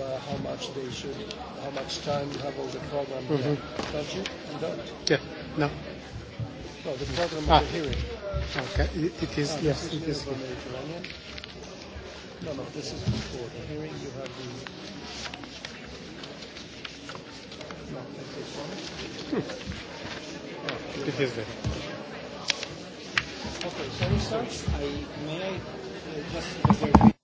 uh, how much they should, how much time you have all the program mm-hmm. there. Don't you? You don't? Yeah. No. No, the program ah. of the hearing. Okay. It, it is, ah, yes, is it is. Here. Mediterranean. No, no, this is before the hearing. You have the. No, that's this one. Hmm. Oh, it is there. Okay, sorry, sir. I, may I uh, just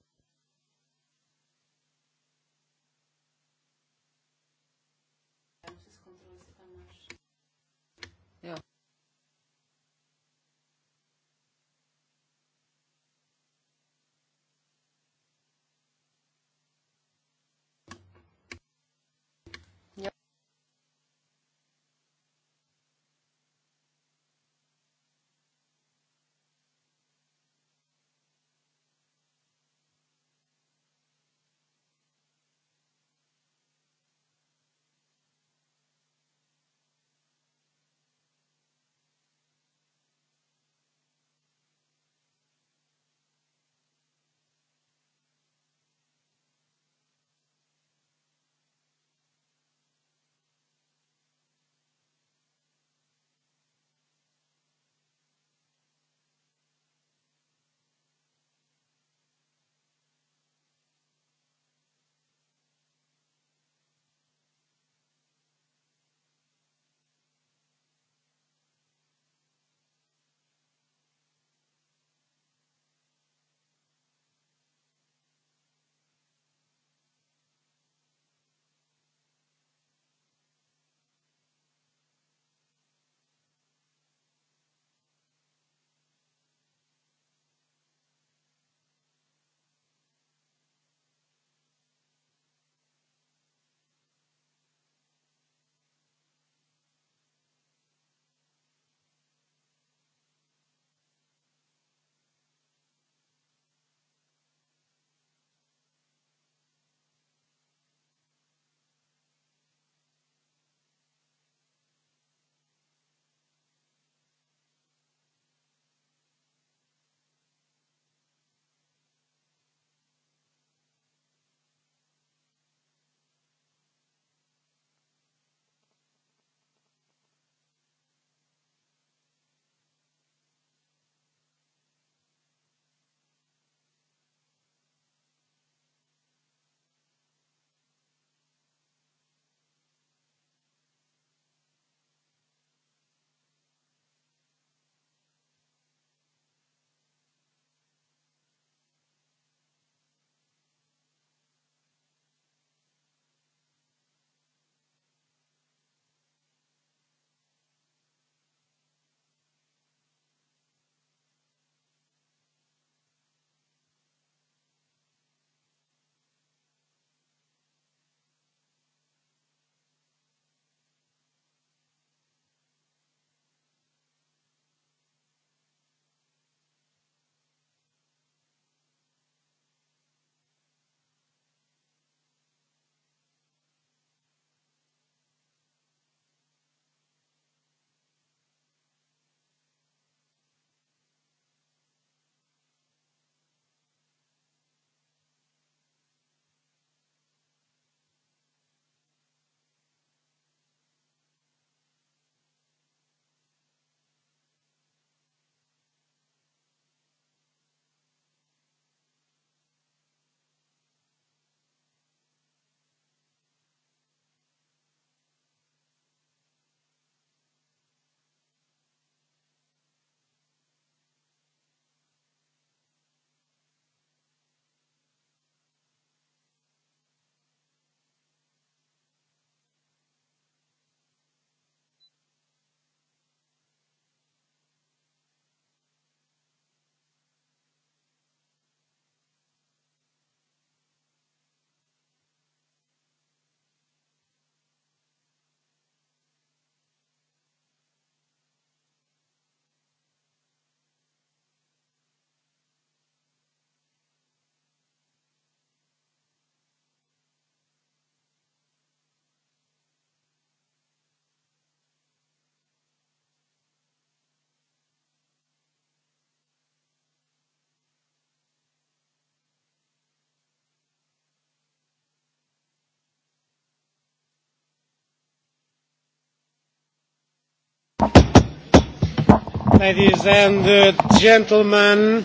Ladies and uh, gentlemen.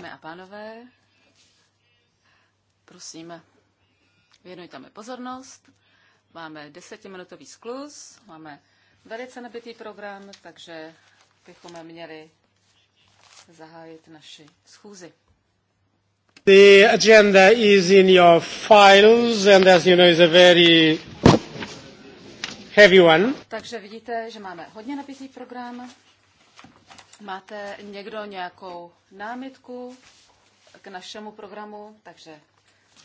Dámy a pánové, prosíme, věnujte mi pozornost. Máme desetiminutový sklus, máme velice nabitý program, takže bychom měli zahájit naši schůzi. The agenda is in your files and as you know is a very heavy one. Takže vidíte, že máme hodně nabitý program. Máte někdo nějakou námitku k našemu programu? Takže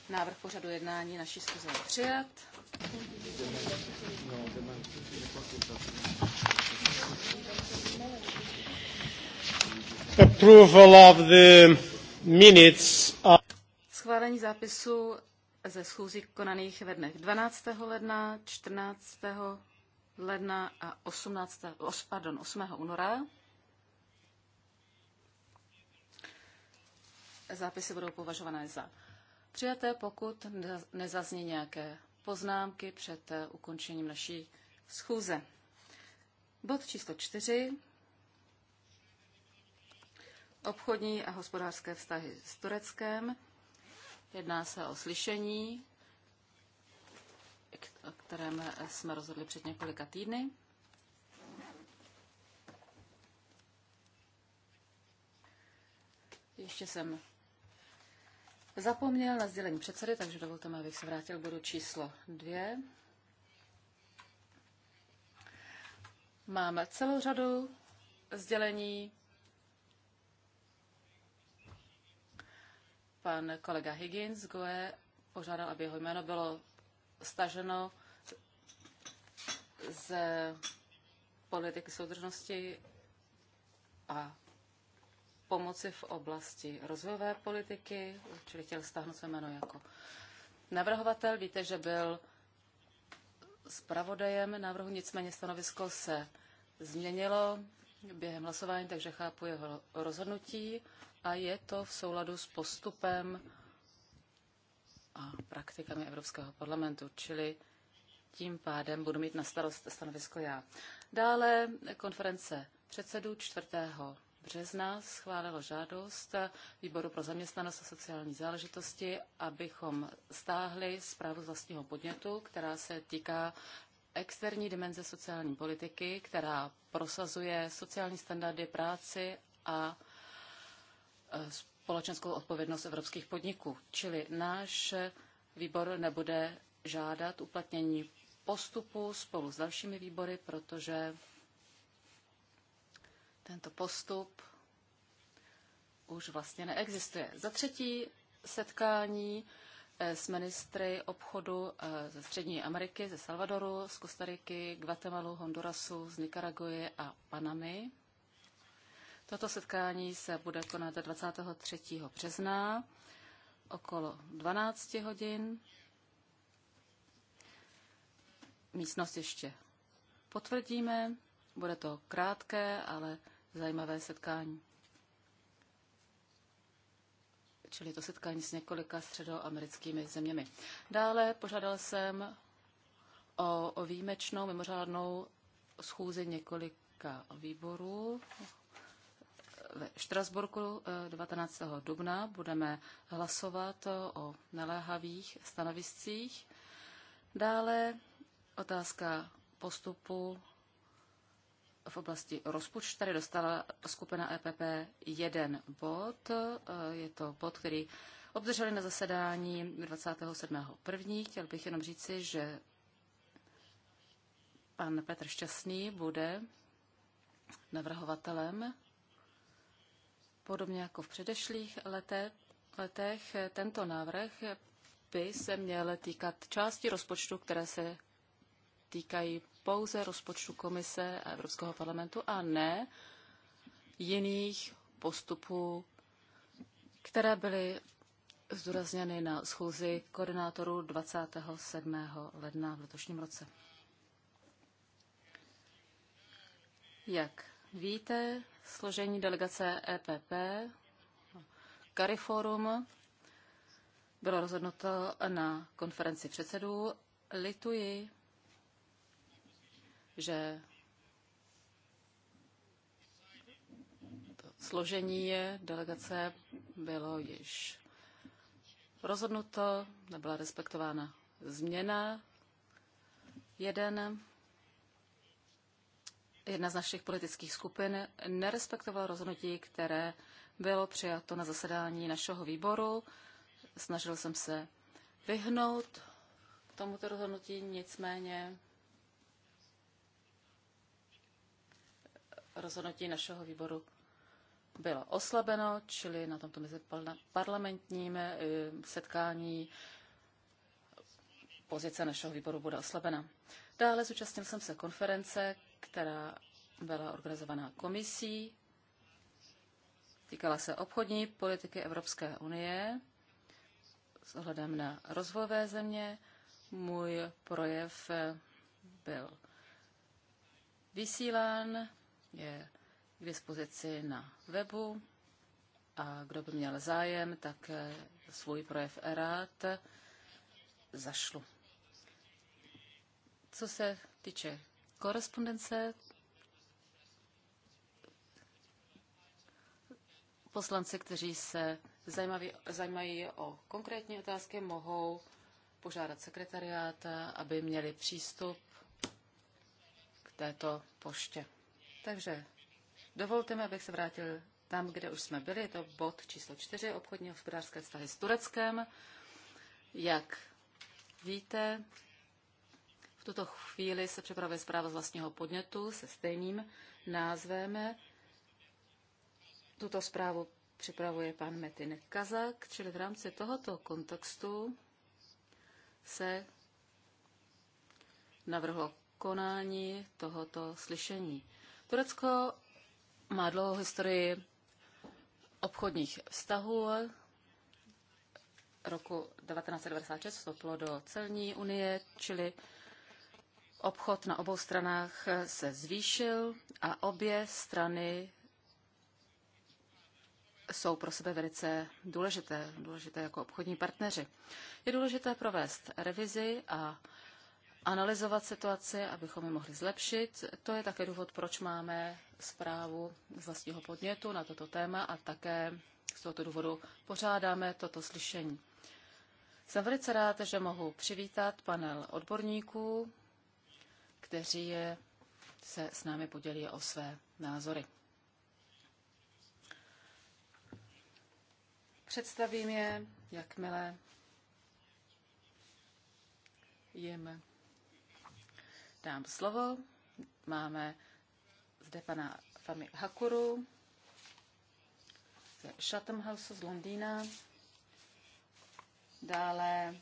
návrh pořadu jednání naší schůze je přijat. Approval of the minutes. Schválení zápisu ze schůzí konaných ve dnech 12. ledna, 14. ledna a 18. Pardon, 8. února. zápisy budou považované za přijaté, pokud nezazní nějaké poznámky před eh, ukončením naší schůze. Bod číslo čtyři. Obchodní a hospodářské vztahy s Tureckem. Jedná se o slyšení, o kterém eh, jsme rozhodli před několika týdny. Ještě jsem zapomněl na sdělení předsedy, takže dovolte mi, abych se vrátil k bodu číslo dvě. Máme celou řadu sdělení. Pan kolega Higgins Goe požádal, aby jeho jméno bylo staženo z politiky soudržnosti a pomoci v oblasti rozvojové politiky, čili chtěl stáhnout své jméno jako navrhovatel. Víte, že byl zpravodajem návrhu, nicméně stanovisko se změnilo během hlasování, takže chápu jeho rozhodnutí a je to v souladu s postupem a praktikami Evropského parlamentu, čili tím pádem budu mít na starost stanovisko já. Dále konference předsedů 4 března schválilo žádost Výboru pro zaměstnanost a sociální záležitosti, abychom stáhli zprávu z vlastního podnětu, která se týká externí dimenze sociální politiky, která prosazuje sociální standardy práci a e, společenskou odpovědnost evropských podniků. Čili náš výbor nebude žádat uplatnění postupu spolu s dalšími výbory, protože tento postup už vlastně neexistuje. Za třetí setkání eh, s ministry obchodu eh, ze Střední Ameriky, ze Salvadoru, z Kostariky, Guatemalu, Hondurasu, z Nikaraguji a Panamy. Toto setkání se bude konat 23. března okolo 12 hodin. Místnost ještě potvrdíme. Bude to krátké, ale zajímavé setkání. Čili to setkání s několika středoamerickými zeměmi. Dále požádal jsem o, o výjimečnou mimořádnou schůzi několika výborů. Ve Štrasburku 19. Eh, dubna budeme hlasovat o naléhavých stanoviscích. Dále otázka postupu v oblasti rozpočtu tady dostala skupina EPP jeden bod. Eh, je to bod, který obdrželi na zasedání 27.1. Chtěl bych jenom říci, že pan Petr Šťastný bude navrhovatelem, podobně jako v předešlých letech, letech tento návrh by se měl týkat části rozpočtu, které se týkají pouze rozpočtu komise a Evropského parlamentu a ne jiných postupů, které byly zdůrazněny na schůzi koordinátorů 27. ledna v letošním roce. Jak víte, složení delegace EPP Cariforum bylo rozhodnuto na konferenci předsedů. Lituji, že složení delegace bylo již rozhodnuto, nebyla respektována změna. Jeden, jedna z našich politických skupin nerespektovala rozhodnutí, které bylo přijato na zasedání našeho výboru. Snažil jsem se vyhnout tomuto rozhodnutí, nicméně rozhodnutí našeho výboru bylo oslabeno, čili na tomto parlamentním eh, setkání pozice našeho výboru bude oslabena. Dále zúčastnil jsem se konference, která byla organizovaná komisí. Týkala se obchodní politiky Evropské unie s ohledem na rozvojové země. Můj projev eh, byl vysílán je k dispozici na webu a kdo by měl zájem, tak eh, svůj projev rád zašlu. Co se týče korespondence, poslanci, kteří se zajímaví, zajímají o konkrétní otázky, mohou požádat sekretariát, aby měli přístup k této poště. Takže dovolte mi, abych se vrátil tam, kde už jsme byli, je to bod číslo čtyři obchodní hospodářské vztahy s Tureckem. Jak víte, v tuto chvíli se připravuje zpráva z vlastního podnětu se stejným názvem. Tuto zprávu připravuje pan Metin Kazak, čili v rámci tohoto kontextu se navrhlo konání tohoto slyšení. Turecko má dlouhou historii obchodních vztahů. Roku 1996 vstoupilo do celní unie, čili obchod na obou stranách se zvýšil a obě strany jsou pro sebe velice důležité, důležité jako obchodní partneři. Je důležité provést revizi a analyzovat situaci, abychom ji mohli zlepšit. To je také důvod, proč máme zprávu z vlastního podnětu na toto téma a také z tohoto důvodu pořádáme toto slyšení. Jsem velice rád, že mohu přivítat panel odborníků, kteří se s námi podělí o své názory. Představím je, jakmile jim dám slovo. Máme zde pana Fami Hakuru ze Chatham House z Londýna. Dále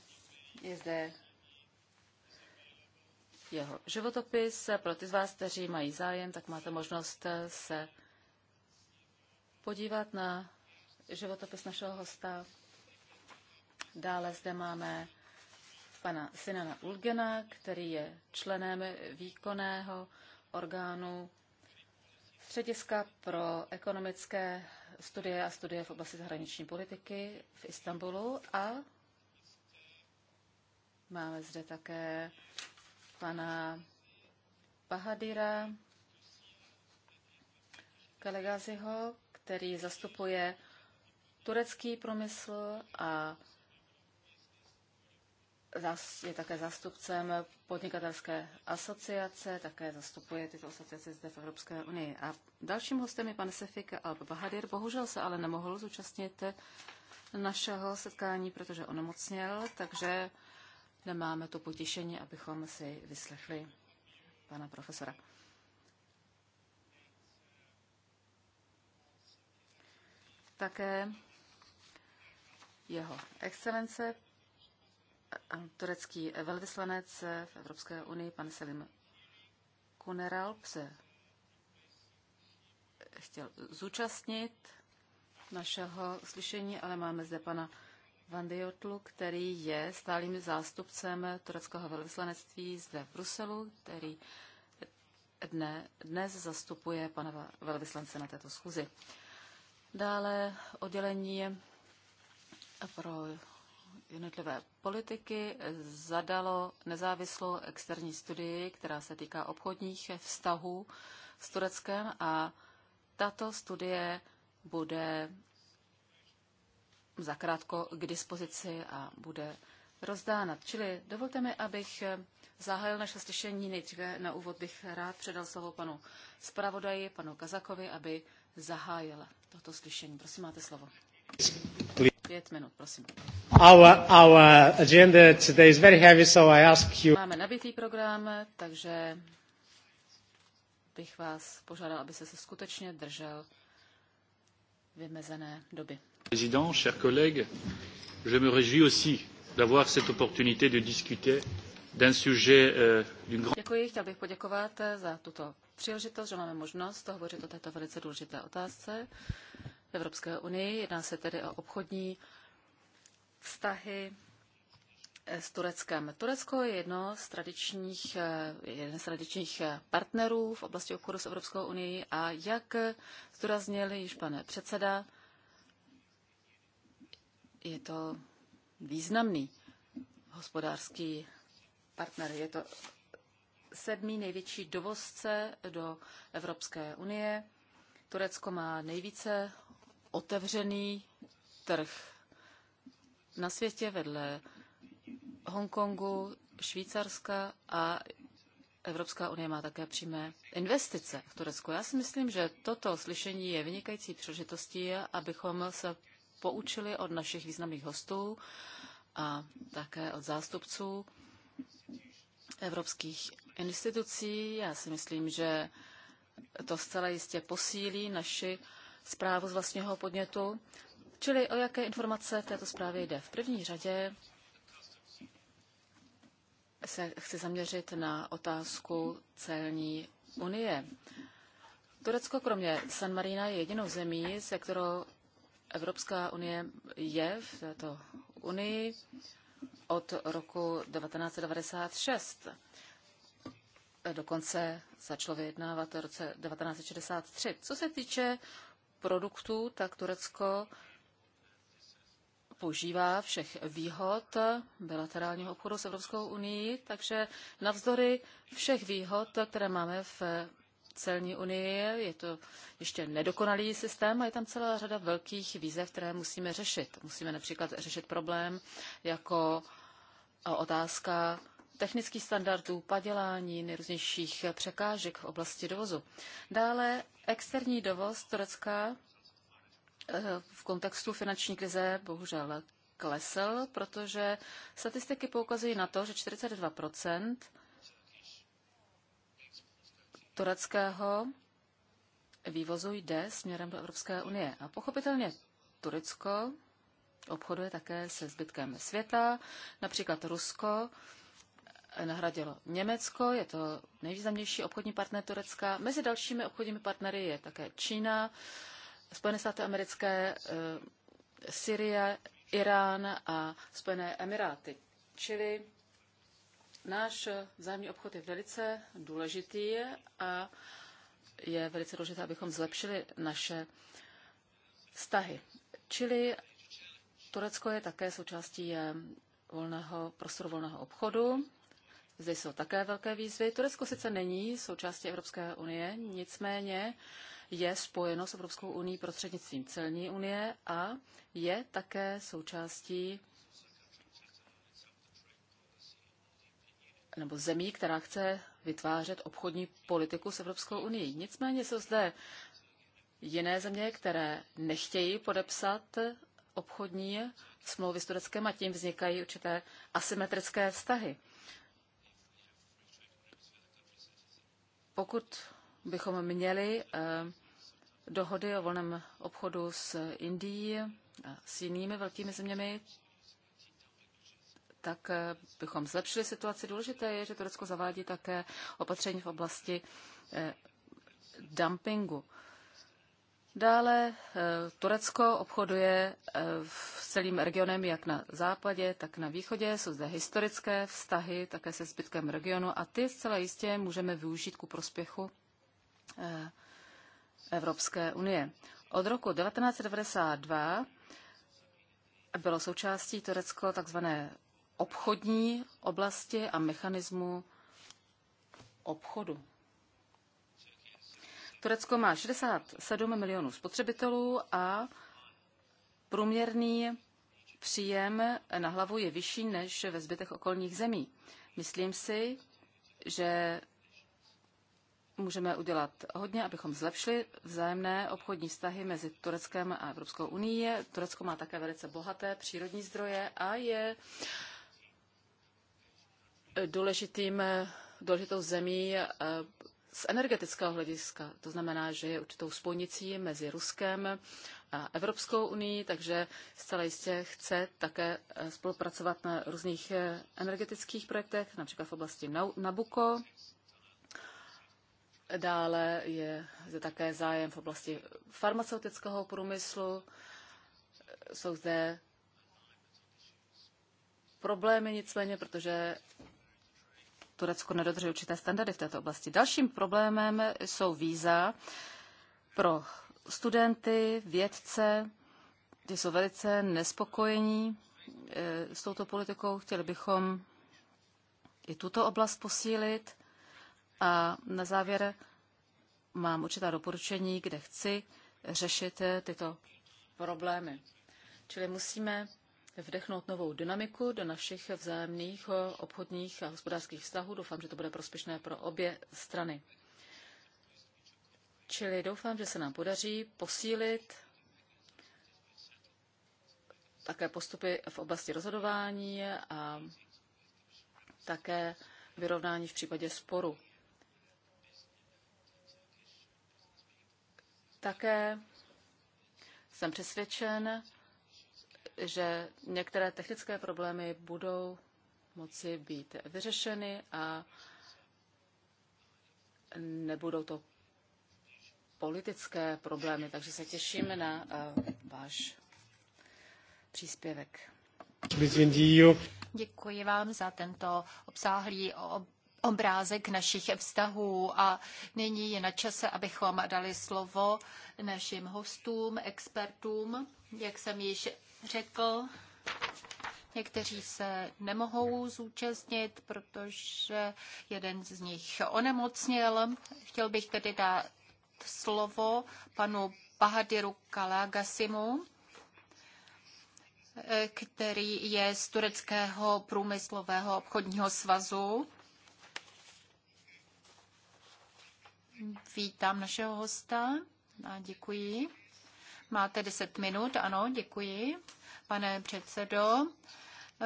je zde jeho životopis. Pro ty z vás, kteří mají zájem, tak máte možnost se podívat na životopis našeho hosta. Dále zde máme pana Sinana Ulgena, který je členem výkonného orgánu Střediska pro ekonomické studie a studie v oblasti zahraniční politiky v Istanbulu a máme zde také pana Bahadira Kalegaziho, který zastupuje turecký promysl a je také zástupcem podnikatelské asociace, také zastupuje tyto asociace zde v Evropské unii. A dalším hostem je pan Sefik Al-Bahadir. Bohužel se ale nemohl zúčastnit našeho setkání, protože onemocněl, takže nemáme to potěšení, abychom si vyslechli pana profesora. Také jeho excelence turecký velvyslanec v Evropské unii, pan Selim Kuneralp, se chtěl zúčastnit našeho slyšení, ale máme zde pana Vandiotlu, který je stálým zástupcem tureckého velvyslanectví zde v Bruselu, který dne, dnes zastupuje pana velvyslance na této schůzi. Dále oddělení pro jednotlivé politiky zadalo nezávislou externí studii, která se týká obchodních vztahů s Tureckem a tato studie bude zakrátko k dispozici a bude rozdána. Čili dovolte mi, abych zahájil naše slyšení. Nejdříve na úvod bych rád předal slovo panu zpravodaji, panu Kazakovi, aby zahájil toto slyšení. Prosím, máte slovo pět minut, prosím. Our, our agenda today is very heavy, so I ask you... Máme nabitý program, takže bych vás požádal, aby se, se skutečně držel vymezené doby. Président, chers collègues, je me réjouis aussi d'avoir cette opportunité de discuter d'un sujet euh, d'une grande... Děkuji, chtěl bych poděkovat eh, za tuto příležitost, že máme možnost hovořit o této velice důležité otázce v Evropské unii. Jedná se tedy o obchodní vztahy eh, s Tureckem. Turecko je jedno z tradičních, eh, jeden z tradičních eh, partnerů v oblasti obchodu s Evropskou unii a jak zdůraznil již pane předseda, je to významný hospodářský partner. Je to sedmý největší dovozce do Evropské unie. Turecko má nejvíce otevřený trh. Na světě vedle Hongkongu, Švýcarska a Evropská unie má také přímé investice v Turecku. Já si myslím, že toto slyšení je vynikající příležitostí, abychom se poučili od našich významných hostů a také od zástupců evropských institucí. Já si myslím, že to zcela jistě posílí naši zprávu z vlastního podnětu, čili o jaké informace v této zprávě jde. V první řadě se chci zaměřit na otázku celní unie. Turecko kromě San Marina je jedinou zemí, se kterou Evropská unie je v této unii od roku 1996. Dokonce začalo vyjednávat v roce 1963. Co se týče produktů, tak Turecko požívá všech výhod bilaterálního obchodu s Evropskou unii, takže navzdory všech výhod, které máme v celní unii, je to ještě nedokonalý systém a je tam celá řada velkých výzev, které musíme řešit. Musíme například řešit problém jako otázka technických standardů, padělání, nejrůznějších překážek v oblasti dovozu. Dále externí dovoz Turecka eh, v kontextu finanční krize bohužel klesl, protože statistiky poukazují na to, že 42 tureckého vývozu jde směrem do Evropské unie. A pochopitelně Turecko obchoduje také se zbytkem světa, například Rusko nahradilo Německo, je to nejvýznamnější obchodní partner Turecka. Mezi dalšími obchodními partnery je také Čína, Spojené státy americké, eh, Syrie, Irán a Spojené Emiráty. Čili náš vzájemný obchod je velice důležitý a je velice důležité, abychom zlepšili naše vztahy. Čili Turecko je také součástí eh, volného prostoru volného obchodu. Zde jsou také velké výzvy. Turecko sice není součástí Evropské unie, nicméně je spojeno s Evropskou unii prostřednictvím celní unie a je také součástí nebo zemí, která chce vytvářet obchodní politiku s Evropskou unii. Nicméně jsou zde jiné země, které nechtějí podepsat obchodní smlouvy s Tureckem a tím vznikají určité asymetrické vztahy. Pokud bychom měli eh, dohody o volném obchodu s Indií a s jinými velkými zeměmi, tak eh, bychom zlepšili situaci. Důležité je, že Turecko zavádí také opatření v oblasti eh, dumpingu. Dále eh, Turecko obchoduje eh, s celým regionem jak na západě, tak na východě. Jsou zde historické vztahy také se zbytkem regionu a ty zcela jistě můžeme využít ku prospěchu eh, Evropské unie. Od roku 1992 bylo součástí Turecko takzvané obchodní oblasti a mechanismu obchodu. Turecko má 67 milionů spotřebitelů a průměrný příjem na hlavu je vyšší než ve zbytech okolních zemí. Myslím si, že můžeme udělat hodně, abychom zlepšili vzájemné obchodní vztahy mezi Tureckem a Evropskou unii. Turecko má také velice bohaté přírodní zdroje a je důležitým, důležitou zemí eh, z energetického hlediska. To znamená, že je určitou spojnicí mezi Ruskem a Evropskou unii, takže zcela jistě chce také eh, spolupracovat na různých eh, energetických projektech, například v oblasti Nabuko. Dále je zde také zájem v oblasti farmaceutického průmyslu. Jsou zde problémy nicméně, protože Turecko nedodržuje určité standardy v této oblasti. Dalším problémem jsou víza pro studenty, vědce, kteří jsou velice nespokojení eh, s touto politikou. Chtěli bychom i tuto oblast posílit. A na závěr mám určitá doporučení, kde chci řešit eh, tyto problémy. Čili musíme vdechnout novou dynamiku do našich vzájemných obchodních a hospodářských vztahů. Doufám, že to bude prospěšné pro obě strany. Čili doufám, že se nám podaří posílit také postupy v oblasti rozhodování a také vyrovnání v případě sporu. Také jsem přesvědčen, že některé technické problémy budou moci být vyřešeny a nebudou to politické problémy, takže se těšíme na uh, váš příspěvek. Děkuji vám za tento obsáhlý ob obrázek našich vztahů a nyní je na čase, abychom dali slovo našim hostům, expertům. Jak jsem již řekl. Někteří se nemohou zúčastnit, protože jeden z nich onemocněl. Chtěl bych tedy dát slovo panu Bahadiru Kalagasimu, který je z Tureckého průmyslového obchodního svazu. Vítám našeho hosta a děkuji. Máte 10 minut, ano, děkuji. Pane předsedo,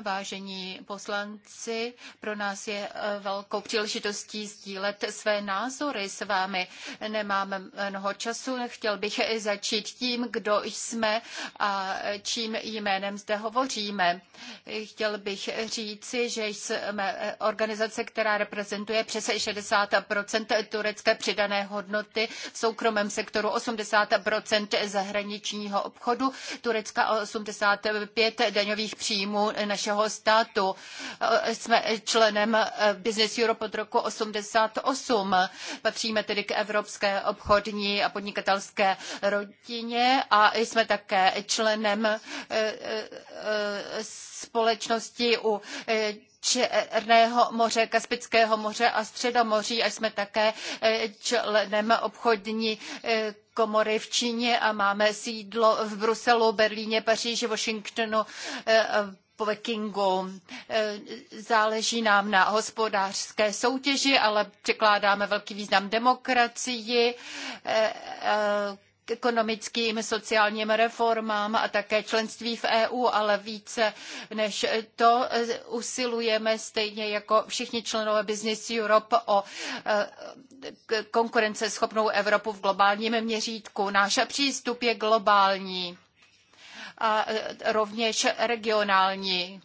Vážení poslanci, pro nás je eh, velkou příležitostí sdílet své názory s vámi. Nemám mnoho času, chtěl bych začít tím, kdo jsme a čím jménem zde hovoříme. Chtěl bych říci, že jsme organizace, která reprezentuje přes 60 turecké přidané hodnoty v soukromém sektoru, 80 zahraničního obchodu Turecka 85 daňových příjmů našich našeho státu. Eh, jsme členem eh, Business Europe od roku 88. Patříme tedy k Evropské obchodní a podnikatelské rodině a jsme také členem eh, společnosti u Černého moře, Kaspického moře a Středomoří a jsme také členem obchodní komory v Číně a máme sídlo v Bruselu, Berlíně, Paříži, Washingtonu, Pekingu. E, záleží nám na hospodářské soutěži, ale překládáme velký význam demokracii, k e, e, ekonomickým, sociálním reformám a také členství v EU, ale více než to usilujeme stejně jako všichni členové Business Europe o konkurenceschopnou Evropu v globálním měřítku. Náš přístup je globální a e, rovněž regionální.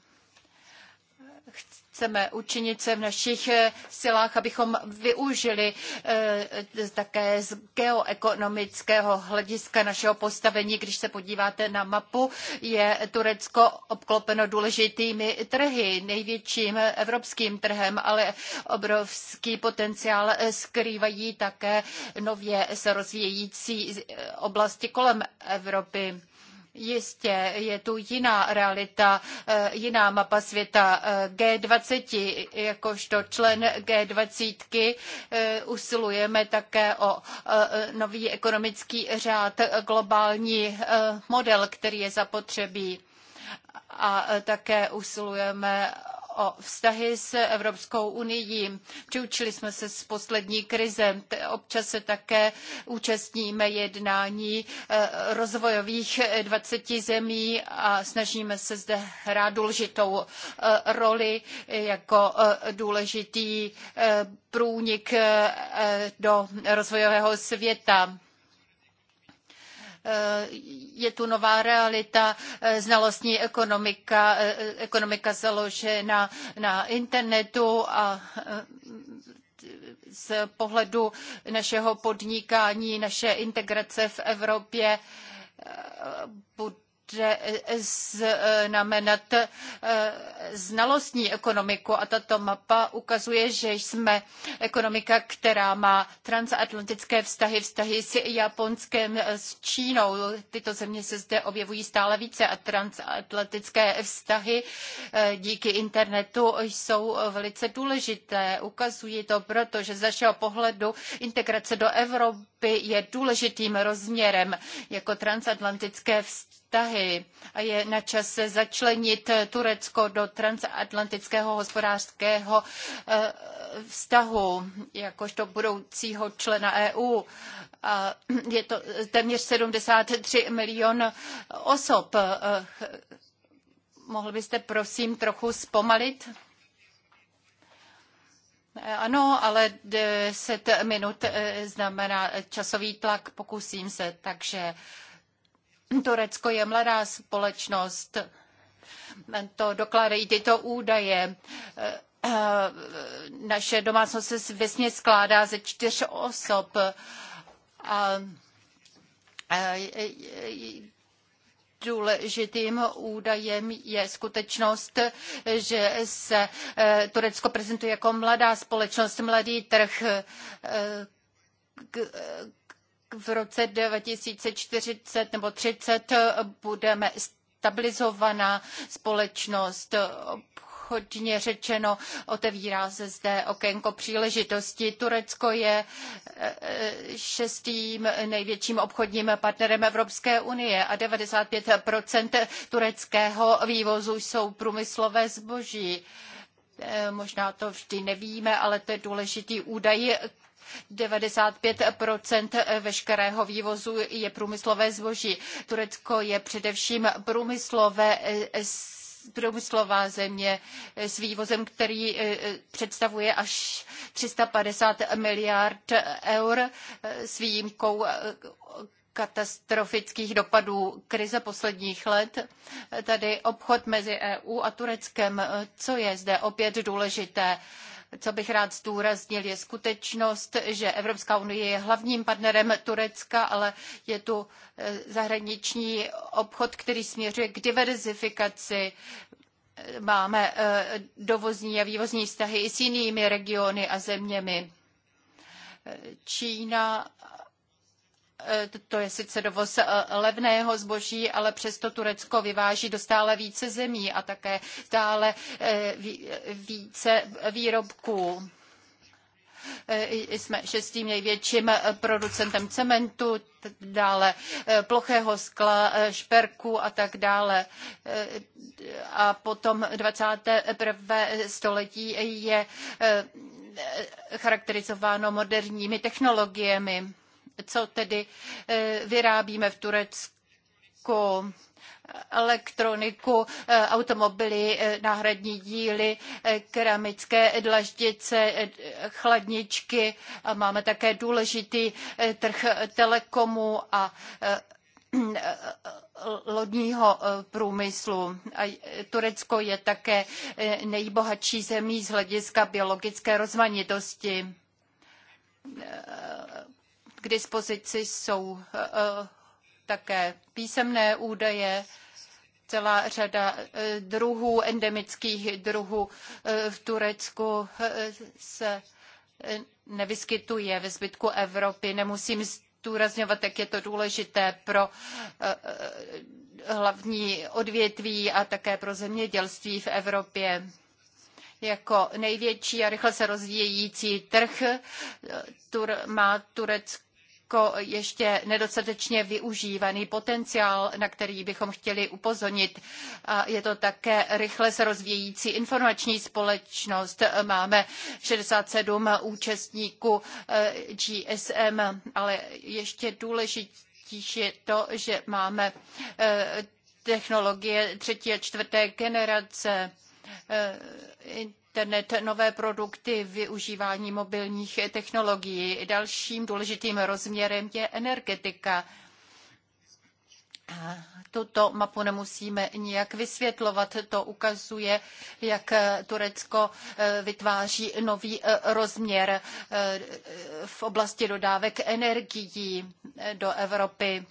Chceme učinit se v našich e, silách, abychom využili e, také z geoekonomického hlediska našeho postavení. Když se podíváte na mapu, je Turecko obklopeno důležitými trhy, největším evropským trhem, ale obrovský potenciál skrývají také nově se rozvíjející oblasti kolem Evropy Jistě je tu jiná realita, eh, jiná mapa světa. Eh, G20, jakožto člen G20, eh, usilujeme také o nový ekonomický řád, globální model, který je zapotřebí. A také usilujeme o vztahy s Evropskou unií. Přiučili jsme se z poslední krize. Občas se také účastníme jednání eh, rozvojových 20 eh, zemí a snažíme se zde hrát důležitou eh, roli jako důležitý průnik do rozvojového světa Eh, je tu nová realita, eh, znalostní ekonomika, eh, ekonomika založena na internetu a z pohledu našeho podnikání, naše integrace v Evropě bude znamenat eh, znalostní ekonomiku. A tato mapa ukazuje, že jsme ekonomika, která má transatlantické vztahy, vztahy s Japonskem, s Čínou. Tyto země se zde objevují stále více a transatlantické vztahy eh, díky internetu jsou velice důležité. Ukazují to proto, že z našeho pohledu integrace do Evropy je důležitým rozměrem jako transatlantické vztahy vztahy a je na čase začlenit Turecko do transatlantického hospodářského eh, vztahu jakožto budoucího člena EU. A je to téměř 73 milion osob. Eh, mohl byste prosím trochu zpomalit? Eh, ano, ale 10 minut znamená časový tlak, pokusím se, takže Turecko je mladá společnost. To dokládají tyto údaje naše domácnost se vesně skládá ze čtyř osob. A důležitým údajem je skutečnost, že se e, Turecko prezentuje jako mladá společnost, mladý trh, e, v roce 2040 nebo 30 budeme stabilizovaná společnost. Obchodně řečeno, otevírá se zde okénko příležitosti. Turecko je eh, šestým největším obchodním partnerem Evropské unie a 95 tureckého vývozu jsou průmyslové zboží. Eh, možná to vždy nevíme, ale to je důležitý údaj, 95 veškerého vývozu je průmyslové zboží. Turecko je především průmyslové průmyslová země s vývozem, který e, e, představuje až 350 miliard eur e, s výjimkou katastrofických dopadů krize posledních let. Tady obchod mezi EU a Tureckem, co je zde opět důležité. Co bych rád zdůraznil, je skutečnost, že Evropská unie je hlavním partnerem Turecka, ale je tu eh, zahraniční obchod, který směřuje k diverzifikaci eh, máme eh, dovozní a vývozní vztahy i s jinými regiony a zeměmi. Čína Eh, to je sice dovoz eh, levného zboží, ale přesto Turecko vyváží do stále více zemí a také stále eh, více výrobků. Jsme šestým největším producentem cementu, dále plochého skla, šperku a tak dále. A potom 21. století je charakterizováno moderními technologiemi co tedy eh, vyrábíme v Turecku elektroniku, eh, automobily, eh, náhradní díly, keramické dlaždice, chladničky. A máme také důležitý trh telekomu a lodního průmyslu. A Turecko je také nejbohatší zemí z hlediska biologické rozmanitosti k dispozici jsou eh, eh, také písemné údaje, celá řada eh, druhů, endemických druhů v Turecku se nevyskytuje ve zbytku Evropy. Nemusím zdůrazňovat, jak je to důležité pro hlavní odvětví a také pro zemědělství v Evropě. Jako největší a rychle se rozvíjející trh má Turecko jako ještě nedostatečně využívaný potenciál, na který bychom chtěli upozornit. je to také rychle se rozvíjící informační společnost. Máme 67 účastníků eh, GSM, ale ještě důležitější je to, že máme eh, technologie třetí a čtvrté generace eh, internet, nové produkty, využívání mobilních technologií. Dalším důležitým rozměrem je energetika. Tuto mapu nemusíme nijak vysvětlovat. To ukazuje, jak Turecko eh, vytváří nový eh, rozměr eh, v oblasti dodávek energií do Evropy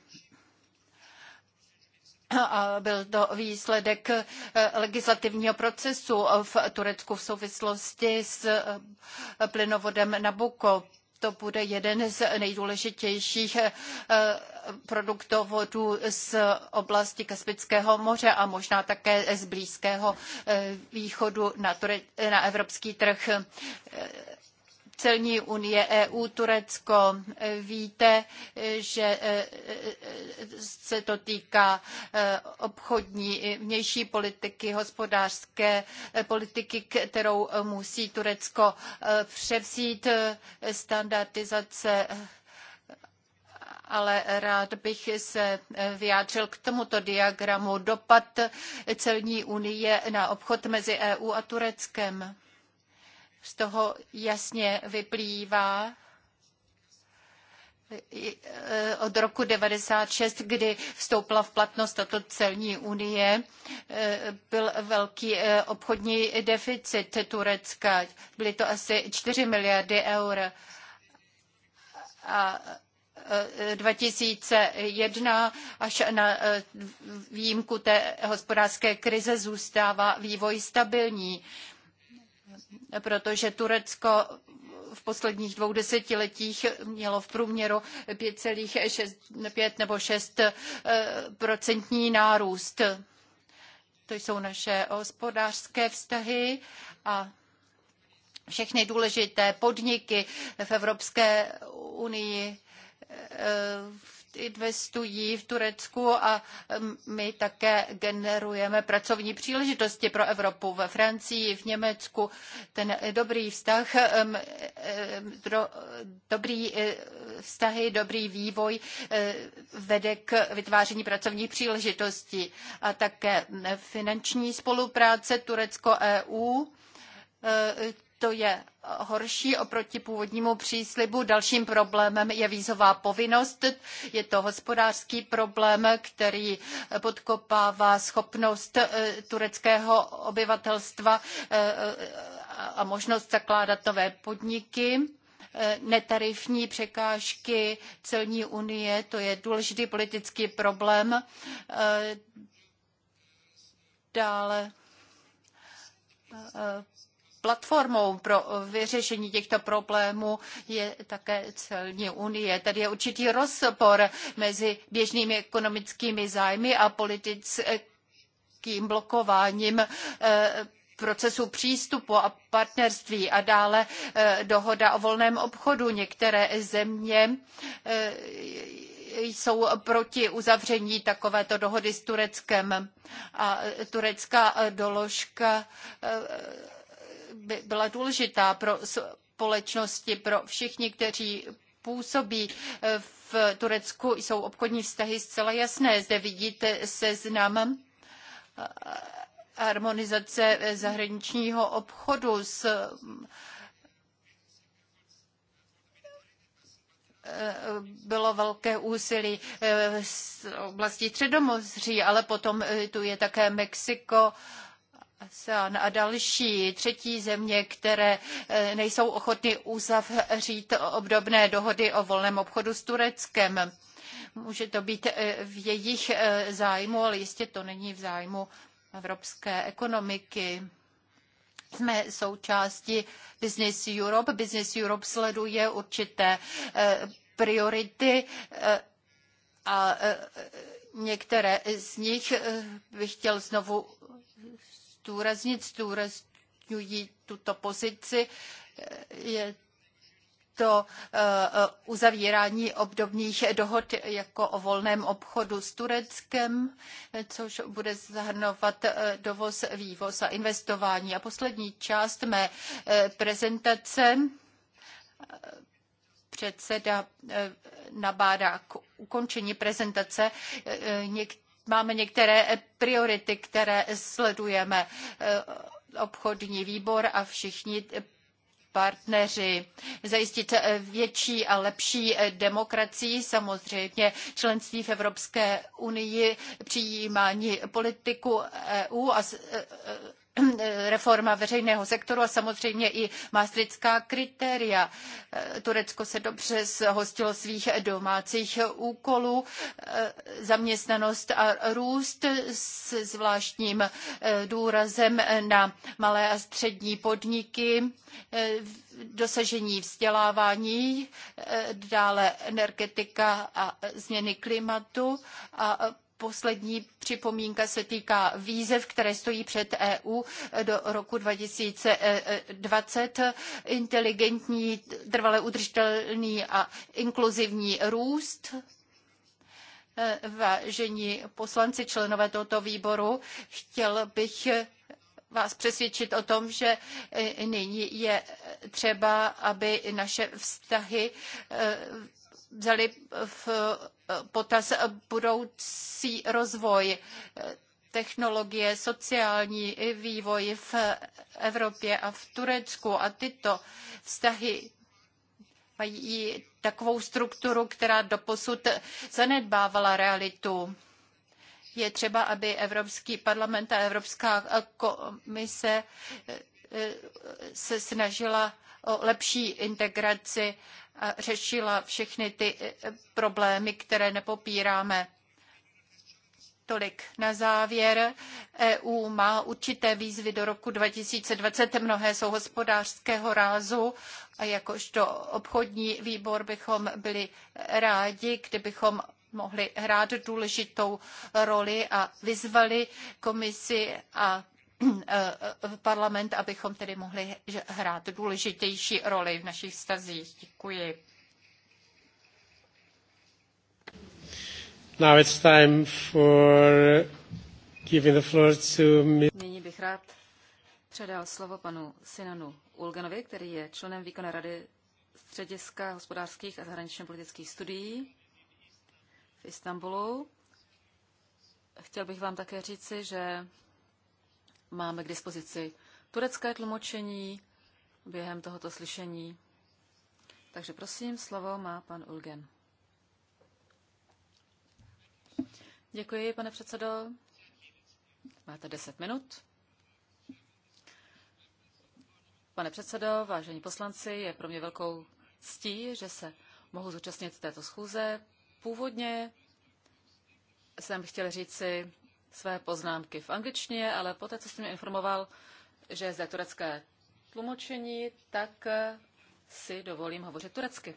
a byl to výsledek eh, legislativního procesu v Turecku v souvislosti s eh, plynovodem Nabucco. To bude jeden z nejdůležitějších eh, produktovodů z oblasti Kaspického moře a možná také z Blízkého východu na, na evropský trh celní unie EU Turecko. Eh, víte, eh, že eh, se to týká obchodní vnější politiky, hospodářské politiky, kterou musí Turecko převzít standardizace ale rád bych se vyjádřil k tomuto diagramu dopad celní unie na obchod mezi EU a Tureckem. Z toho jasně vyplývá, e, od roku 96, kdy vstoupila v platnost tato celní unie, e, byl velký e, obchodní deficit Turecka. Byly to asi 4 miliardy eur. A 2001 až na výjimku té hospodářské krize zůstává vývoj stabilní protože Turecko v posledních dvou desetiletích mělo v průměru 5,5 nebo 6 eh, procentní nárůst. To jsou naše hospodářské vztahy a všechny důležité podniky v Evropské unii eh, investují v Turecku a my také generujeme pracovní příležitosti pro Evropu ve Francii, v Německu. Ten dobrý vztah, dobrý e, vztahy, dobrý vývoj e, vede k vytváření pracovních příležitostí a také finanční spolupráce Turecko-EU e, to je eh, horší oproti původnímu příslibu. Dalším problémem je vízová povinnost. Je to hospodářský problém, který eh, podkopává schopnost eh, tureckého obyvatelstva a možnost zakládat nové podniky netarifní překážky celní unie, to je důležitý politický problém. Dále platformou pro vyřešení těchto problémů je také celní unie. Tady je určitý rozpor mezi běžnými ekonomickými zájmy a politickým blokováním eh, procesu přístupu a partnerství a dále eh, dohoda o volném obchodu. Některé země eh, jsou proti uzavření takovéto dohody s Tureckem. A turecká doložka by byla důležitá pro společnosti, pro všichni, kteří působí eh, v Turecku, jsou obchodní vztahy zcela jasné. Zde vidíte seznam eh, harmonizace eh, zahraničního obchodu s bylo velké úsilí z oblasti Středomoří, ale potom tu je také Mexiko, ASEAN a další třetí země, které eh, nejsou ochotny uzavřít obdobné dohody o volném obchodu s Tureckem. Může to být eh, v jejich eh, zájmu, ale jistě to není v zájmu evropské ekonomiky. Jsme součástí Business Europe. Business Europe sleduje určité priority a některé z nich bych chtěl znovu zdůraznit, zdůrazňují tuto pozici, je to eh, uzavírání obdobných dohod jako o volném obchodu s Tureckem, což bude zahrnovat eh, dovoz, vývoz a investování. A poslední část mé eh, prezentace předseda nabádá k ukončení prezentace. Někteří máme některé eh, priority, které sledujeme. Eh, obchodní výbor a všichni eh, partneři, zajistit větší a lepší demokracii, samozřejmě členství v Evropské unii, přijímání politiku EU a Eh, reforma veřejného sektoru a samozřejmě i maastrichtská kritéria. Eh, Turecko se dobře zhostilo svých domácích úkolů, eh, zaměstnanost a růst s zvláštním důrazem na malé a střední podniky, dosažení vzdělávání, dále energetika a změny klimatu a poslední připomínka se týká výzev, které stojí před EU do roku 2020. Inteligentní, trvale udržitelný a inkluzivní růst. Vážení poslanci, členové tohoto výboru, chtěl bych vás přesvědčit o tom, že nyní je třeba, aby naše vztahy vzali v eh, potaz budoucí rozvoj eh, technologie, sociální vývoj v Evropě a v Turecku a tyto vztahy mají takovou strukturu, která doposud zanedbávala realitu. Je třeba, aby Evropský parlament a Evropská komise eh, se snažila o lepší integraci řešila všechny ty e, problémy, které nepopíráme. Tolik na závěr. EU má určité výzvy do roku 2020, mnohé jsou hospodářského rázu a jakožto obchodní výbor bychom byli rádi, kdybychom mohli hrát důležitou roli a vyzvali komisi a Eh, parlament, abychom tedy mohli hrát důležitější roli v našich vztazích. Děkuji. Now it's time for giving the floor to Nyní bych rád předal slovo panu Sinanu Ulganovi, který je členem výkonné rady Střediska hospodářských a zahraničně politických studií v Istanbulu. Chtěl bych vám také říci, že máme k dispozici turecké tlumočení během tohoto slyšení. Takže prosím, slovo má pan Ulgen. Děkuji, pane předsedo. Máte 10 minut. Pane předsedo, vážení poslanci, je pro mě velkou ctí, že se mohu zúčastnit této schůze. Původně jsem chtěl říci své poznámky v angličtině, ale poté, co jste mě informoval, že je zde turecké tlumočení, tak eh, si dovolím hovořit turecky.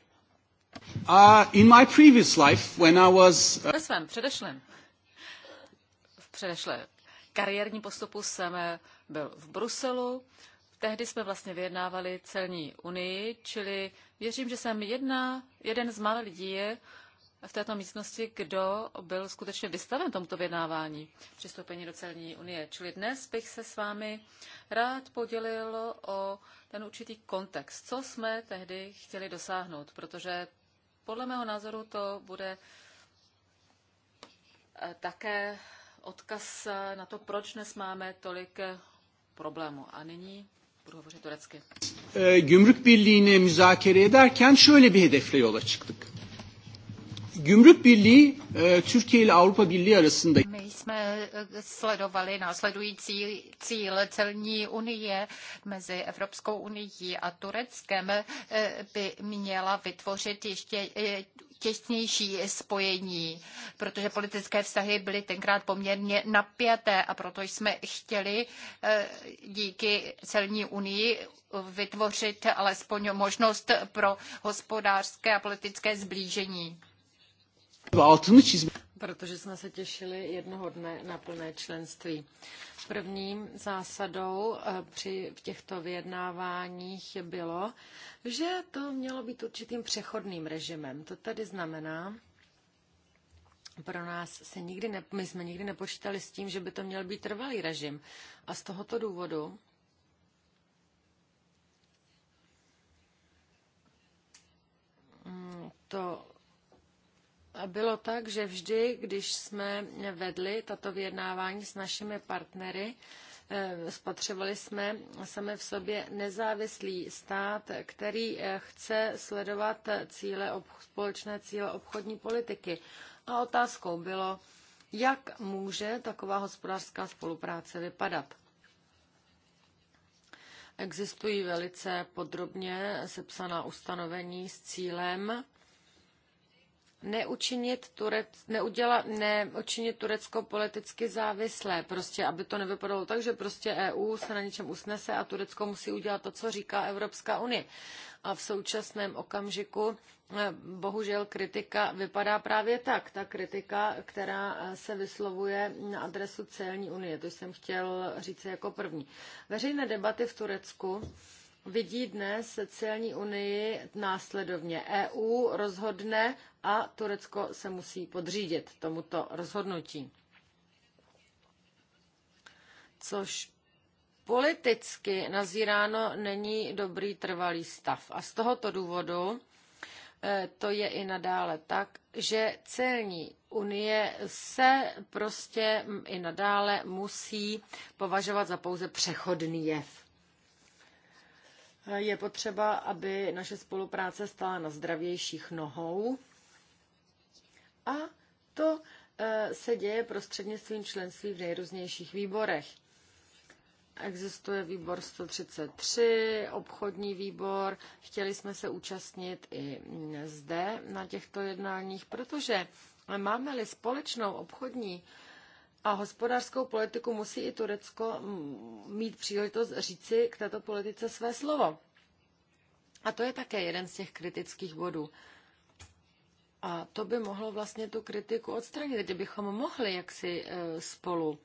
Uh, in my previous life, when I was... Uh... Ve svém předešlém, v předešlé kariérní postupu jsem eh, byl v Bruselu. Tehdy jsme vlastně vyjednávali celní unii, čili věřím, že jsem jedna, jeden z mála lidí, v této místnosti, kdo byl skutečně vystaven tomuto vyjednávání přistoupení do celní unie. Čili dnes bych se s vámi rád podělil o ten určitý kontext, co jsme tehdy chtěli dosáhnout, protože podle mého názoru to bude eh, také odkaz na to, proč dnes máme tolik eh, problémů. A nyní budu hovořit turecky. Gümrük Birliği'ne müzakere ederken şöyle bir hedefle yola çıktık. Gümrük Birliği e, Türkiye ile Avrupa Birliği arasında. My jsme e, sledovali následující cíl celní unie mezi Evropskou unii a Tureckem e, by měla vytvořit ještě těsnější spojení, protože politické vztahy byly tenkrát poměrně napjaté a proto jsme chtěli díky celní unii vytvořit alespoň možnost pro hospodářské a politické zblížení protože jsme se těšili jednoho dne na plné členství. Prvním zásadou eh, při těchto vyjednáváních bylo, že to mělo být určitým přechodným režimem. To tady znamená, pro nás se nikdy ne, my jsme nikdy nepočítali s tím, že by to měl být trvalý režim. A z tohoto důvodu mm, to bylo tak, že vždy, když jsme vedli tato vyjednávání s našimi partnery, eh, spatřovali jsme sami v sobě nezávislý stát, který eh, chce sledovat cíle, společné cíle obchodní politiky. A otázkou bylo, jak může taková hospodářská spolupráce vypadat. Existují velice podrobně sepsaná ustanovení s cílem neučinit, Turec, neuděla, neučinit Turecko politicky závislé, prostě, aby to nevypadalo tak, že prostě EU se na něčem usnese a Turecko musí udělat to, co říká Evropská unie. A v současném okamžiku eh, bohužel kritika vypadá právě tak. Ta kritika, která eh, se vyslovuje na adresu celní unie, to jsem chtěl říct jako první. Veřejné debaty v Turecku vidí dnes celní unii následovně. EU rozhodne a Turecko se musí podřídit tomuto rozhodnutí. Což politicky nazíráno není dobrý trvalý stav. A z tohoto důvodu e, to je i nadále tak, že celní unie se prostě i nadále musí považovat za pouze přechodný jev. Je potřeba, aby naše spolupráce stála na zdravějších nohou. A to eh, se děje prostřednictvím členství v nejrůznějších výborech. Existuje výbor 133, obchodní výbor. Chtěli jsme se účastnit i zde na těchto jednáních, protože máme-li společnou obchodní a hospodářskou politiku musí i Turecko mít příležitost říci k této politice své slovo. A to je také jeden z těch kritických bodů. A to by mohlo vlastně tu kritiku odstranit, kdybychom mohli jaksi e, spolu,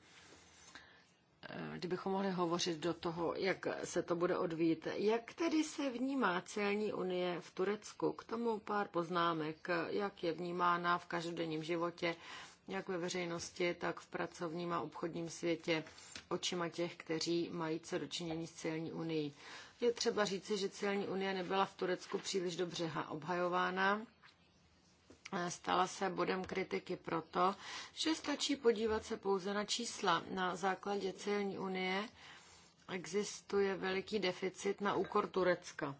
e, kdybychom mohli hovořit do toho, jak se to bude odvíjet. Jak tedy se vnímá celní unie v Turecku? K tomu pár poznámek, jak je vnímána v každodenním životě jak ve veřejnosti, tak v pracovním a obchodním světě očima těch, kteří mají co dočinění s celní unii. Je třeba říci, že celní unie nebyla v Turecku příliš dobře obhajována. Eh, stala se bodem kritiky proto, že stačí podívat se pouze na čísla. Na základě celní unie existuje veliký deficit na úkor Turecka.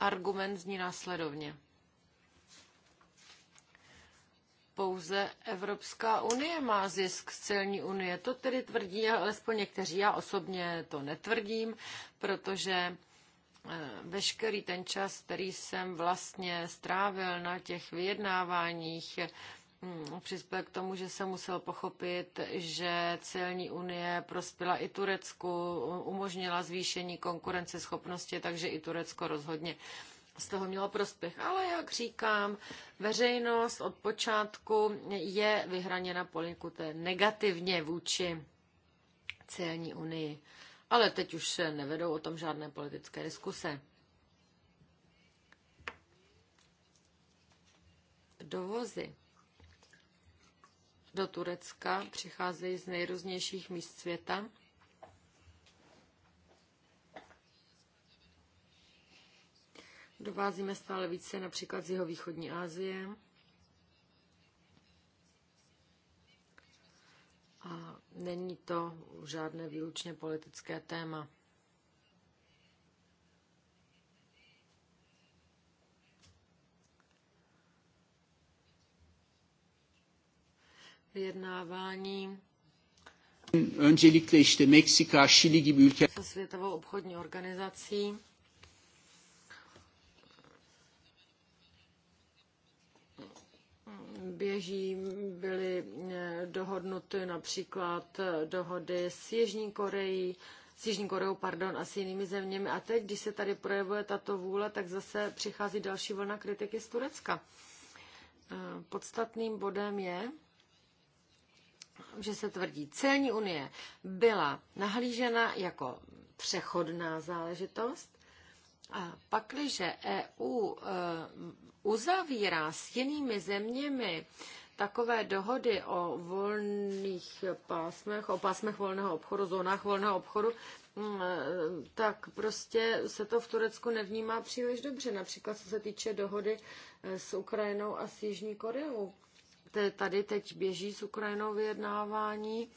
Argument zní následovně. pouze Evropská unie má zisk z celní unie. To tedy tvrdí alespoň někteří. Já osobně to netvrdím, protože eh, veškerý ten čas, který jsem vlastně strávil na těch vyjednáváních, hm, přispěl k tomu, že jsem musel pochopit, že celní unie prospěla i Turecku, umožnila zvýšení konkurenceschopnosti, takže i Turecko rozhodně z toho mělo prospěch. Ale jak říkám, veřejnost od počátku je vyhraněna poněkud negativně vůči celní unii. Ale teď už se nevedou o tom žádné politické diskuse. Dovozy do Turecka přicházejí z nejrůznějších míst světa. Dovázíme stále více například z jeho východní Asie. A není to žádné výlučně politické téma. Vyjednávání Öncelikle işte Meksika, Şili gibi ülke. Světovou obchodní organizací běží, byly eh, dohodnuty například eh, dohody s Jižní Koreí, s Jižní Koreou pardon, a s jinými zeměmi. A teď, když se tady projevuje tato vůle, tak zase přichází další vlna kritiky z Turecka. Eh, podstatným bodem je, že se tvrdí, celní unie byla nahlížena jako přechodná záležitost, a pakliže EU uzavírá s jinými zeměmi takové dohody o volných pásmech, o pásmech volného obchodu, zónách volného obchodu, mm, eh, tak prostě se to v Turecku nevnímá příliš dobře. Například co se týče dohody eh, s Ukrajinou a s Jižní Koreou. Tady teď běží s Ukrajinou vyjednávání,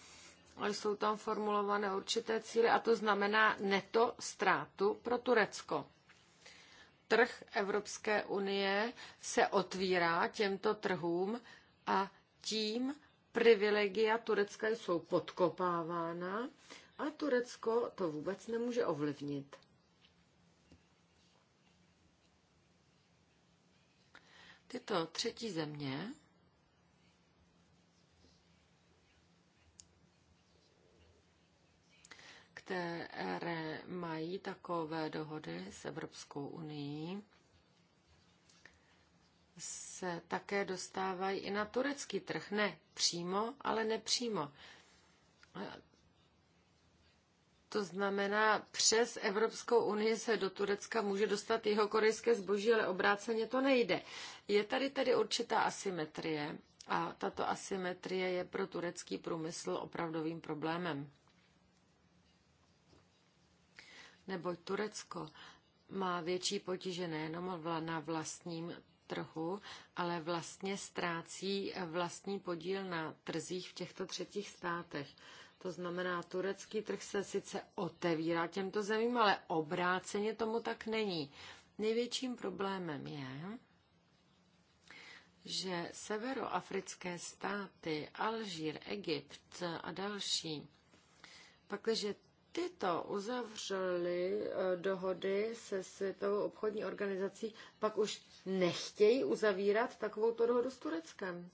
ale jsou tam formulované určité cíle a to znamená neto ztrátu pro Turecko trh Evropské unie se otvírá těmto trhům a tím privilegia Turecka jsou podkopávána a Turecko to vůbec nemůže ovlivnit. Tyto třetí země které mají takové dohody s Evropskou unii, se také dostávají i na turecký trh. Ne přímo, ale nepřímo. To znamená, přes Evropskou unii se do Turecka může dostat jeho korejské zboží, ale obráceně to nejde. Je tady tedy určitá asymetrie a tato asymetrie je pro turecký průmysl opravdovým problémem. neboť Turecko má větší potíže nejenom na vlastním trhu, ale vlastně ztrácí vlastní podíl na trzích v těchto třetích státech. To znamená, turecký trh se sice otevírá těmto zemím, ale obráceně tomu tak není. Největším problémem je, že severoafrické státy, Alžír, Egypt a další, pakliže tyto uzavřely eh, dohody se Světovou obchodní organizací, pak už nechtějí uzavírat takovou dohodu s Tureckem.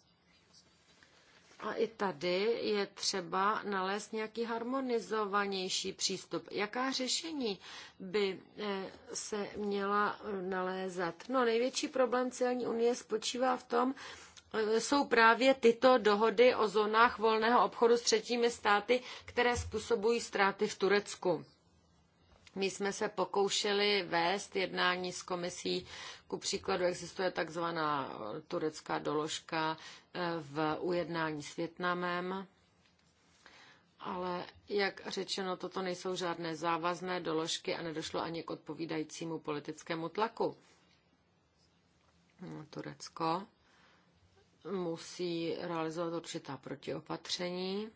A i tady je třeba nalézt nějaký harmonizovanější přístup. Jaká řešení by eh, se měla nalézat? No, největší problém celní unie spočívá v tom, jsou právě tyto dohody o zónách volného obchodu s třetími státy, které způsobují ztráty v Turecku. My jsme se pokoušeli vést jednání s komisí. Ku příkladu existuje takzvaná turecká doložka eh, v ujednání s Větnamem. Ale jak řečeno, toto nejsou žádné závazné doložky a nedošlo ani k odpovídajícímu politickému tlaku. Turecko musí realizovat určitá protiopatření.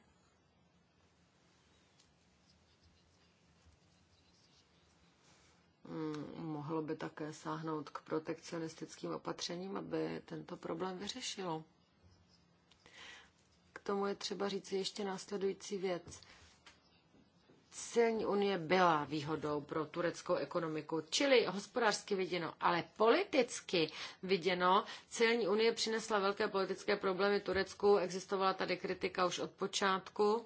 Mm, mohlo by také sáhnout k protekcionistickým opatřením, aby tento problém vyřešilo. K tomu je třeba říci ještě následující věc. Celní unie byla výhodou pro tureckou ekonomiku, čili hospodářsky viděno, ale politicky viděno, celní unie přinesla velké politické problémy Turecku, existovala tady kritika už od počátku.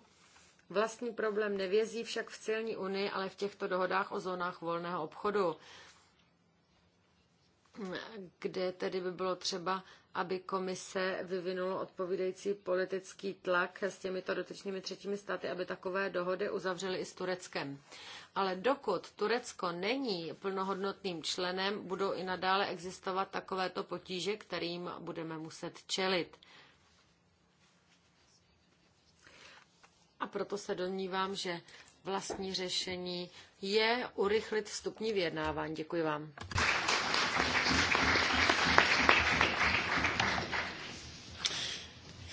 Vlastní problém nevězí však v celní unii, ale v těchto dohodách o zónách volného obchodu kde tedy by bylo třeba, aby komise vyvinula odpovídající politický tlak s těmito dotyčnými třetími státy, aby takové dohody uzavřely i s Tureckem. Ale dokud Turecko není plnohodnotným členem, budou i nadále existovat takovéto potíže, kterým budeme muset čelit. A proto se domnívám, že vlastní řešení je urychlit vstupní vyjednávání. Děkuji vám.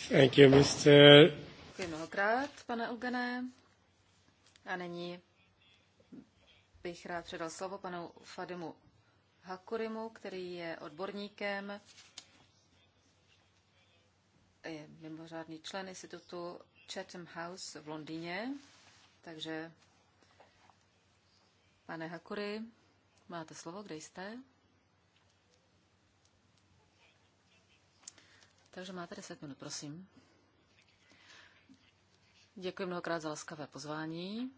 Thank you, Mr. Děkuji mnohokrát, pane Ugené. A nyní bych rád předal slovo panu Fadimu Hakurimu, který je odborníkem, je mimořádný člen institutu Chatham House v Londýně. Takže, pane Hakuri máte slovo, kde jste? takže máte 10 minut, prosím. Děkuji mnohokrát za laskavé pozvání.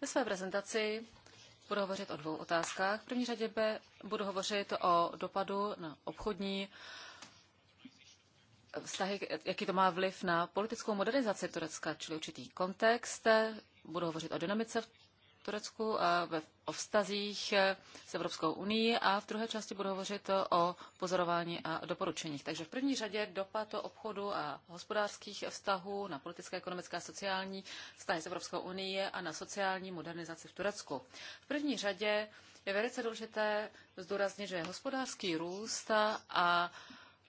Ve své prezentaci budu hovořit o dvou otázkách. V první řadě budu hovořit o dopadu na obchodní vztahy, jaký to má vliv na politickou modernizaci Turecka, čili určitý kontext. Budu hovořit o dynamice v Turecku a eh, ve, o vztazích eh, s Evropskou unii a v druhé části budu hovořit o pozorování a doporučeních. Takže v první řadě dopad obchodu a hospodářských vztahů na politické, ekonomické a sociální vztahy s Evropskou unii a na sociální modernizaci v Turecku. V první řadě je velice důležité zdůraznit, že hospodářský růst a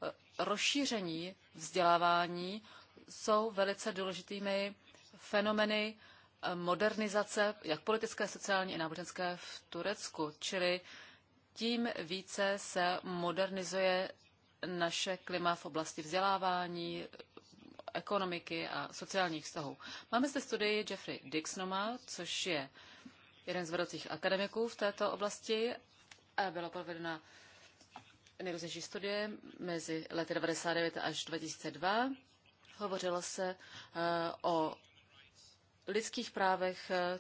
eh, rozšíření vzdělávání jsou velice důležitými fenomeny modernizace, jak politické, sociální i náboženské v Turecku, čili tím více se modernizuje naše klima v oblasti vzdělávání, ekonomiky a sociálních vztahů. Máme zde studii Jeffrey Dixnoma, což je jeden z vedoucích akademiků v této oblasti. Byla provedena nejrůznější studie mezi lety 1999 až 2002. Hovořilo se eh, o lidských právech, eh,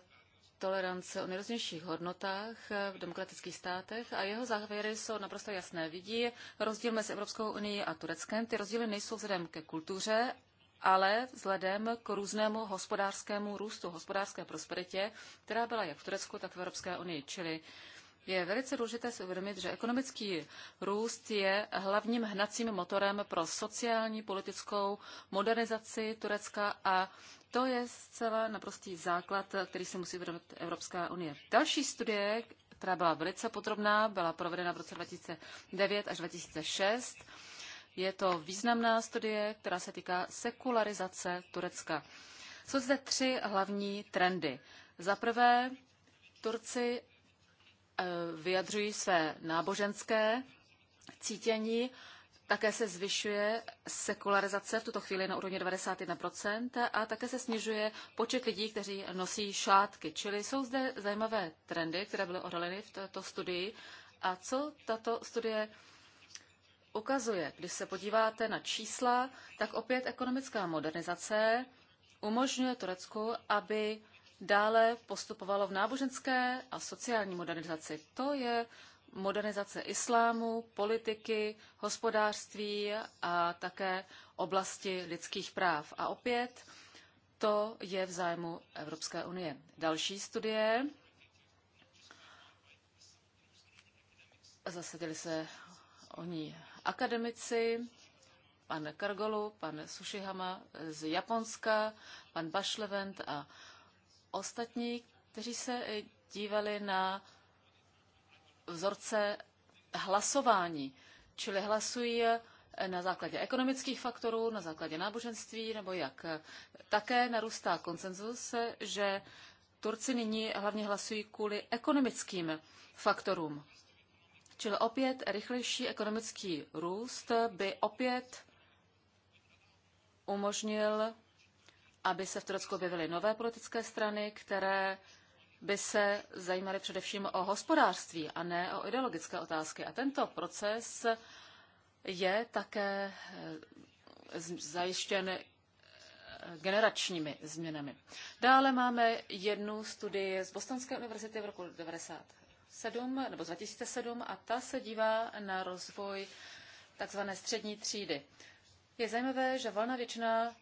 tolerance, o nejrůznějších hodnotách eh, v demokratických státech a jeho závěry jsou naprosto jasné. Vidí rozdíl mezi Evropskou unii a Tureckem. Ty rozdíly nejsou vzhledem ke kultuře, ale vzhledem k různému hospodářskému růstu, hospodářské prosperitě, která byla jak v Turecku, tak v Evropské unii. Čili je velice důležité si uvědomit, že ekonomický růst je hlavním hnacím motorem pro sociální, politickou modernizaci Turecka a to je zcela naprostý základ, který si musí uvědomit Evropská unie. Další studie, která byla velice podrobná, byla provedena v roce 2009 až 2006. Je to významná studie, která se týká sekularizace Turecka. Jsou zde tři hlavní trendy. Za prvé, Turci E, vyjadřují své náboženské cítění, také se zvyšuje sekularizace v tuto chvíli na úrovni 91% a také se snižuje počet lidí, kteří nosí šátky. Čili jsou zde zajímavé trendy, které byly odhaleny v této studii. A co tato studie ukazuje? Když se podíváte na čísla, tak opět ekonomická modernizace umožňuje Turecku, aby dále postupovalo v náboženské a sociální modernizaci. To je modernizace islámu, politiky, hospodářství a také oblasti lidských práv. A opět to je v zájmu Evropské unie. Další studie. Zasadili se o ní akademici, pan Kargolu, pan Sushihama z Japonska, pan Bašlevent a ostatní, kteří se eh, dívali na vzorce hlasování, čili hlasují eh, na základě ekonomických faktorů, na základě náboženství, nebo jak. Také narůstá konsenzus, že Turci nyní hlavně hlasují kvůli ekonomickým faktorům. Čili opět rychlejší ekonomický růst by opět umožnil aby se v Turecku objevily nové politické strany, které by se zajímaly především o hospodářství a ne o ideologické otázky. A tento proces je také eh, zajištěn eh, generačními změnami. Dále máme jednu studii z Bostonské univerzity v roku 1997 nebo 2007 a ta se dívá na rozvoj takzvané střední třídy. Je zajímavé, že valná většina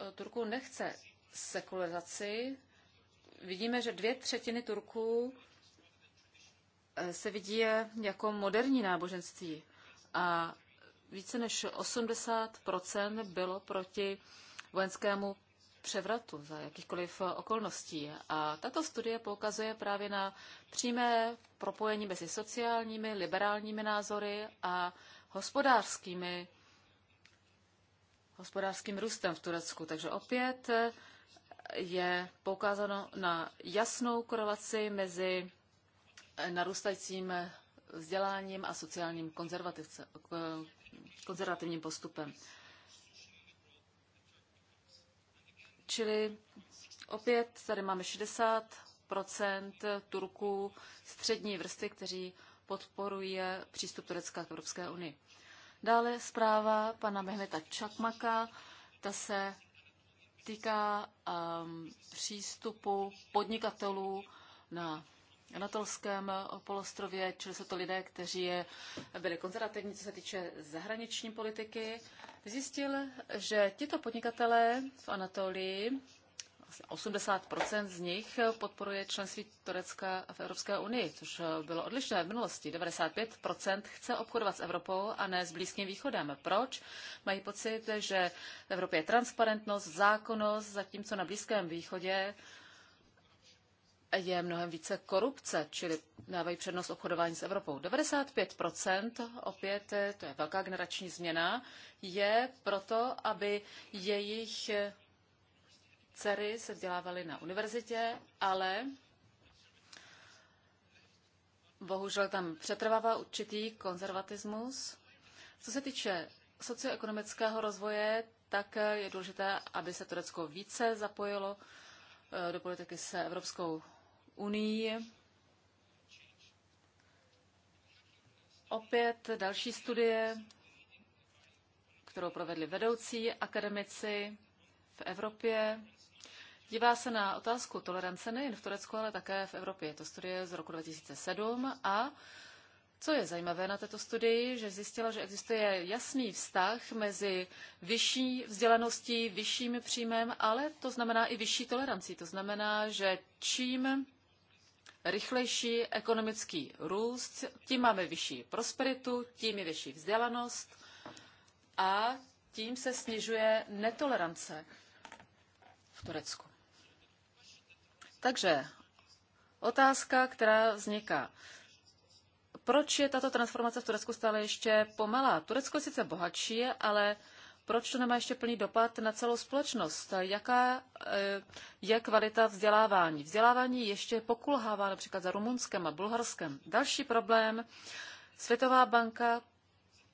Eh, Turků nechce sekularizaci. Vidíme, že dvě třetiny Turků eh, se vidí jako moderní náboženství a více než 80 bylo proti vojenskému převratu za jakýchkoliv eh, okolností. A tato studie poukazuje právě na přímé propojení mezi sociálními, liberálními názory a hospodářskými hospodářským růstem v Turecku. Takže opět eh, je poukázáno na jasnou korelaci mezi eh, narůstajícím eh, vzděláním a sociálním konzervativním postupem. Čili opět tady máme 60 Turků střední vrsty, kteří podporují přístup Turecka k Evropské unii. Dále zpráva pana Mehmeta Čakmaka, ta se týká um, přístupu podnikatelů na Anatolském polostrově, čili jsou to lidé, kteří je, byli konzervativní, co se týče zahraniční politiky. Zjistil, že tito podnikatelé v Anatolii vlastně 80 z nich podporuje členství Turecka v Evropské unii, což bylo odlišné v minulosti. 95 chce obchodovat s Evropou a ne s Blízkým východem. Proč? Mají pocit, že v Evropě je transparentnost, zákonnost, zatímco na Blízkém východě je mnohem více korupce, čili dávají přednost obchodování s Evropou. 95%, opět to je velká generační změna, je proto, aby jejich dcery se vzdělávaly na univerzitě, ale bohužel tam přetrvává určitý konzervatismus. Co se týče socioekonomického rozvoje, tak je důležité, aby se Turecko více zapojilo eh, do politiky se Evropskou unii. Opět další studie, kterou provedli vedoucí akademici v Evropě, Dívá se na otázku tolerance nejen v Turecku, ale také v Evropě. Je to studie z roku 2007 a co je zajímavé na této studii, že zjistila, že existuje jasný vztah mezi vyšší vzdělaností, vyšším příjmem, ale to znamená i vyšší tolerancí. To znamená, že čím rychlejší ekonomický růst, tím máme vyšší prosperitu, tím je vyšší vzdělanost a tím se snižuje netolerance v Turecku. Takže otázka, která vzniká. Proč je tato transformace v Turecku stále ještě pomalá? Turecko je sice bohatší, ale proč to nemá ještě plný dopad na celou společnost? Jaká eh, je kvalita vzdělávání? Vzdělávání ještě pokulhává například za Rumunskem a Bulharskem. Další problém, Světová banka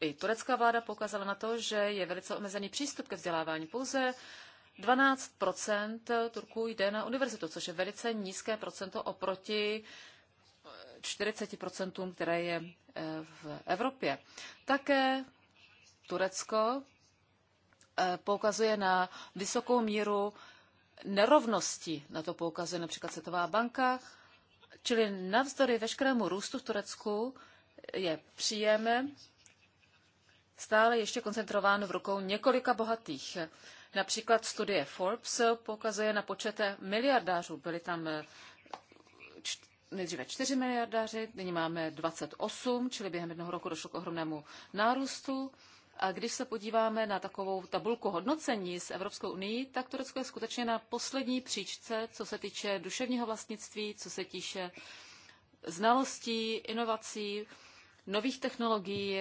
i turecká vláda poukázala na to, že je velice omezený přístup ke vzdělávání. Pouze 12 Turků jde na univerzitu, což je velice nízké procento oproti 40 které je eh, v Evropě. Také Turecko eh, poukazuje na vysokou míru nerovnosti. Na to poukazuje například Světová banka. Čili navzdory veškerému růstu v Turecku je příjem stále ještě koncentrován v rukou několika bohatých. Například studie Forbes pokazuje na počet miliardářů. Byli tam eh, nejdříve 4 miliardáři, nyní máme 28, čili během jednoho roku došlo k ohromnému nárůstu. A když se podíváme na takovou tabulku hodnocení s Evropskou unii, tak Turecko je skutečně na poslední příčce, co se týče duševního vlastnictví, co se týče znalostí, inovací, nových technologií.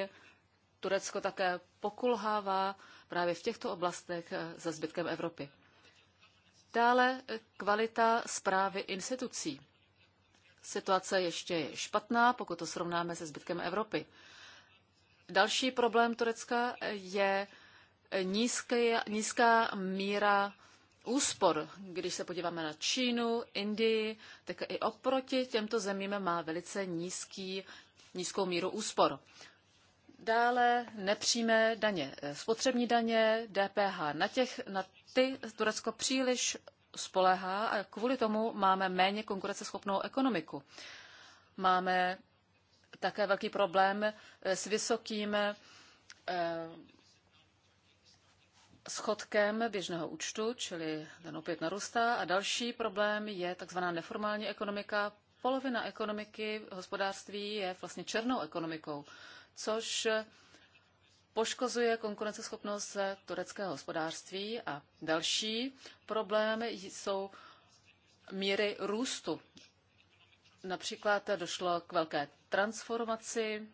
Turecko také pokulhává právě v těchto oblastech eh, za zbytkem Evropy. Dále eh, kvalita zprávy institucí. Situace ještě je špatná, pokud to srovnáme se zbytkem Evropy. Další problém Turecka eh, je nízké, nízká míra úspor. Když se podíváme na Čínu, Indii, tak i oproti těmto zemím má velice nízký, nízkou míru úspor. Dále nepřímé daně, eh, spotřební daně, DPH. Na, těch, na ty Turecko příliš spolehá a kvůli tomu máme méně konkurenceschopnou ekonomiku. Máme také velký problém eh, s vysokým eh, schodkem běžného účtu, čili ten opět narůstá. A další problém je takzvaná neformální ekonomika. Polovina ekonomiky hospodářství je vlastně černou ekonomikou což poškozuje konkurenceschopnost tureckého hospodářství. A další problémy jsou míry růstu. Například došlo k velké transformaci,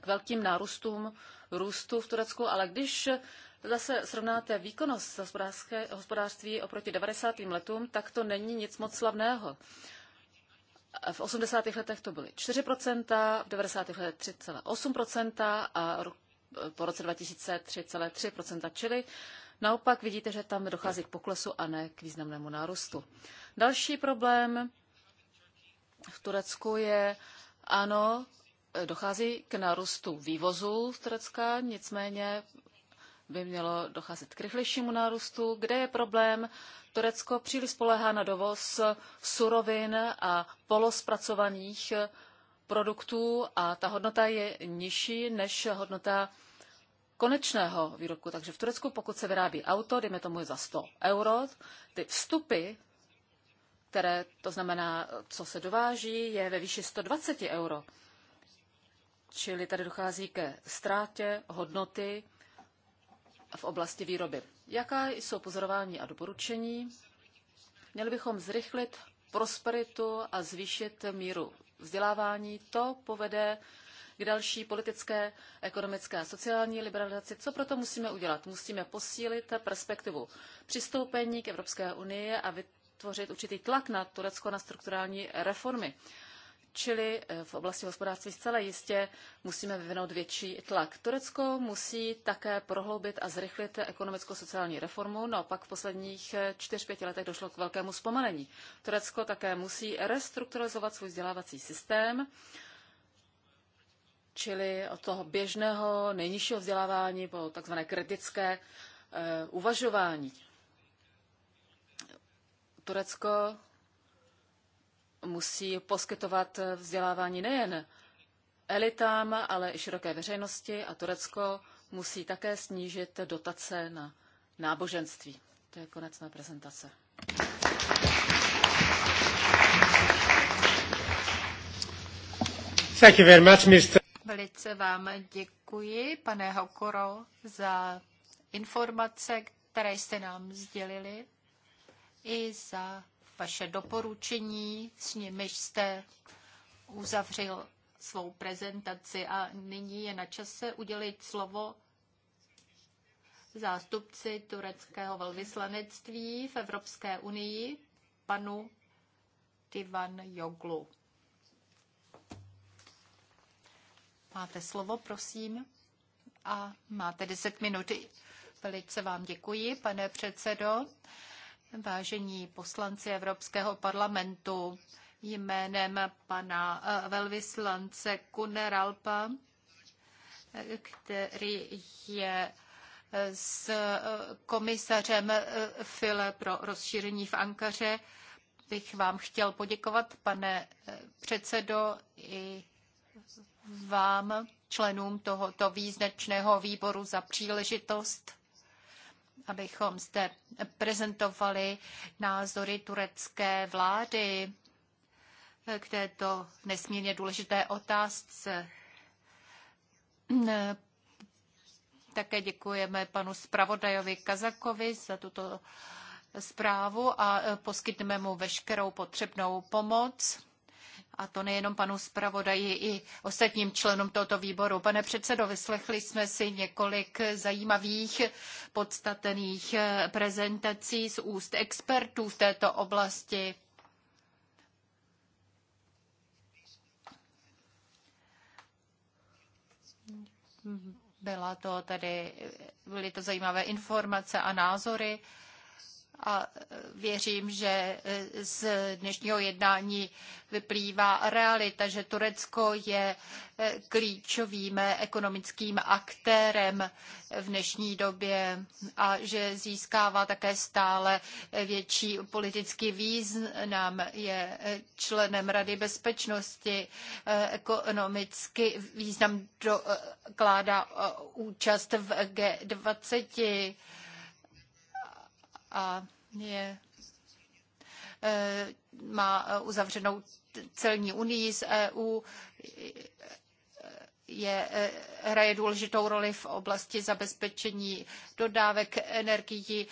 k velkým nárůstům růstu v Turecku, ale když zase srovnáte výkonnost hospodářství oproti 90. letům, tak to není nic moc slavného. V 80. letech to byly 4%, v 90. letech 3,8% a po roce 2000 3,3%, čili naopak vidíte, že tam dochází k poklesu a ne k významnému nárůstu. Další problém v Turecku je, ano, dochází k nárůstu vývozu z Turecka, nicméně by mělo docházet k rychlejšímu nárůstu. Kde je problém? Turecko příliš spolehá na dovoz surovin a polospracovaných produktů a ta hodnota je nižší než hodnota konečného výrobku. Takže v Turecku, pokud se vyrábí auto, dejme tomu za 100 euro, ty vstupy, které to znamená, co se dováží, je ve výši 120 euro. Čili tady dochází ke ztrátě hodnoty v oblasti výroby. Jaká jsou pozorování a doporučení? Měli bychom zrychlit prosperitu a zvýšit míru vzdělávání. To povede k další politické, ekonomické a sociální liberalizaci. Co proto musíme udělat? Musíme posílit perspektivu přistoupení k Evropské unii a vytvořit určitý tlak na Turecko na strukturální reformy. Čili eh, v oblasti hospodářství zcela jistě musíme vyvinout větší tlak. Turecko musí také prohloubit a zrychlit ekonomicko-sociální reformu, no pak v posledních 4-5 eh, letech došlo k velkému zpomalení. Turecko také musí restrukturalizovat svůj vzdělávací systém, čili od toho běžného nejnižšího vzdělávání po takzvané kritické eh, uvažování. Turecko musí poskytovat vzdělávání nejen elitám, ale i široké veřejnosti a Turecko musí také snížit dotace na náboženství. To je konec mé prezentace. Thank you very much, Mr. Velice vám děkuji, pane Hokoro, za informace, které jste nám sdělili i za vaše doporučení, s nimiž jste uzavřel svou prezentaci a nyní je na čase udělit slovo zástupci tureckého velvyslanectví v Evropské unii, panu Divan Joglu. Máte slovo, prosím, a máte 10 minut. Velice vám děkuji, pane předsedo. Vážení poslanci Evropského parlamentu, jménem pana eh, velvyslance Kuneralpa, eh, který je eh, s komisařem File pro rozšíření v Ankaře, bych vám chtěl poděkovat, pane předsedo, i vám, členům tohoto význačného výboru, za příležitost abychom zde prezentovali názory turecké vlády k této nesmírně důležité otázce. Také děkujeme panu zpravodajovi Kazakovi za tuto zprávu a poskytneme mu veškerou potřebnou pomoc a to nejenom panu zpravodaji i ostatním členům tohoto výboru. Pane předsedo, vyslechli jsme si několik zajímavých podstatných eh, prezentací z úst expertů v této oblasti. Byla to tedy, byly to zajímavé informace a názory a e, věřím, že e, z dnešního jednání vyplývá realita, že Turecko je e, klíčovým ekonomickým aktérem v dnešní době a že získává také stále větší politický význam, je členem Rady bezpečnosti, ekonomicky význam dokládá účast v G20 a je, e, má e, uzavřenou celní unii z EU, je, e, hraje důležitou roli v oblasti zabezpečení dodávek energií,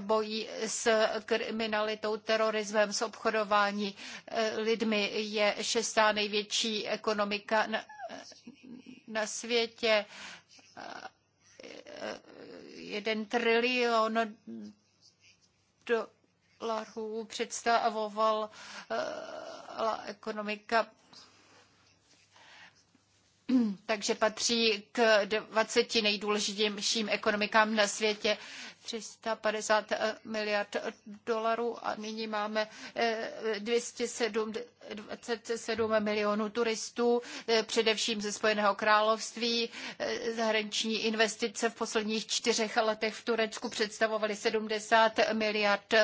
bojí s kriminalitou, terorismem, s obchodování lidmi. Je šestá největší ekonomika na, na světě jeden trilion dolarů představoval ekonomika takže patří k 20 nejdůležitějším ekonomikám na světě. 350 eh, miliard dolarů a nyní máme 227 eh, milionů turistů, eh, především ze Spojeného království. Zahraniční investice v posledních čtyřech letech v Turecku představovaly 70 miliard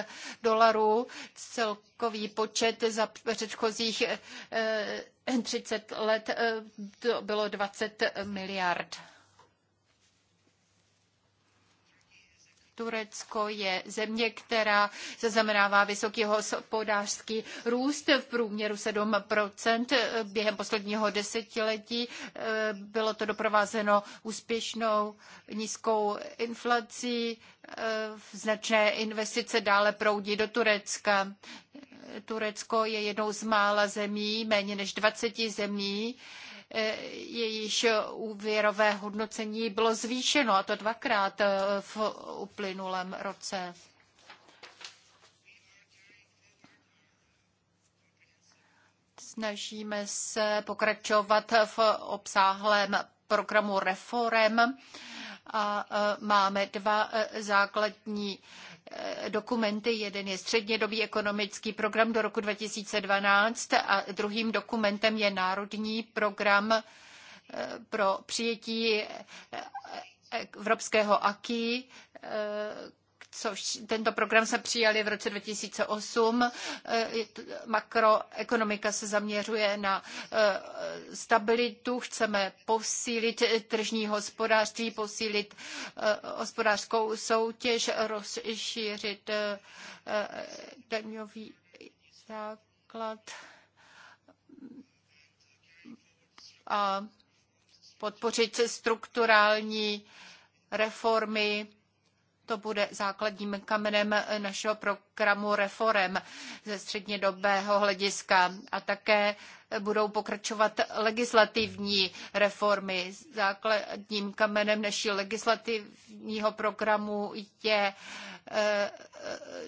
dolarů. Celkový počet za předchozích 30 let eh, to bylo 20 miliard. Turecko je země, která zaznamenává vysoký hospodářský růst, v průměru 7% během posledního desetiletí. Eh, bylo to doprovázeno úspěšnou nízkou inflací, eh, značné investice dále proudí do Turecka. Turecko je jednou z mála zemí, méně než 20 zemí, Eh, jejíž úvěrové hodnocení bylo zvýšeno, a to dvakrát eh, v uplynulém roce. Snažíme se pokračovat v obsáhlém programu reform a eh, máme dva základní dokumenty. Jeden je střednědobý ekonomický program do roku 2012 a druhým dokumentem je národní program eh, pro přijetí eh, eh, evropského AKI, což tento program jsme přijali v roce 2008. E, makroekonomika se zaměřuje na e, stabilitu, chceme posílit tržní hospodářství, posílit e, hospodářskou soutěž, rozšířit daňový základ a podpořit strukturální reformy to bude základním kamenem našeho programu reform ze střednědobého hlediska a také budou pokračovat legislativní reformy. Základním kamenem naší legislativního programu je eh,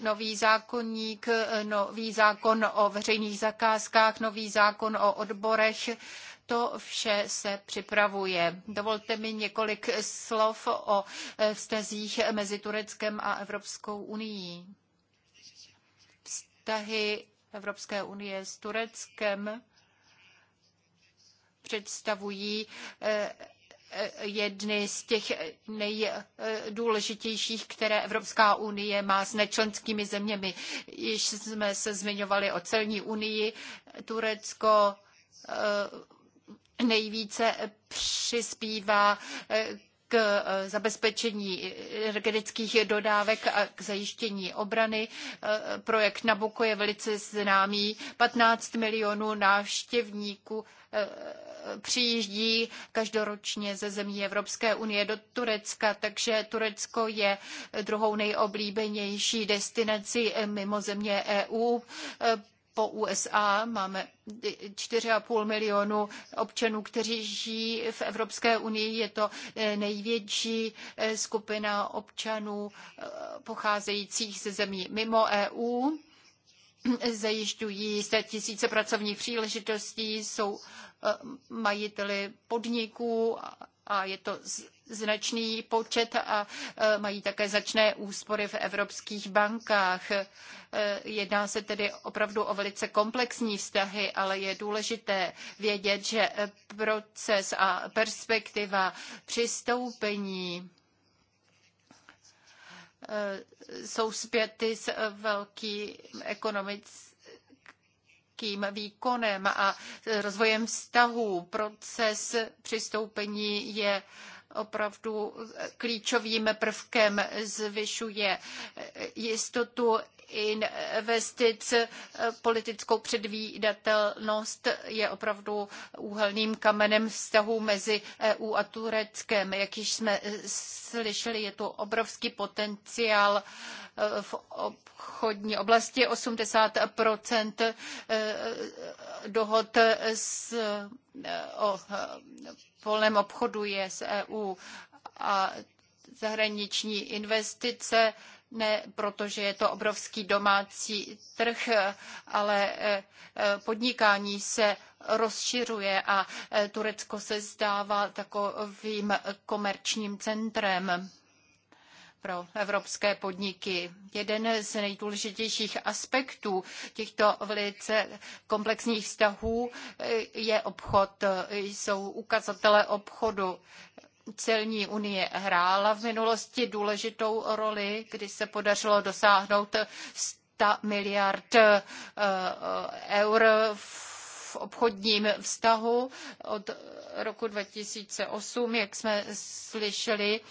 nový zákonník, nový zákon o veřejných zakázkách, nový zákon o odborech, to vše se připravuje. Dovolte mi několik slov o eh, vztazích mezi Tureckem a Evropskou unii. Vztahy Evropské unie s Tureckem představují eh, jedny z těch nejdůležitějších, které Evropská unie má s nečlenskými zeměmi. Již jsme se zmiňovali o celní unii. Turecko eh, nejvíce přispívá eh, k eh, zabezpečení energetických dodávek a k zajištění obrany. Eh, projekt Nabuko je velice známý. 15 milionů návštěvníků přijíždí každoročně ze zemí Evropské unie do Turecka, takže Turecko je druhou nejoblíbenější destinací mimo země EU po USA máme 4,5 milionu občanů, kteří žijí v Evropské unii. Je to eh, největší eh, skupina občanů eh, pocházejících ze zemí mimo EU. Zajišťují se tisíce pracovních příležitostí, jsou majiteli podniků a je to značný počet a e, mají také značné úspory v evropských bankách. E, jedná se tedy opravdu o velice komplexní vztahy, ale je důležité vědět, že e, proces a perspektiva přistoupení jsou zpěty s velkým ekonomickým vysokým výkonem a rozvojem vztahů. Proces přistoupení je opravdu klíčovým prvkem zvyšuje jistotu investic, eh, politickou předvídatelnost je opravdu úhelným kamenem vztahu mezi EU a Tureckem. Jak již jsme eh, slyšeli, je tu obrovský potenciál eh, v obchodní oblasti 80 dohod s, o volném obchodu je z EU a zahraniční investice ne protože je to obrovský domácí trh, ale e, e, podnikání se rozšiřuje a e, Turecko se zdává takovým komerčním centrem pro evropské podniky. Jeden z nejdůležitějších aspektů těchto velice komplexních vztahů je obchod, jsou ukazatele obchodu celní unie hrála v minulosti důležitou roli, kdy se podařilo dosáhnout 100 miliard eh, eh, eur v obchodním vztahu od roku 2008, jak jsme slyšeli,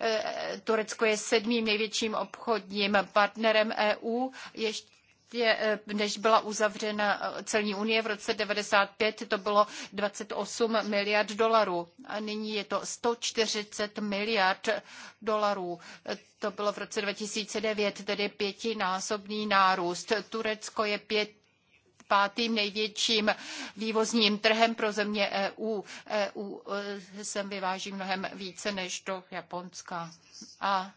eh, Turecko je sedmým největším obchodním partnerem EU. Ještě je, eh, než byla uzavřena eh, celní unie v roce 95, to bylo 28 miliard dolarů. A nyní je to 140 miliard dolarů. To bylo v roce 2009, tedy pětinásobný nárůst. Turecko je pět pátým největším vývozním trhem pro země EU. EU eh, sem vyváží mnohem více než do Japonska. A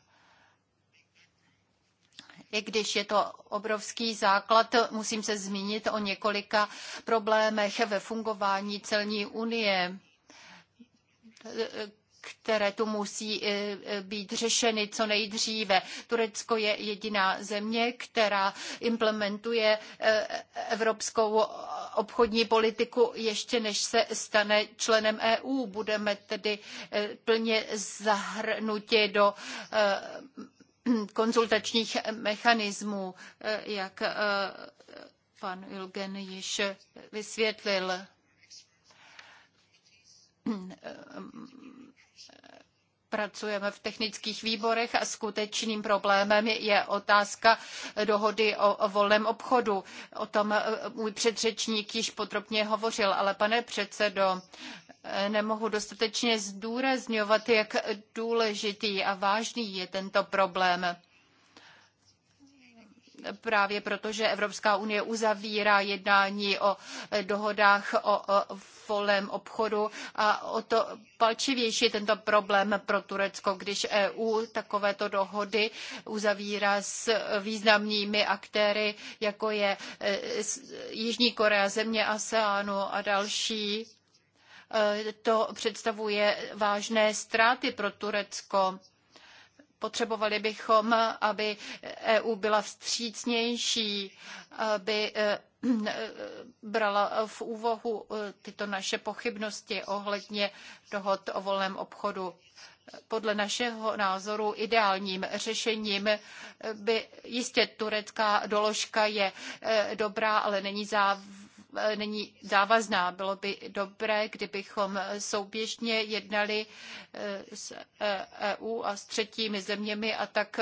i když je to obrovský základ, musím se zmínit o několika problémech ve fungování celní unie které tu musí e, e, být řešeny co nejdříve. Turecko je jediná země, která implementuje e, evropskou obchodní politiku ještě než se stane členem EU. Budeme tedy plně zahrnuti do konzultačních mechanismů, eh, jak eh, pan Ilgen již vysvětlil. Pracujeme v technických výborech a skutečným problémem je otázka dohody o volném obchodu. O tom eh, můj předřečník již podrobně hovořil, ale pane předsedo, Eh, nemohu dostatečně zdůrazňovat, jak důležitý a vážný je tento problém. Právě protože Evropská unie uzavírá jednání o eh, dohodách o volném obchodu a o to palčivější tento problém pro Turecko, když EU takovéto dohody uzavírá s významnými aktéry, jako je eh, Jižní Korea, země ASEANu a další Eh, to představuje vážné ztráty pro Turecko. Potřebovali bychom, aby EU byla vstřícnější, aby eh, brala v úvahu eh, tyto naše pochybnosti ohledně dohod o volném obchodu. Podle našeho názoru ideálním řešením by jistě turecká doložka je dobrá, ale není závislá Eh, není závazná. Bylo by dobré, kdybychom souběžně jednali eh, s EU eh, e a s třetími zeměmi a tak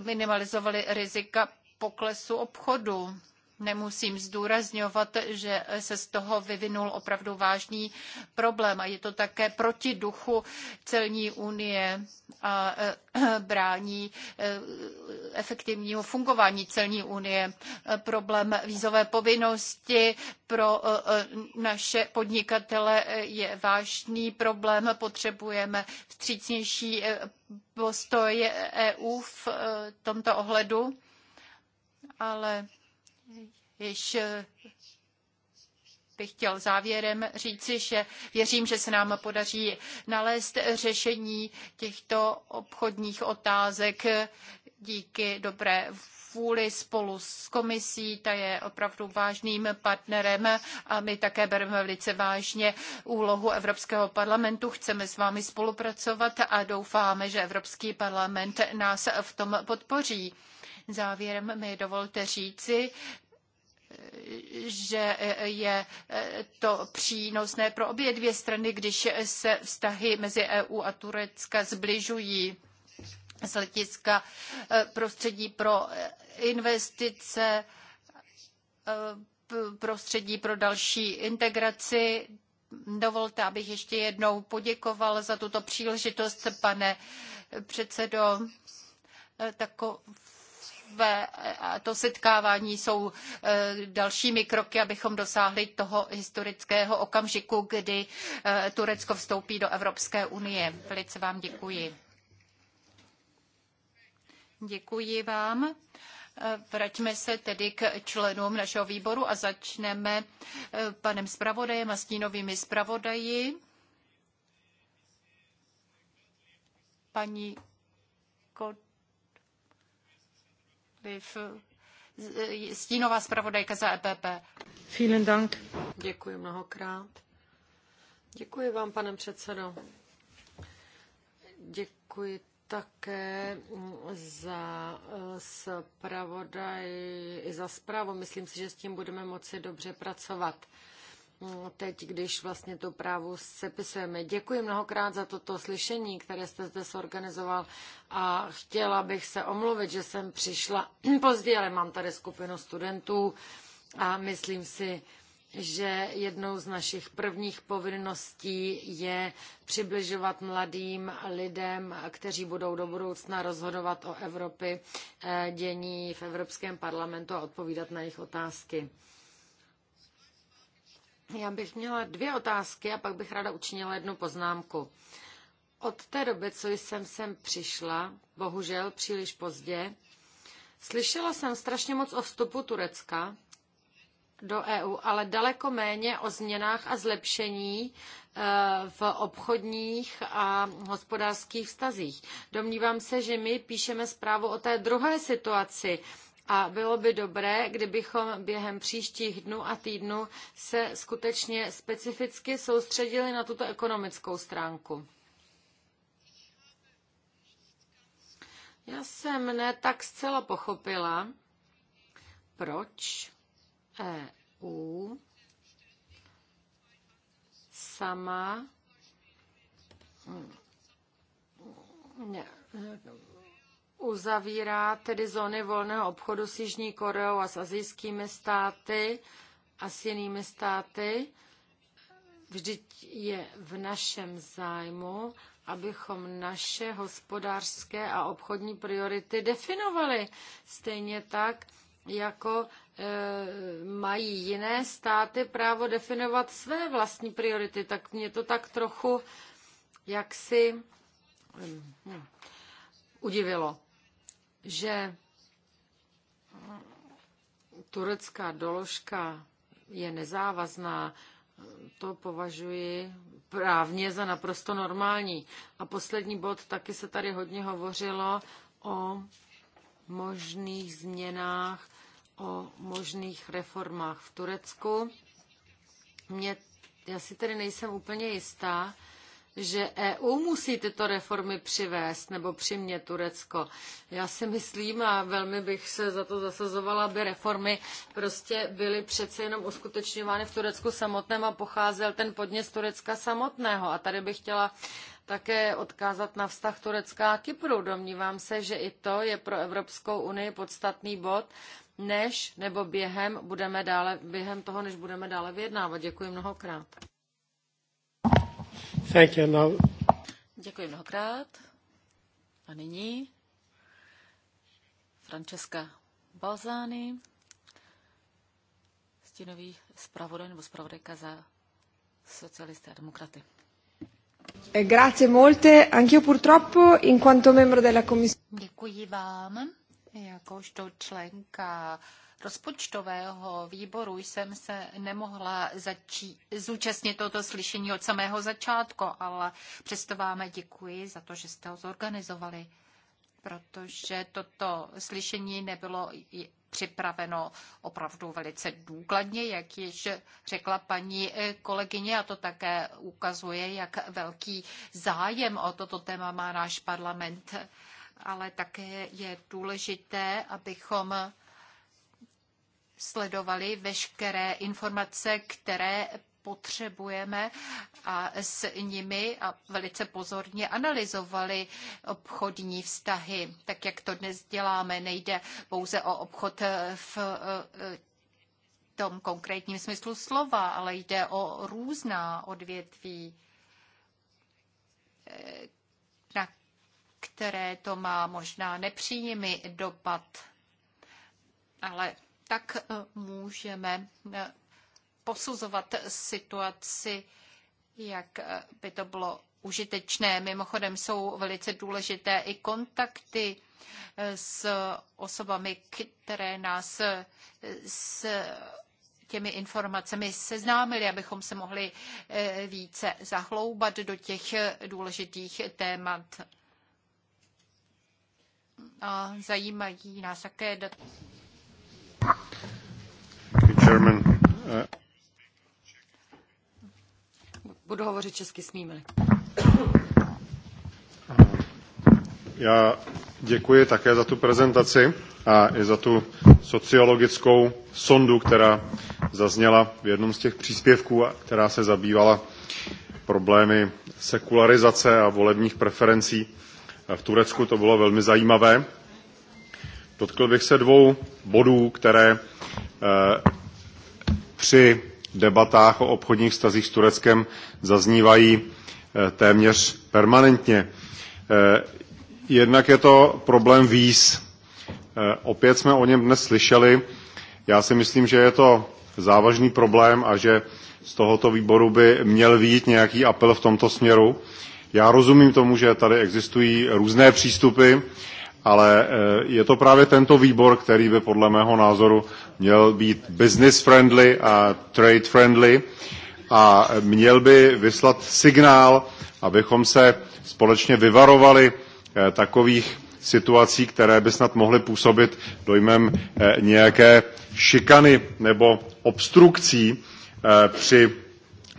minimalizovali rizika poklesu obchodu. Nemusím zdůrazňovat, že se z toho vyvinul opravdu vážný problém a je to také proti duchu celní unie a eh, brání eh, efektivního fungování celní unie. Problém vízové povinnosti pro eh, naše podnikatele je vážný problém. Potřebujeme vstřícnější postoj EU v tomto ohledu, ale již eh, bych chtěl závěrem říci, že věřím, že se nám podaří nalézt řešení těchto obchodních otázek díky dobré vůli spolu s komisí, ta je opravdu vážným partnerem a my také bereme velice vážně úlohu Evropského parlamentu. Chceme s vámi spolupracovat a doufáme, že Evropský parlament nás v tom podpoří. Závěrem mi dovolte říci, že je to přínosné pro obě dvě strany, když se vztahy mezi EU a Turecka zbližují z hlediska eh, prostředí pro investice, eh, prostředí pro další integraci. Dovolte, abych ještě jednou poděkoval za tuto příležitost, pane předsedo. Eh, Takov a to setkávání jsou e, dalšími kroky, abychom dosáhli toho historického okamžiku, kdy e, Turecko vstoupí do Evropské unie. Velice vám děkuji. Děkuji vám. E, vraťme se tedy k členům našeho výboru a začneme panem zpravodajem a stínovými zpravodaji. Paní Aviv. E, stínová zpravodajka za EPP. Vielen Dank. Děkuji mnohokrát. Děkuji vám, pane předsedo. Děkuji také za e, zpravodaj, za zprávu. Myslím si, že s tím budeme moci dobře pracovat. No, teď, když vlastně tu právu sepisujeme. Děkuji mnohokrát za toto slyšení, které jste zde sorganizoval a chtěla bych se omluvit, že jsem přišla později, ale mám tady skupinu studentů a myslím si, že jednou z našich prvních povinností je přibližovat mladým lidem, kteří budou do budoucna rozhodovat o Evropě, eh, dění v Evropském parlamentu a odpovídat na jejich otázky. Já bych měla dvě otázky a pak bych ráda učinila jednu poznámku. Od té doby, co jsem sem přišla, bohužel příliš pozdě, slyšela jsem strašně moc o vstupu Turecka do EU, ale daleko méně o změnách a zlepšení e, v obchodních a hospodářských vztazích. Domnívám se, že my píšeme zprávu o té druhé situaci, a bylo by dobré, kdybychom během příštích dnů a týdnů se skutečně specificky soustředili na tuto ekonomickou stránku. Já jsem ne tak zcela pochopila, proč EU sama ne, uzavírá tedy zóny volného obchodu s Jižní Koreou a s azijskými státy a s jinými státy. Vždyť je v našem zájmu, abychom naše hospodářské a obchodní priority definovali. Stejně tak, jako e, mají jiné státy právo definovat své vlastní priority, tak mě to tak trochu jaksi mm, no, udivilo že turecká doložka je nezávazná, to považuji právně za naprosto normální. A poslední bod, taky se tady hodně hovořilo o možných změnách, o možných reformách v Turecku. Mě, já si tedy nejsem úplně jistá, že EU musí tyto reformy přivést nebo přimět Turecko. Já si myslím a velmi bych se za to zasazovala, aby reformy prostě byly přece jenom uskutečňovány v Turecku samotném a pocházel ten podnět z Turecka samotného. A tady bych chtěla také odkázat na vztah Turecka a Kypru. Domnívám se, že i to je pro Evropskou unii podstatný bod, než nebo během, budeme dále, během toho, než budeme dále vyjednávat. Děkuji mnohokrát. Thank you. Now. Děkuji mnohokrát. A nyní Francesca Balzány, stínový zpravodaj nebo zpravodajka za socialisté a demokraty. Eh, grazie molte. Anch'io purtroppo, in quanto membro della commissione. Děkuji vám, jakožto členka rozpočtového výboru jsem se nemohla začí, zúčastnit toto slyšení od samého začátku, ale přesto vám děkuji za to, že jste ho zorganizovali, protože toto slyšení nebylo připraveno opravdu velice důkladně, jak již řekla paní eh, kolegyně, a to také ukazuje, jak velký zájem o toto téma má náš parlament. Ale také je důležité, abychom sledovali veškeré informace, které potřebujeme a s nimi a velice pozorně analyzovali obchodní vztahy. Tak jak to dnes děláme, nejde pouze o obchod v eh, tom konkrétním smyslu slova, ale jde o různá odvětví, eh, na které to má možná nepříjemný dopad. Ale tak eh, můžeme eh, posuzovat situaci, jak eh, by to bylo užitečné. Mimochodem jsou velice důležité i kontakty s osobami, které nás s těmi informacemi seznámili, abychom se mohli více zahloubat do těch důležitých témat. A zajímají nás také Budu hovořit česky, smíme. Já děkuji také za tu prezentaci a i za tu sociologickou sondu, která zazněla v jednom z těch příspěvků, která se zabývala problémy sekularizace a volebních preferencí. V Turecku to bylo velmi zajímavé. Dotkl bych se dvou bodů, které eh, při debatách o obchodních stazích s Tureckem zaznívají eh, téměř permanentně. Eh, jednak je to problém víz. Eh, opět jsme o něm dnes slyšeli. Já si myslím, že je to závažný problém a že z tohoto výboru by měl vyjít nějaký apel v tomto směru. Já rozumím tomu, že tady existují různé přístupy ale eh, je to právě tento výbor, který by podle mého názoru měl být business friendly a trade friendly a měl by vyslat signál, abychom se společně vyvarovali eh, takových situací, které by snad mohly působit dojmem eh, nějaké šikany nebo obstrukcí při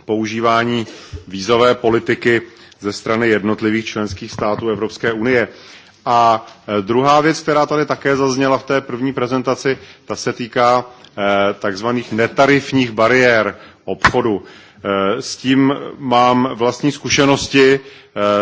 používání vízové politiky ze strany jednotlivých členských států Evropské unie. A e, druhá věc, která tady také zazněla v té první prezentaci, ta se týká e, takzvaných netarifních bariér obchodu. E, s tím mám vlastní zkušenosti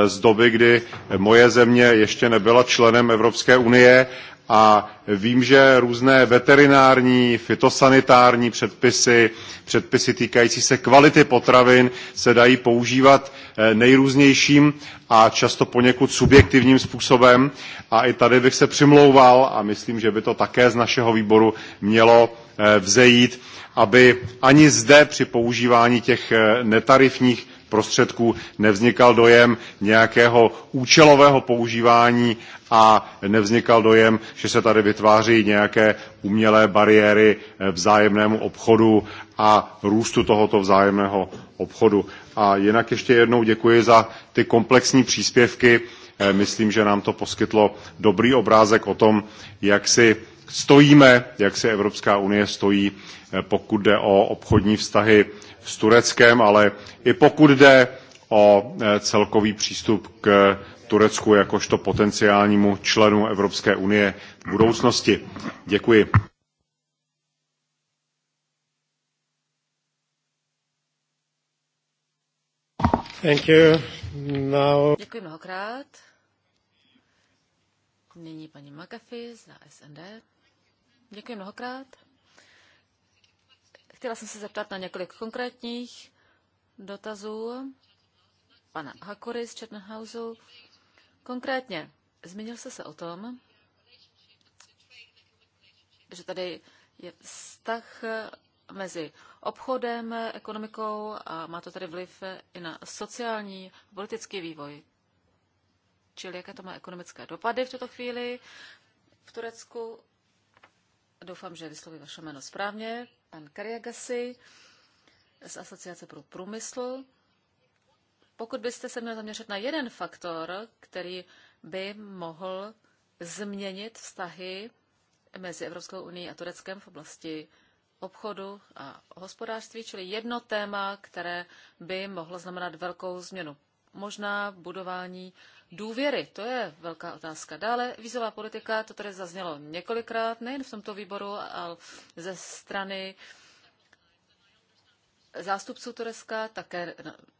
z doby, kdy moje země ještě nebyla členem Evropské unie a vím, že různé veterinární, fitosanitární předpisy, předpisy týkající se kvality potravin se dají používat eh, nejrůznějším a často poněkud subjektivním způsobem. A i tady bych se přimlouval a myslím, že by to také z našeho výboru mělo eh, vzejít, aby ani zde při používání těch eh, netarifních prostředků nevznikal dojem nějakého účelového používání a nevznikal dojem, že se tady vytváří nějaké umělé bariéry eh, vzájemnému obchodu a růstu tohoto vzájemného obchodu. A jinak ještě jednou děkuji za ty komplexní příspěvky. Eh, myslím, že nám to poskytlo dobrý obrázek o tom, jak si stojíme, jak si Evropská unie stojí, eh, pokud jde o obchodní vztahy s Tureckem, ale i pokud jde o e, celkový přístup k Turecku jakožto potenciálnímu členu Evropské unie v budoucnosti. Děkuji. Thank you. Now... Děkuji mnohokrát. Nyní paní McAfee za SND. Děkuji mnohokrát. Chtěla jsem se zeptat na několik konkrétních dotazů pana Hakory z Černohausu. Konkrétně, zmínil jste se o tom, že tady je vztah mezi obchodem, ekonomikou a má to tady vliv i na sociální politický vývoj. Čili jaké to má ekonomické dopady v tuto chvíli v Turecku. Doufám, že vysloví vaše jméno správně pan Kariagasi z Asociace pro průmysl. Pokud byste se měl zaměřit na jeden faktor, který by mohl změnit vztahy mezi Evropskou unii a Tureckem v oblasti obchodu a hospodářství, čili jedno téma, které by mohlo znamenat velkou změnu. Možná budování důvěry. To je velká otázka. Dále vízová politika, to tady zaznělo několikrát, nejen v tomto výboru, ale ze strany zástupců Turecka, také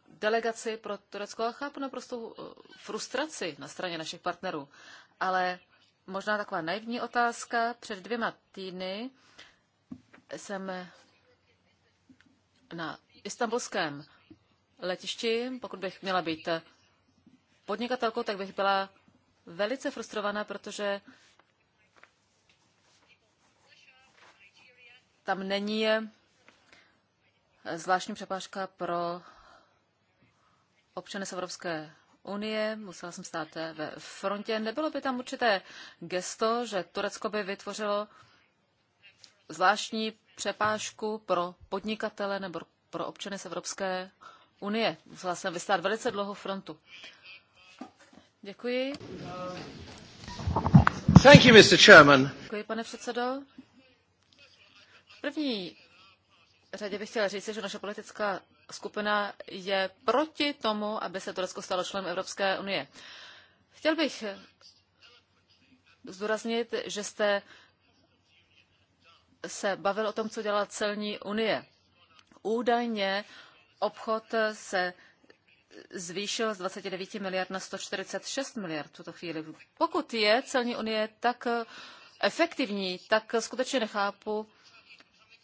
delegaci pro Turecko a chápu naprostou uh, frustraci na straně našich partnerů. Ale možná taková naivní otázka. Před dvěma týdny jsem na istambulském letišti, pokud bych měla být podnikatelkou, tak bych byla velice frustrovaná, protože tam není eh, zvláštní přepážka pro občany z Evropské unie, musela jsem stát eh, ve frontě. Nebylo by tam určité gesto, že Turecko by vytvořilo zvláštní přepážku pro podnikatele nebo pro občany z Evropské unie. Musela jsem vystát velice dlouho frontu. Děkuji. Thank you, Mr. Chairman. Děkuji, pane předsedo. V první řadě bych chtěla říct, že naše politická skupina je proti tomu, aby se Turecko stalo členem Evropské unie. Chtěl bych zdůraznit, že jste se bavil o tom, co dělá celní unie. Údajně obchod se zvýšil z 29 miliard na 146 miliard v tuto chvíli. Pokud je celní unie tak eh, efektivní, tak skutečně nechápu,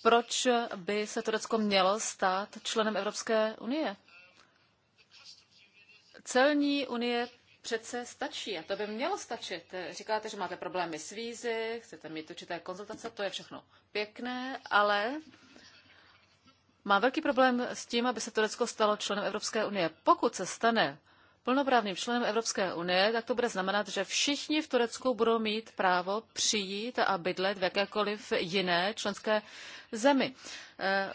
proč by se Turecko mělo stát členem Evropské unie. Celní unie přece stačí a to by mělo stačit. Říkáte, že máte problémy s vízy, chcete mít určité konzultace, to je všechno pěkné, ale má velký problém s tím, aby se Turecko stalo členem Evropské unie. Pokud se stane plnoprávným členem Evropské unie, tak to bude znamenat, že všichni v Turecku budou mít právo přijít a bydlet v jakékoliv jiné členské zemi. Eh,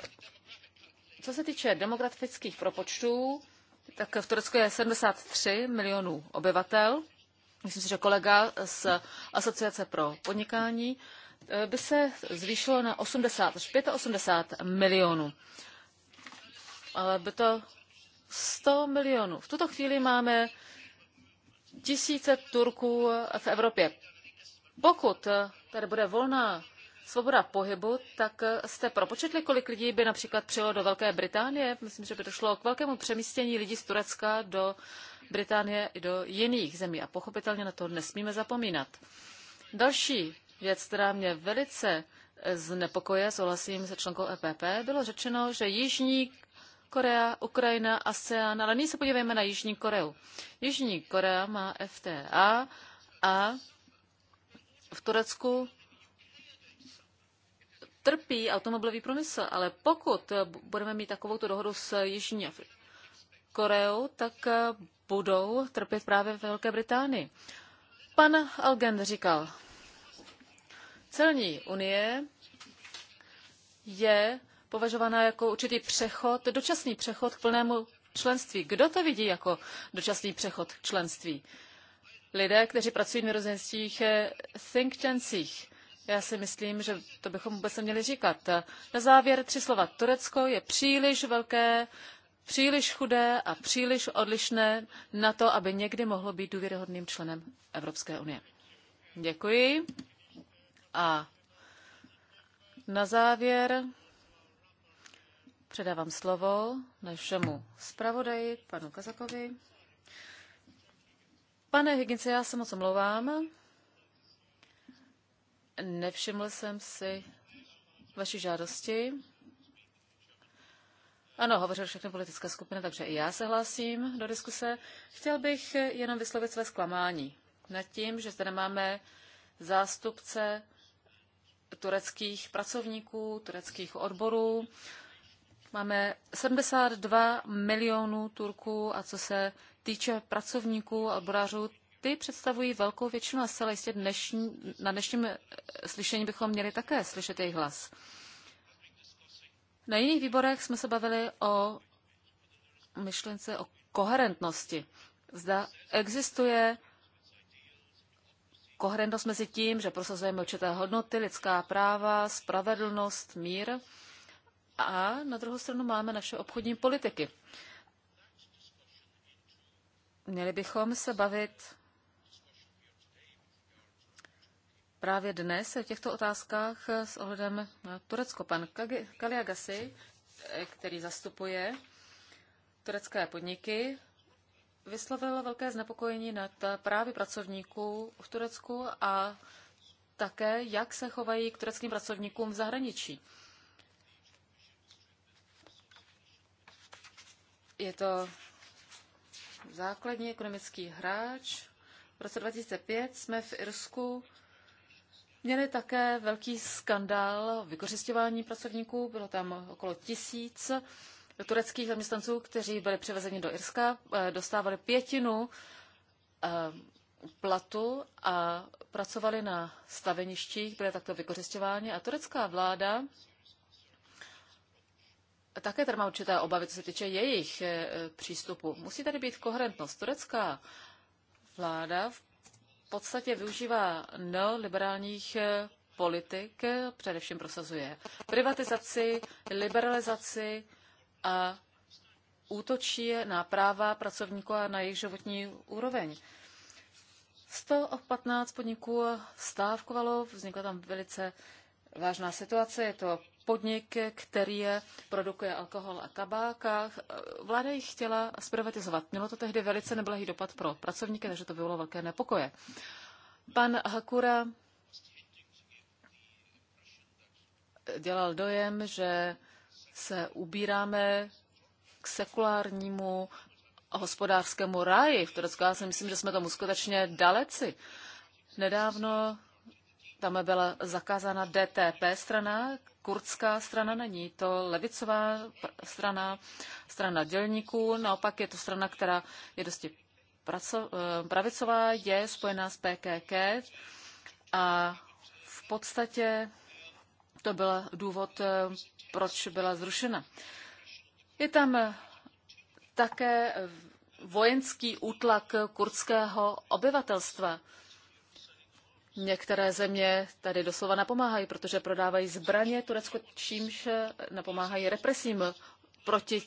co se týče demografických propočtů, tak v Turecku je 73 milionů obyvatel. Myslím si, že kolega z Asociace pro podnikání Eh, by se zvýšilo na 80 až 85 milionů. Ale by to 100 milionů. V tuto chvíli máme tisíce Turků v Evropě. Pokud tady bude volná svoboda pohybu, tak jste propočetli, kolik lidí by například přijelo do Velké Británie? Myslím, že by došlo k velkému přemístění lidí z Turecka do Británie i do jiných zemí a pochopitelně na to nesmíme zapomínat. Další věc, která mě velice eh, znepokoje, souhlasím se členkou EPP, bylo řečeno, že Jižní Korea, Ukrajina, ASEAN, ale nyní se podívejme na Jižní Koreu. Jižní Korea má FTA a v Turecku trpí automobilový průmysl, ale pokud budeme mít takovou dohodu s Jižní Koreou, tak eh, budou trpět právě ve Velké Británii. Pan Algen říkal, Celní unie je považována jako určitý přechod, dočasný přechod k plnému členství. Kdo to vidí jako dočasný přechod k členství? Lidé, kteří pracují v nerozenských eh, think tancích. Já si myslím, že to bychom vůbec neměli říkat. Na závěr tři slova. Turecko je příliš velké, příliš chudé a příliš odlišné na to, aby někdy mohlo být důvěryhodným členem Evropské unie. Děkuji. A na závěr předávám slovo našemu zpravodaji, panu Kazakovi. Pane Higince, já se moc omlouvám. Nevšiml jsem si vaší žádosti. Ano, hovořil všechny politické skupiny, takže i já se hlásím do diskuse. Chtěl bych jenom vyslovit své zklamání nad tím, že zde nemáme zástupce tureckých pracovníků, tureckých odborů. Máme 72 milionů Turků a co se týče pracovníků a odborářů, ty představují velkou většinu a zcela jistě dnešní, na dnešním eh, slyšení bychom měli také slyšet jejich hlas. Na jiných výborech jsme se bavili o myšlence o koherentnosti. Zda existuje koherentnost mezi tím, že prosazujeme určité hodnoty, lidská práva, spravedlnost, mír a na druhou stranu máme naše obchodní politiky. Měli bychom se bavit právě dnes v těchto otázkách s ohledem na Turecko. Pan Kaliagasi, který zastupuje turecké podniky, vyslovil velké znepokojení nad právy pracovníků v Turecku a také, jak se chovají k tureckým pracovníkům v zahraničí. Je to základní ekonomický hráč. V roce 2005 jsme v Irsku měli také velký skandál vykořišťování pracovníků. Bylo tam okolo tisíc tureckých zaměstnanců, kteří byli převezeni do Irska, eh, dostávali pětinu eh, platu a pracovali na staveništích, byli takto vykořišťováni. A turecká vláda také tady má určité obavy, co se týče jejich eh, přístupu. Musí tady být koherentnost. Turecká vláda v podstatě využívá neoliberálních politik, především prosazuje privatizaci, liberalizaci, a útočí na práva pracovníků a na jejich životní úroveň. 115 podniků stávkovalo, vznikla tam velice vážná situace. Je to podnik, který je, produkuje alkohol a tabák. A eh, vláda ji chtěla zprivatizovat. Mělo to tehdy velice neblahý dopad pro pracovníky, takže to bylo velké nepokoje. Pan Hakura dělal dojem, že se ubíráme k sekulárnímu hospodářskému ráji v Turecku. Já si myslím, že jsme tomu skutečně daleci. Nedávno tam byla zakázána DTP strana, kurdská strana není to levicová strana, strana dělníků, naopak je to strana, která je dosti eh, pravicová, je spojená s PKK a v podstatě to byl důvod eh, proč byla zrušena. Je tam také vojenský útlak kurdského obyvatelstva. Některé země tady doslova napomáhají, protože prodávají zbraně Turecko, čímž napomáhají represím proti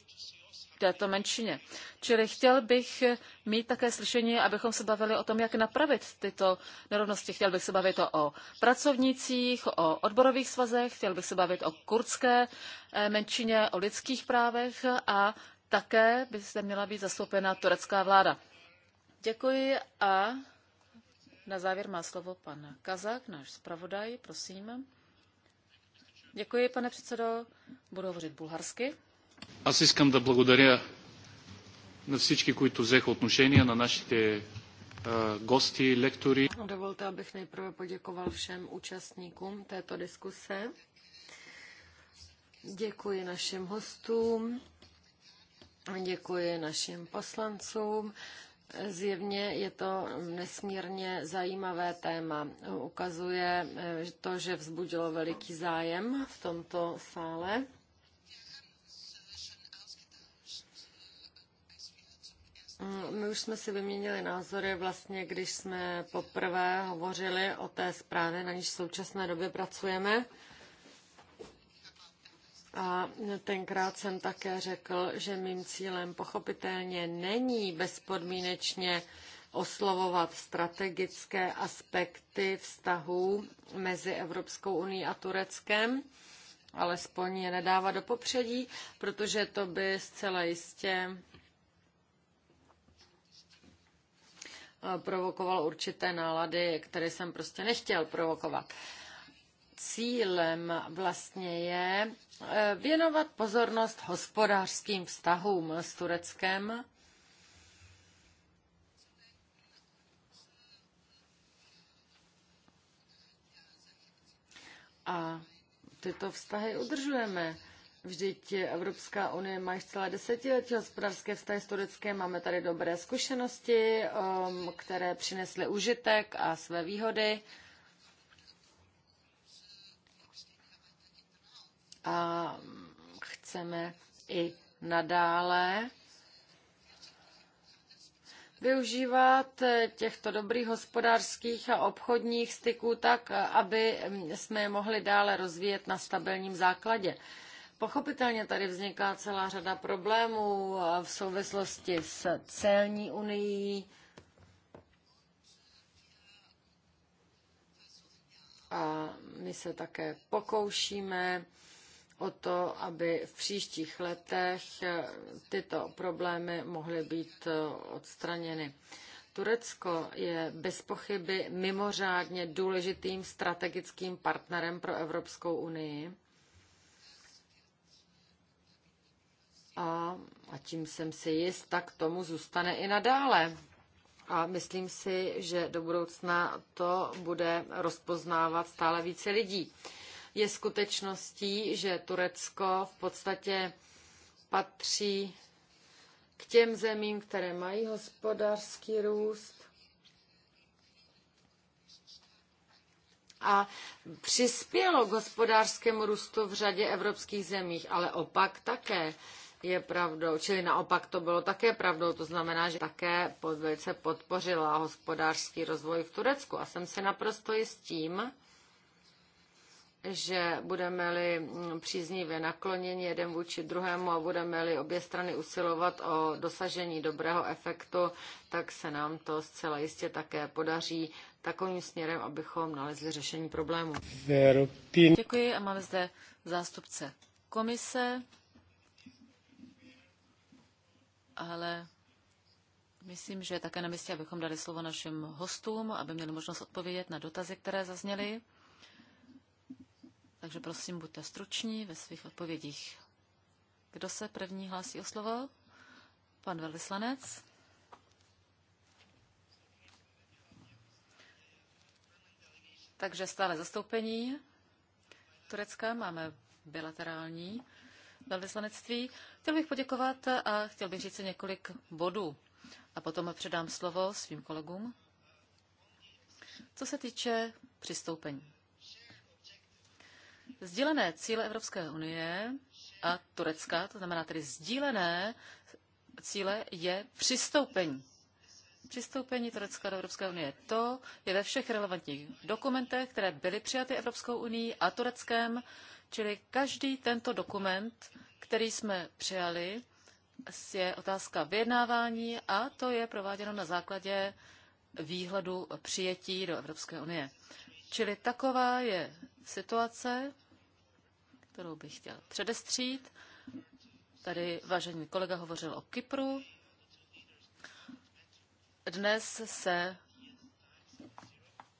této menšině. Čili chtěl bych mít také slyšení, abychom se bavili o tom, jak napravit tyto nerovnosti. Chtěl bych se bavit o pracovnících, o odborových svazech, chtěl bych se bavit o kurdské eh, menšině, o lidských právech a také by se měla být zastoupena turecká vláda. Děkuji a na závěr má slovo pan Kazak, náš zpravodaj, prosím. Děkuji, pane předsedo. Budu hovořit bulharsky. Аз искам да благодаря на всички, които взеха отношение, на нашите гости, lektory. абих най nejprve poděkoval všem účastníkům této diskuse. Děkuji našim hostům, děkuji našim poslancům. Zjevně je to nesmírně zajímavé téma. Ukazuje eh, to, že vzbudilo veliký zájem v tomto sále. Mm, my už jsme si vyměnili názory vlastně, když jsme poprvé hovořili o té zprávě, na níž v současné době pracujeme. A tenkrát jsem také řekl, že mým cílem pochopitelně není bezpodmínečně oslovovat strategické aspekty vztahů mezi Evropskou uní a Tureckem, alespoň je nedávat do popředí, protože to by zcela jistě provokoval určité nálady, které jsem prostě nechtěl provokovat. Cílem vlastně je eh, věnovat pozornost hospodářským vztahům s Tureckem. A tyto vztahy udržujeme. Vždyť Evropská unie má celé desetiletí hospodářské vztahy s Tureckem, máme tady dobré zkušenosti, um, které přinesly užitek a své výhody. A chceme i nadále využívat těchto dobrých hospodářských a obchodních styků tak, aby jsme je mohli dále rozvíjet na stabilním základě. Pochopitelně tady vzniká celá řada problémů v souvislosti s celní unii. A my se také pokoušíme o to, aby v příštích letech tyto problémy mohly být odstraněny. Turecko je bez pochyby mimořádně důležitým strategickým partnerem pro Evropskou unii a, a tím jsem si jist, tak tomu zůstane i nadále. A myslím si, že do budoucna to bude rozpoznávat stále více lidí. Je skutečností, že Turecko v podstatě patří k těm zemím, které mají hospodářský růst a přispělo k hospodářskému růstu v řadě evropských zemích, ale opak také je pravdou, čili naopak to bylo také pravdou, to znamená, že také velice podpořila hospodářský rozvoj v Turecku. A jsem si naprosto tím, že budeme-li příznivě nakloněni jeden vůči druhému a budeme-li obě strany usilovat o dosažení dobrého efektu, tak se nám to zcela jistě také podaří takovým směrem, abychom nalezli řešení problému. Děkuji a máme zde zástupce komise ale myslím, že je také na místě, abychom dali slovo našim hostům, aby měli možnost odpovědět na dotazy, které zazněly. Takže prosím, buďte struční ve svých odpovědích. Kdo se první hlásí o slovo? Pan velvyslanec. Takže stále zastoupení Turecka máme bilaterální velvyslanectví. Chtěl bych poděkovat a chtěl bych říct několik bodů a potom předám slovo svým kolegům. Co se týče přistoupení. Sdílené cíle Evropské unie a Turecka, to znamená tedy sdílené cíle, je přistoupení. Přistoupení Turecka do Evropské unie. To je ve všech relevantních dokumentech, které byly přijaty Evropskou unii a Tureckem, čili každý tento dokument který jsme přijali, je otázka vyjednávání a to je prováděno na základě výhledu přijetí do Evropské unie. Čili taková je situace, kterou bych chtěl předestřít. Tady vážený kolega hovořil o Kypru. Dnes se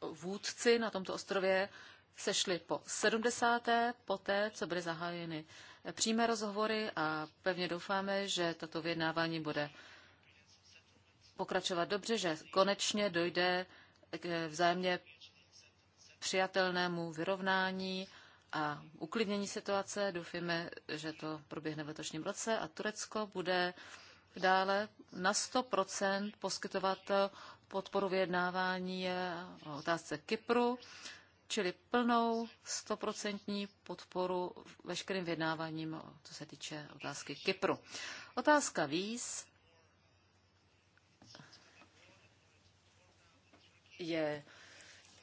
vůdci na tomto ostrově sešli po 70. poté, co byly zahájeny přímé rozhovory a pevně doufáme, že tato vyjednávání bude pokračovat dobře, že konečně dojde k vzájemně přijatelnému vyrovnání a uklidnění situace. Doufíme, že to proběhne v letošním roce a Turecko bude dále na 100% poskytovat podporu vyjednávání o otázce Kypru čili plnou stoprocentní podporu veškerým vyjednáváním, co se týče otázky Kypru. Otázka víz je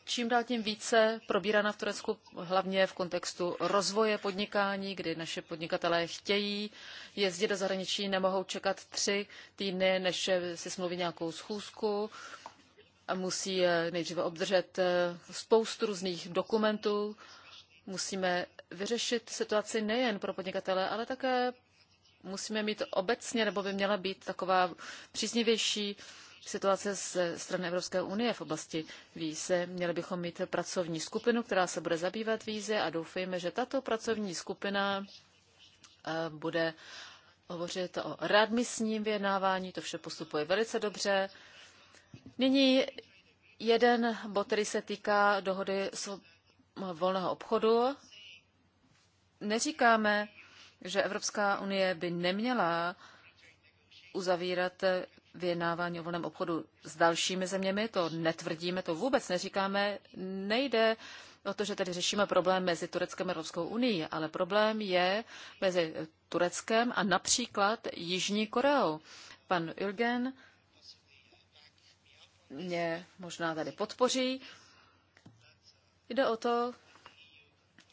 čím dál tím více probírána v Turecku, hlavně v kontextu rozvoje podnikání, kdy naše podnikatelé chtějí jezdit do zahraničí, nemohou čekat tři týdny, než si smluví nějakou schůzku, musí eh, nejdříve obdržet eh, spoustu různých dokumentů. Musíme vyřešit situaci nejen pro podnikatele, ale také musíme mít obecně, nebo by měla být taková příznivější situace ze strany Evropské unie v oblasti víze. Měli bychom mít pracovní skupinu, která se bude zabývat víze a doufejme, že tato pracovní skupina eh, bude hovořit o readmisním vyjednávání. To vše postupuje velice dobře. Nyní jeden bod, který se týká dohody s volného obchodu. Neříkáme, že Evropská unie by neměla uzavírat vyjednávání o volném obchodu s dalšími zeměmi, to netvrdíme, to vůbec neříkáme. Nejde o to, že tady řešíme problém mezi Tureckem a Evropskou unii, ale problém je mezi Tureckem a například Jižní Koreou. Pan Jürgen mě možná tady podpoří. Jde o to,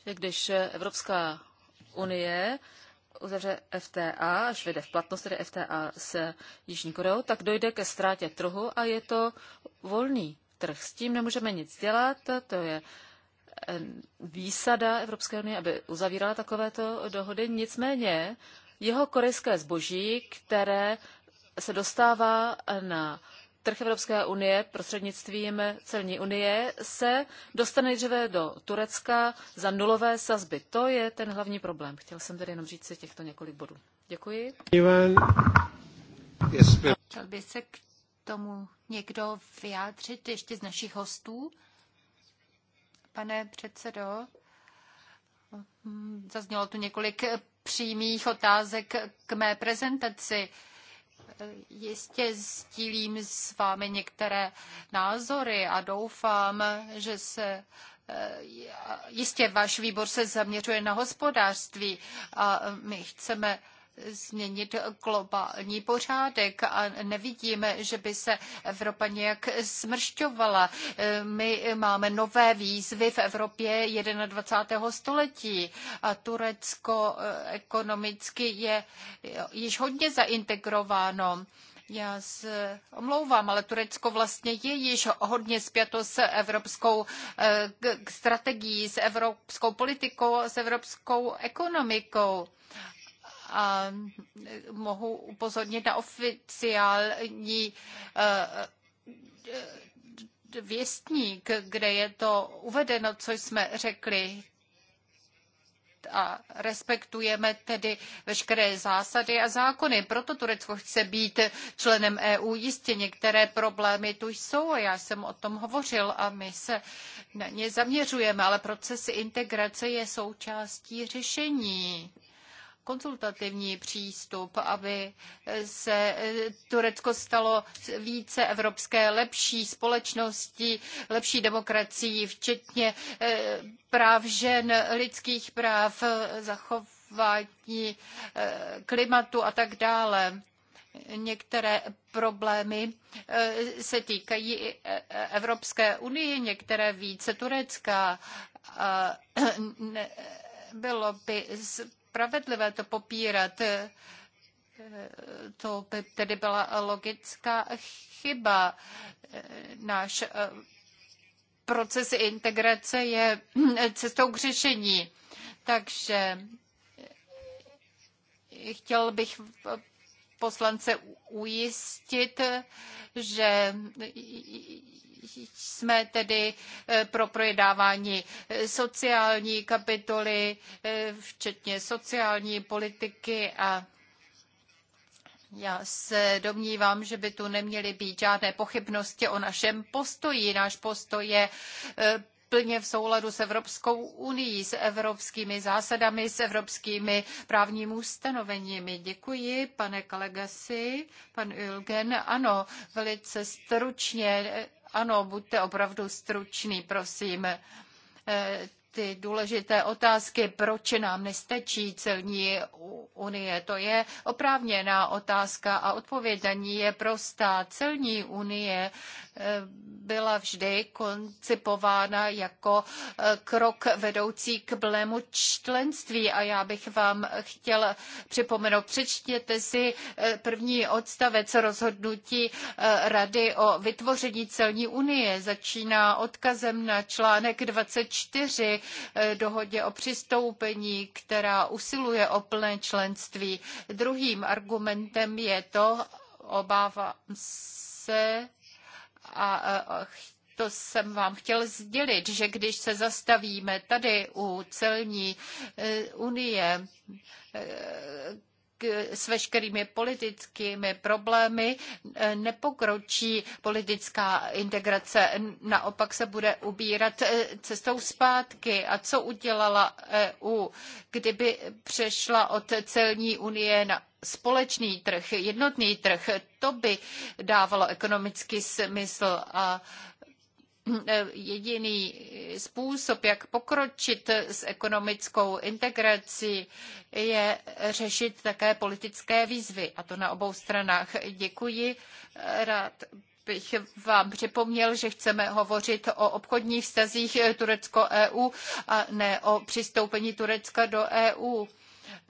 že když Evropská unie uzavře FTA, až vyjde v platnost, tedy FTA s Jižní Koreou, tak dojde ke ztrátě trhu a je to volný trh. S tím nemůžeme nic dělat, to je eh, výsada Evropské unie, aby uzavírala takovéto dohody. Nicméně jeho korejské zboží, které se dostává na trh Evropské unie prostřednictvím celní unie se dostane nejdříve do Turecka za nulové sazby. To je ten hlavní problém. Chtěl jsem tedy jenom říct si těchto několik bodů. Děkuji. Ivan. Chtěl by se k tomu někdo vyjádřit ještě z našich hostů? Pane předsedo, zaznělo tu několik přímých otázek k mé prezentaci jistě sdílím s vámi některé názory a doufám, že se eh, jistě váš výbor se zaměřuje na hospodářství a my chceme změnit globální pořádek a nevidíme, že by se Evropa nějak smršťovala. My máme nové výzvy v Evropě 21. století a Turecko eh, ekonomicky je eh, již hodně zaintegrováno. Já se omlouvám, ale Turecko vlastně je již hodně spjato s evropskou eh, strategií, s evropskou politikou, s evropskou ekonomikou a eh, mohu upozornit na oficiální eh, eh, věstník, kde je to uvedeno, co jsme řekli a respektujeme tedy veškeré zásady a zákony. Proto Turecko chce být členem EU. Jistě některé problémy tu jsou a já jsem o tom hovořil a my se na ně zaměřujeme, ale proces integrace je součástí řešení konzultativní přístup, aby se eh, Turecko stalo více evropské, lepší společnosti, lepší demokracií, včetně eh, práv žen, lidských práv, zachování eh, klimatu a tak dále některé problémy se týkají Evropské unie, některé více Turecka. Bylo by spravedlivé to popírat. Eh, to by tedy byla logická chyba. Eh, Náš eh, proces integrace je cestou k řešení. Takže chtěl bych poslance ujistit, že jsme tedy eh, pro projednávání sociální kapitoly, eh, včetně sociální politiky a já se domnívám, že by tu neměly být žádné pochybnosti o našem postoji. Náš postoj je eh, plně v souladu s Evropskou unii, s evropskými zásadami, s evropskými právními ustanoveními. Děkuji, pane Kalegasi, pan Ulgen. Ano, velice stručně. Ano, buďte opravdu stručný, prosím eh, ty důležité otázky, proč nám nestačí celní unie. To je oprávněná otázka a odpověď na je prostá. Celní unie eh, byla vždy koncipována jako eh, krok vedoucí k blému členství a já bych vám chtěl připomenout, přečtěte si eh, první odstavec rozhodnutí Rady o vytvoření celní unie. Začíná odkazem na článek 24 Eh, dohodě o přistoupení, která usiluje o plné členství. Druhým argumentem je to, obávám se, a, eh, to jsem vám chtěl sdělit, že když se zastavíme tady u celní eh, unie, s veškerými politickými problémy e, nepokročí politická integrace. Naopak se bude ubírat e, cestou zpátky. A co udělala EU, kdyby přešla od celní unie na společný trh, jednotný trh, to by dávalo ekonomický smysl a Eh, jediný způsob, jak pokročit s ekonomickou integrací, je řešit také politické výzvy, a to na obou stranách. Děkuji. Rád bych vám připomněl, že chceme hovořit o obchodních vztazích Turecko-EU a ne o přistoupení Turecka do EU.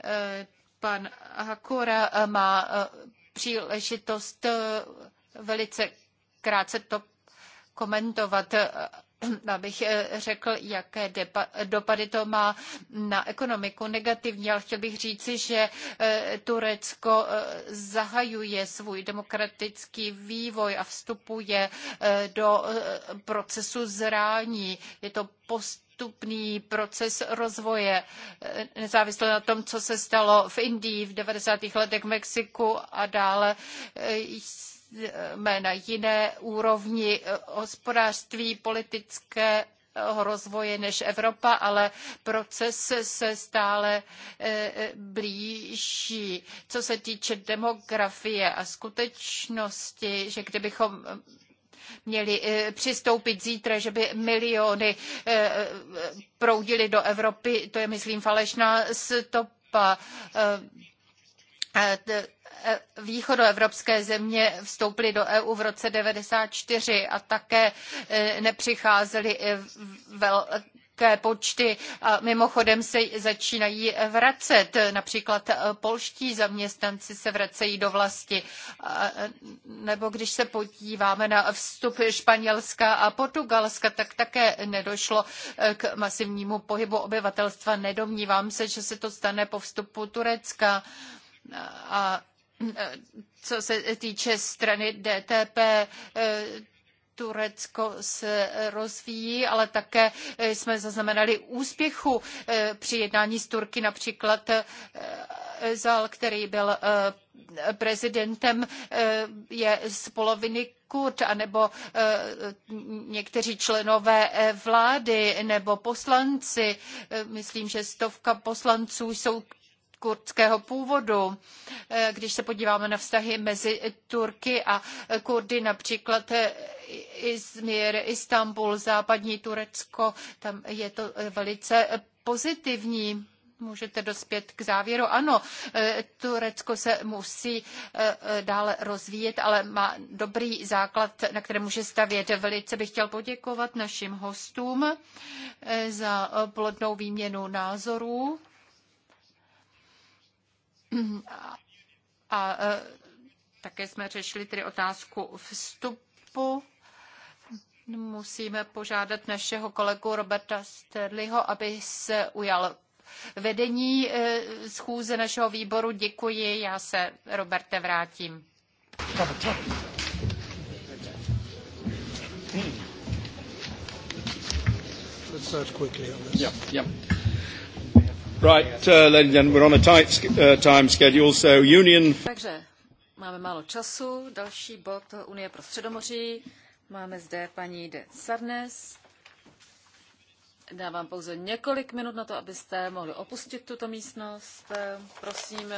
Eh, pan Hakura má eh, příležitost velice krátce to komentovat eh, eh, abych eh, řekl, jaké dopady to má na ekonomiku negativně, ale chtěl bych říci, že Turecko zahajuje svůj demokratický vývoj a vstupuje do procesu zrání. Je to post postupný proces rozvoje, nezávisle na tom, co se stalo v Indii v 90. letech v Mexiku a dále jsme na jiné úrovni eh, hospodářství, politické eh, rozvoje než Evropa, ale proces se stále eh, blíží. Co se týče demografie a skutečnosti, že kdybychom měli přistoupit zítra, že by miliony proudily do Evropy, to je, myslím, falešná stopa východoevropské země vstoupily do EU v roce 94 a také e, nepřicházely e, velké počty. A mimochodem se začínají vracet. Například e, polští zaměstnanci se vracejí do vlasti. Nebo když se podíváme na vstup Španělska a Portugalska, tak také nedošlo k masivnímu pohybu obyvatelstva. Nedomnívám se, že se to stane po vstupu Turecka. A co se týče strany DTP, Turecko se rozvíjí, ale také jsme zaznamenali úspěchu eh, při jednání s Turky, například eh, Zal, který byl eh, prezidentem, je z poloviny Kurd, anebo někteří členové vlády nebo poslanci. Myslím, že stovka poslanců jsou kurdského původu. Eh, Když se podíváme na vztahy mezi Turky a Kurdy, například eh, Izmir, Istanbul, západní Turecko, tam je to eh, velice pozitivní. Můžete dospět k závěru. Ano, Turecko se musí dále rozvíjet, ale má dobrý základ, na kterém může stavět. Velice bych chtěl poděkovat našim hostům za plodnou výměnu názorů. A, a také jsme řešili tedy otázku vstupu. Musíme požádat našeho kolegu Roberta Sterliho, aby se ujal vedení e, schůze našeho výboru. Děkuji, já se, Roberte, vrátím. Hmm. Let's start quickly on this. Yeah, yeah. Right, uh, ladies and gentlemen, we're on a tight uh, time schedule, so Union... Takže máme málo času. Další bod Unie pro Středomoří. Máme zde paní de Sarnes. Dávám pouze několik minut na to, abyste mohli opustit tuto místnost. Eh, prosím,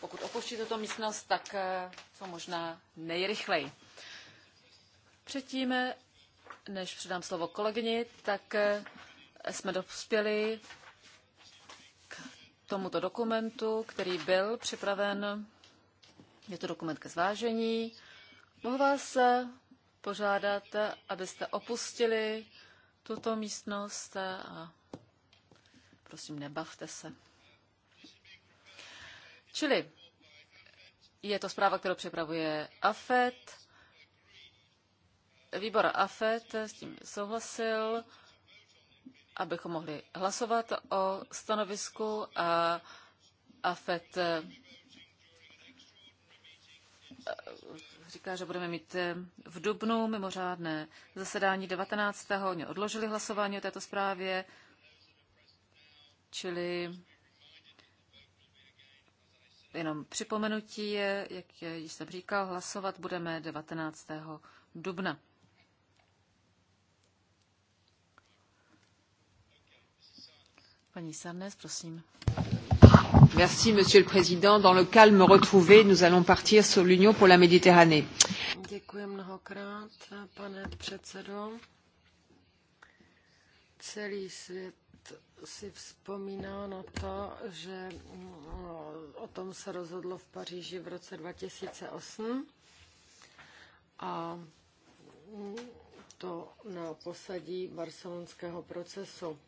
pokud opustíte tuto místnost, tak eh, co možná nejrychleji. Předtím, eh, než předám slovo kolegyni, tak jsme dospěli tomuto dokumentu, který byl připraven. Je to dokument ke zvážení. Mohu vás požádat, abyste opustili tuto místnost a prosím, nebavte se. Čili je to zpráva, kterou připravuje AFET. Výbor AFET s tím souhlasil abychom mohli hlasovat o stanovisku a AFET eh, říká, že budeme mít eh, v Dubnu mimořádné zasedání 19. Oni odložili hlasování o této zprávě, čili jenom připomenutí je, jak již jsem říkal, hlasovat budeme 19. dubna. Paní Sarnes, prosím. Merci, Monsieur le Président. Dans le calme retrouvé, nous allons partir sur l'Union pour la Méditerranée. Děkuji mnohokrát, pane předsedo. Celý svět si vzpomíná na to, že no, o tom se rozhodlo v Paříži v roce 2008 a to na posadí barcelonského procesu.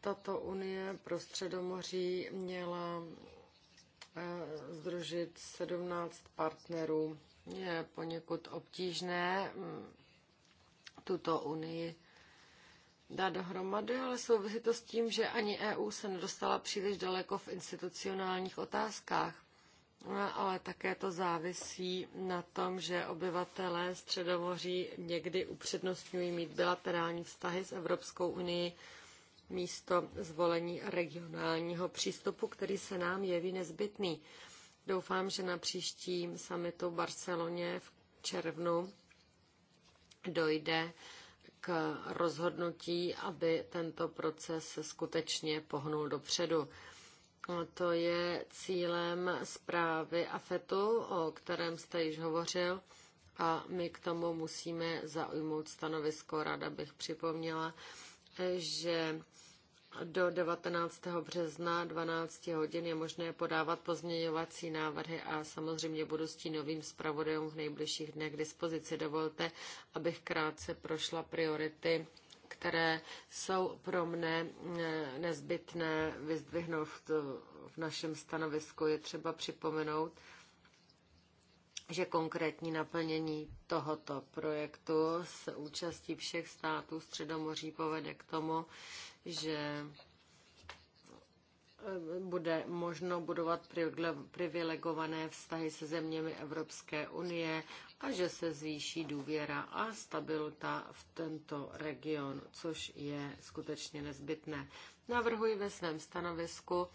Tato unie pro Středomoří měla združit eh, 17 partnerů. Je poněkud obtížné mm, tuto unii dá dohromady, ale souvisí to s tím, že ani EU se nedostala příliš daleko v institucionálních otázkách. No, ale také to závisí na tom, že obyvatelé Středomoří někdy upřednostňují mít bilaterální vztahy s Evropskou unii místo zvolení regionálního přístupu, který se nám jeví nezbytný. Doufám, že na příštím summitu v Barceloně v červnu dojde k rozhodnutí, aby tento proces skutečně pohnul dopředu. To je cílem zprávy AFETu, o kterém jste již hovořil, a my k tomu musíme zaujmout stanovisko. Rada bych připomněla, že do 19. března 12 hodin je možné podávat pozměňovací návrhy a samozřejmě budu s tím novým zpravodajům v nejbližších dnech k dispozici. Dovolte, abych krátce prošla priority které jsou pro mne eh, nezbytné vyzdvihnout v našem stanovisku. Je třeba připomenout, že konkrétní naplnění tohoto projektu s účastí všech států Středomoří povede k tomu, že eh, bude možno budovat privilegované vztahy se zeměmi Evropské unie a že se zvýší důvěra a stabilita v tento region, což je skutečně nezbytné. Navrhuji ve svém stanovisku,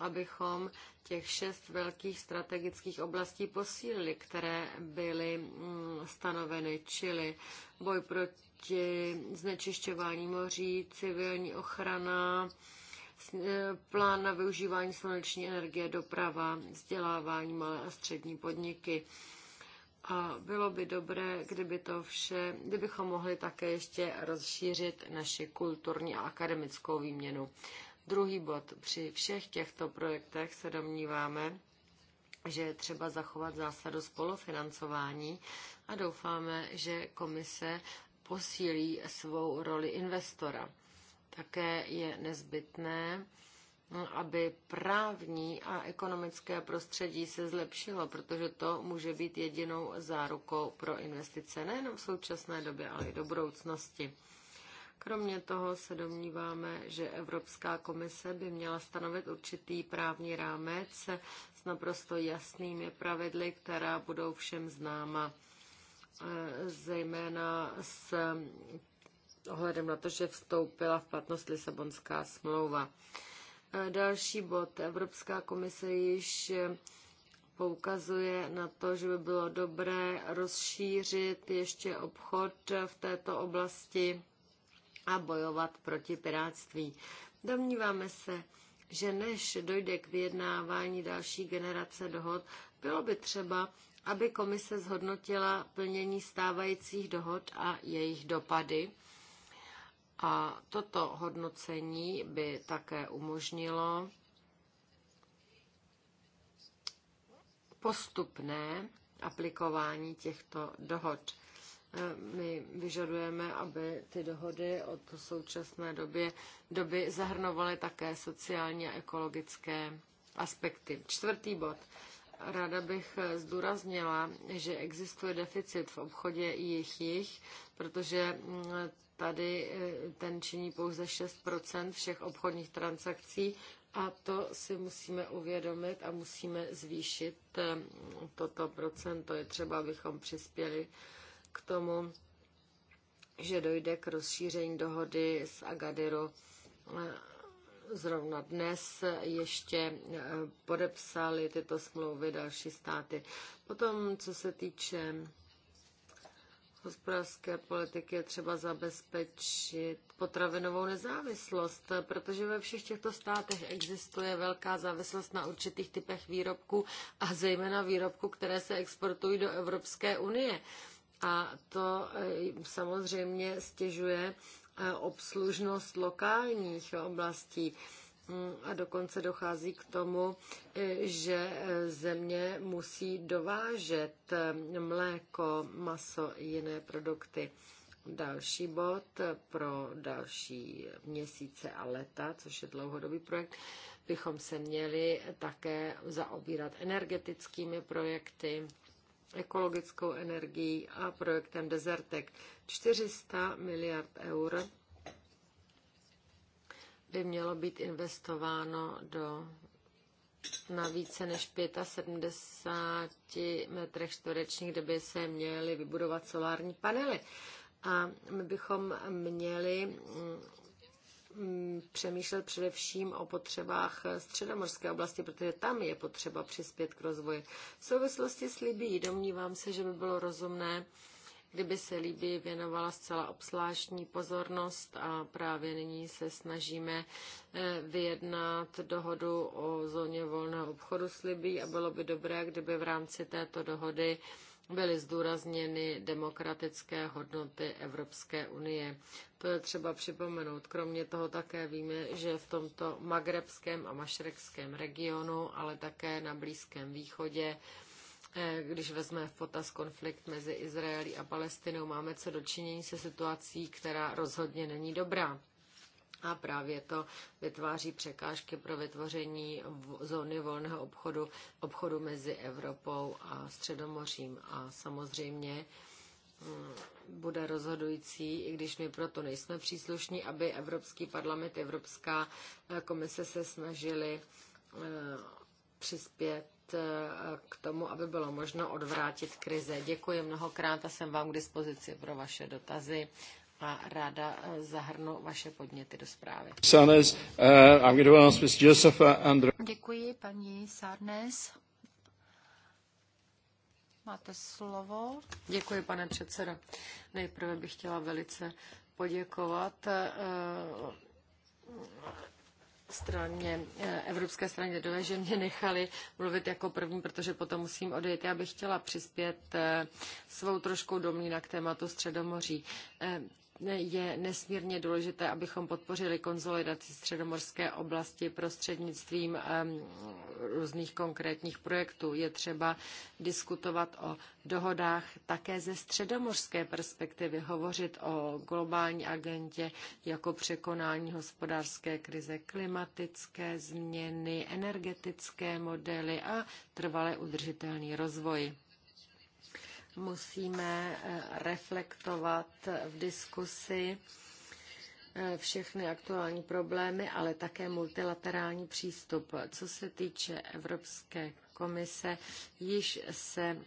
abychom těch šest velkých strategických oblastí posílili, které byly mm, stanoveny, čili boj proti znečišťování moří, civilní ochrana, e, plán na využívání sluneční energie, doprava, vzdělávání malé a střední podniky. A bylo by dobré, kdyby to vše, kdybychom mohli také ještě rozšířit naši kulturní a akademickou výměnu. Druhý bod. Při všech těchto projektech se domníváme, že je třeba zachovat zásadu spolufinancování a doufáme, že komise posílí svou roli investora. Také je nezbytné, aby právní a ekonomické prostředí se zlepšilo, protože to může být jedinou zárukou pro investice nejen v současné době, ale i do budoucnosti. Kromě toho se domníváme, že Evropská komise by měla stanovit určitý právní rámec s naprosto jasnými pravidly, která budou všem známa, e, zejména s ohledem na to, že vstoupila v platnost Lisabonská smlouva. E, další bod. Evropská komise již poukazuje na to, že by bylo dobré rozšířit ještě obchod v této oblasti a bojovat proti piráctví. Domníváme se, že než dojde k vyjednávání další generace dohod, bylo by třeba, aby komise zhodnotila plnění stávajících dohod a jejich dopady. A toto hodnocení by také umožnilo postupné aplikování těchto dohod. My vyžadujeme, aby ty dohody od současné doby, doby zahrnovaly také sociální a ekologické aspekty. Čtvrtý bod. Ráda bych zdůraznila, že existuje deficit v obchodě jich jich, protože mm, tady eh, ten činí pouze 6 všech obchodních transakcí a to si musíme uvědomit a musíme zvýšit eh, toto procento. Je třeba, abychom přispěli k tomu, že dojde k rozšíření dohody s Agadiru. Eh, zrovna dnes ještě eh, podepsali tyto smlouvy další státy. Potom, co se týče hospodářské politiky je třeba zabezpečit potravinovou nezávislost, protože ve všech těchto státech existuje velká závislost na určitých typech výrobků a zejména výrobků, které se exportují do Evropské unie a to eh, samozřejmě stěžuje eh, obslužnost lokálních oblastí mm, a dokonce dochází k tomu, eh, že země musí dovážet mléko, maso i jiné produkty. Další bod pro další měsíce a leta, což je dlouhodobý projekt, bychom se měli také zaobírat energetickými projekty ekologickou energií a projektem Desertec. 400 miliard eur by mělo být investováno do na více než 75 metrech čtverečních, kde by se měly vybudovat solární panely. A my bychom měli Mm, přemýšlet především o potřebách středomorské oblasti, protože tam je potřeba přispět k rozvoji. V souvislosti s Libí domnívám se, že by bylo rozumné, kdyby se Libí věnovala zcela obzvláštní pozornost a právě nyní se snažíme eh, vyjednat dohodu o zóně volného obchodu s Libí a bylo by dobré, kdyby v rámci této dohody byly zdůrazněny demokratické hodnoty Evropské unie. To je třeba připomenout. Kromě toho také víme, že v tomto magrebském a mašrekském regionu, ale také na Blízkém východě, eh, když vezmeme v potaz konflikt mezi Izraelí a Palestinou, máme co dočinění se situací, která rozhodně není dobrá. A právě to vytváří překážky pro vytvoření zóny volného obchodu, obchodu mezi Evropou a Středomořím. A samozřejmě mm, bude rozhodující, i když my proto nejsme příslušní, aby Evropský parlament, Evropská eh, komise se snažili eh, přispět eh, k tomu, aby bylo možno odvrátit krize. Děkuji mnohokrát a jsem vám k dispozici pro vaše dotazy a ráda eh, zahrnu vaše podněty do zprávy. Sarnes, uh, I'm going to ask Děkuji, paní Sarnes. Máte slovo. Děkuji, pane předsedo. Nejprve bych chtěla velice poděkovat eh, straně, eh, Evropské straně lidové, že mě nechali mluvit jako první, protože potom musím odejít. Já bych chtěla přispět svou trošku do mlína k tématu Středomoří je nesmírně důležité, abychom podpořili konzolidaci středomorské oblasti prostřednictvím různých konkrétních projektů. Je třeba diskutovat o dohodách také ze středomorské perspektivy, hovořit o globální agentě jako překonání hospodářské krize, klimatické změny, energetické modely a trvale udržitelný rozvoj musíme eh, reflektovat v diskusi eh, všechny aktuální problémy, ale také multilaterální přístup. Co se týče Evropské komise, již se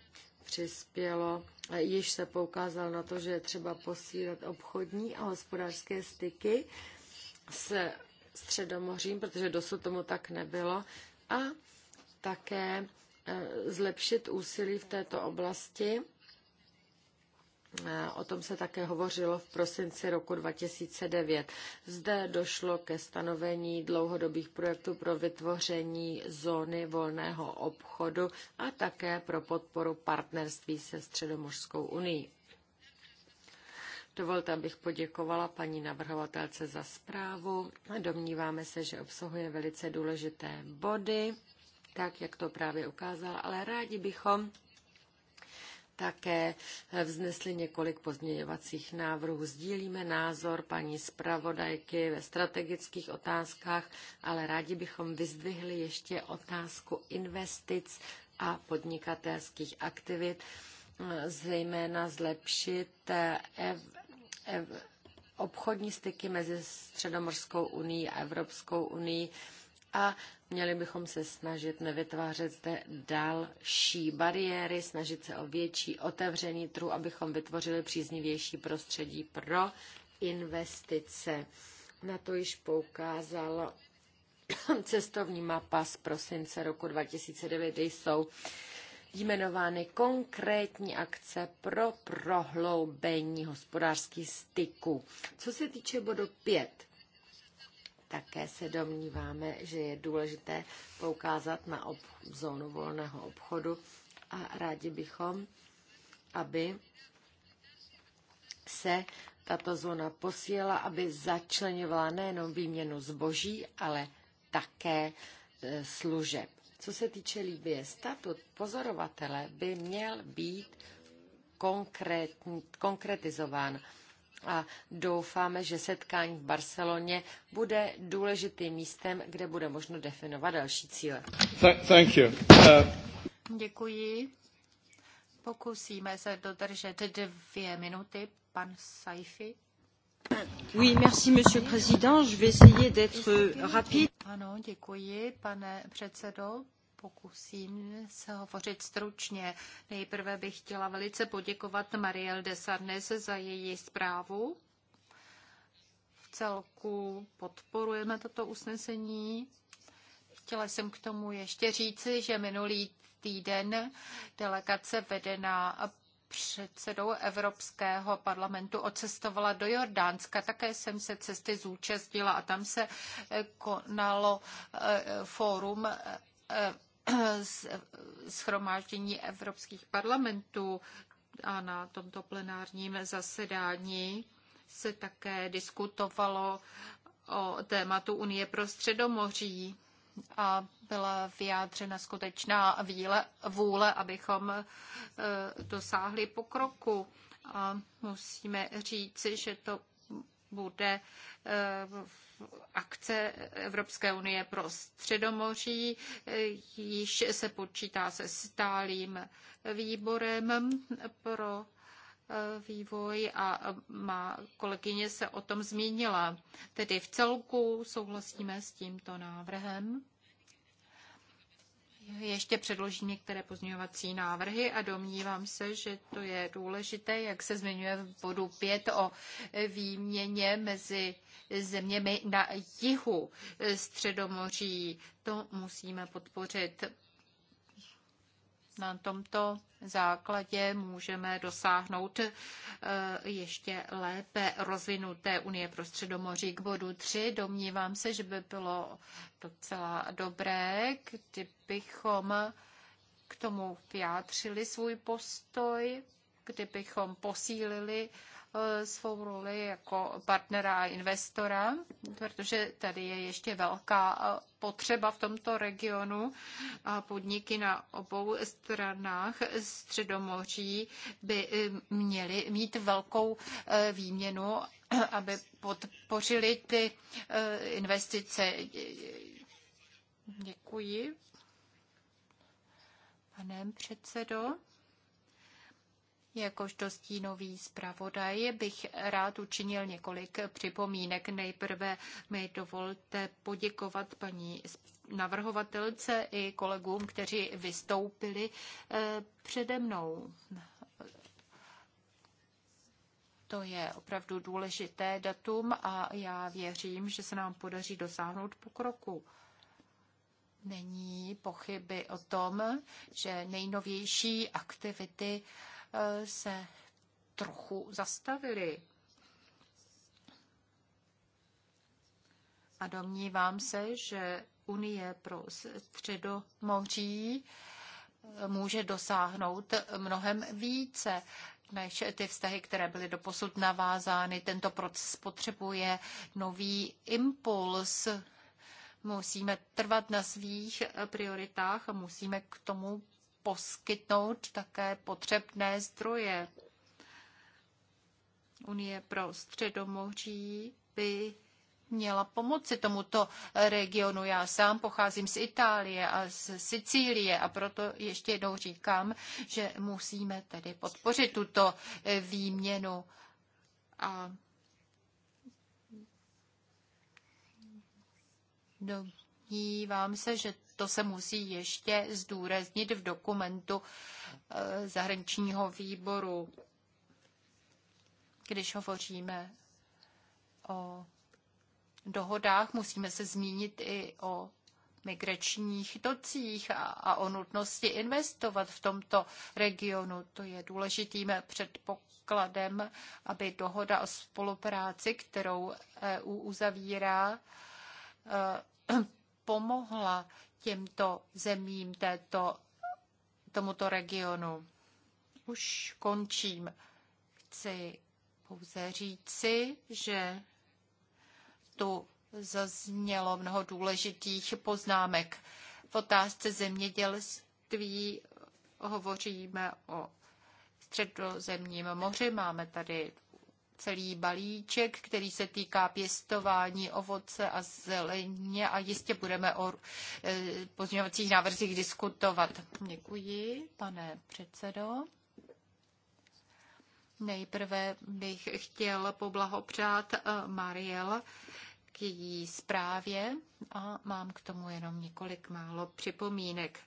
přispělo, eh, již se poukázal na to, že je třeba posílat obchodní a hospodářské styky s Středomořím, protože dosud tomu tak nebylo, a také zlepšit úsilí v této oblasti Eh, o tom se také hovořilo v prosinci roku 2009. Zde došlo ke stanovení dlouhodobých projektů pro vytvoření zóny volného obchodu a také pro podporu partnerství se Středomořskou unii. Dovolte, abych poděkovala paní navrhovatelce za zprávu. Domníváme se, že obsahuje velice důležité body, tak jak to právě ukázala, ale rádi bychom také vznesli několik pozměňovacích návrhů. Sdílíme názor paní zpravodajky ve strategických otázkách, ale rádi bychom vyzdvihli ještě otázku investic a podnikatelských aktivit, zejména zlepšit eh, ev, ev, obchodní styky mezi Středomorskou unii a Evropskou unii a měli bychom se snažit nevytvářet zde další bariéry, snažit se o větší otevření trhu, abychom vytvořili příznivější prostředí pro investice. Na to již poukázal cestovní mapa z prosince roku 2009, kde jsou jmenovány konkrétní akce pro prohloubení hospodářských styků. Co se týče bodu 5, také se domníváme, že je důležité poukázat na ob- zónu volného obchodu a rádi bychom, aby se tato zóna posíla, aby začlenovala nejenom výměnu zboží, ale také e, služeb. Co se týče Líbie, statut pozorovatele by měl být konkrétní, konkretizován a doufáme, že setkání v Barceloně bude důležitým místem, kde bude možno definovat další cíle. Thank you. Uh, děkuji. Pokusíme se dodržet dvě minuty. Pan Saifi. Oui, merci, monsieur le président. Je vais essayer d'être rapide. Ano, děkuji, pane předsedo pokusím se hovořit stručně. Nejprve bych chtěla velice poděkovat Mariel Desarnes za její zprávu. V celku podporujeme toto usnesení. Chtěla jsem k tomu ještě říci, že minulý týden delegace vedená předsedou Evropského parlamentu odcestovala do Jordánska. Také jsem se cesty zúčastnila a tam se konalo eh, fórum eh, schromáždění evropských parlamentů a na tomto plenárním zasedání se také diskutovalo o tématu Unie pro středomoří a byla vyjádřena skutečná víle, vůle, abychom e, dosáhli pokroku. A musíme říci, že to bude eh, akce Evropské unie pro středomoří, eh, již se počítá se stálým výborem pro eh, vývoj a má kolegyně se o tom zmínila. Tedy v celku souhlasíme s tímto návrhem ještě předložím některé pozměňovací návrhy a domnívám se, že to je důležité, jak se zmiňuje v bodu 5 o výměně mezi zeměmi na jihu Středomoří. To musíme podpořit na tomto základě můžeme dosáhnout eh, ještě lépe rozvinuté Unie pro Středomoří k bodu 3. Domnívám se, že by bylo docela dobré, kdybychom k tomu vyjádřili svůj postoj, kdybychom posílili Eh, svou roli jako partnera a investora, protože tady je ještě velká eh, potřeba v tomto regionu a podniky na obou stranách Středomoří by eh, měly mít velkou výměnu, aby podpořili ty investice. Děkuji. Panem předsedo. Jakožto stínový zpravodaj bych rád učinil několik připomínek. Nejprve mi dovolte poděkovat paní navrhovatelce i kolegům, kteří vystoupili eh, přede mnou. To je opravdu důležité datum a já věřím, že se nám podaří dosáhnout pokroku. Není pochyby o tom, že nejnovější aktivity Eh, se trochu zastavily. A domnívám se, že Unie pro středomoří eh, může dosáhnout mnohem více než ty vztahy, které byly doposud navázány. Tento proces potřebuje nový impuls. Musíme trvat na svých prioritách a musíme k tomu poskytnout také potřebné zdroje. Unie pro středomoří by měla pomoci tomuto regionu. Já sám pocházím z Itálie a z Sicílie a proto ještě jednou říkám, že musíme tedy podpořit tuto výměnu. A domnívám se, že to se musí ještě zdůraznit v dokumentu eh, zahraničního výboru, když hovoříme o dohodách, musíme se zmínit i o migračních tocích a, a o nutnosti investovat v tomto regionu. To je důležitým předpokladem, aby dohoda o spolupráci, kterou EU uzavírá, eh, pomohla těmto zemím této, tomuto regionu. Už končím. Chci pouze říci, že tu zaznělo mnoho důležitých poznámek. V otázce zemědělství hovoříme o středozemním moři. Máme tady celý balíček, který se týká pěstování ovoce a zeleně a jistě budeme o e, pozměňovacích návrzích diskutovat. Děkuji, pane předsedo. Nejprve bych chtěl poblahopřát e, Mariel k její zprávě a mám k tomu jenom několik málo připomínek.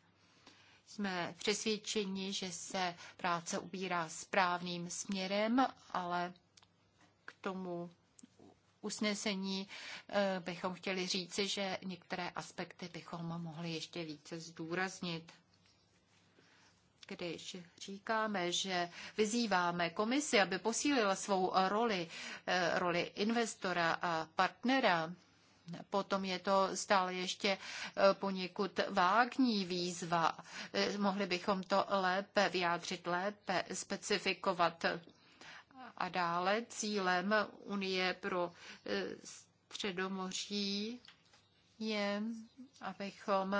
Jsme přesvědčeni, že se práce ubírá správným směrem, ale k tomu usnesení eh, bychom chtěli říci, že některé aspekty bychom mohli ještě více zdůraznit. Když říkáme, že vyzýváme komisi, aby posílila svou roli, eh, roli investora a partnera, Potom je to stále ještě eh, poněkud vágní výzva. Mohli bychom to lépe vyjádřit, lépe specifikovat. A dále cílem Unie pro e, středomoří je, abychom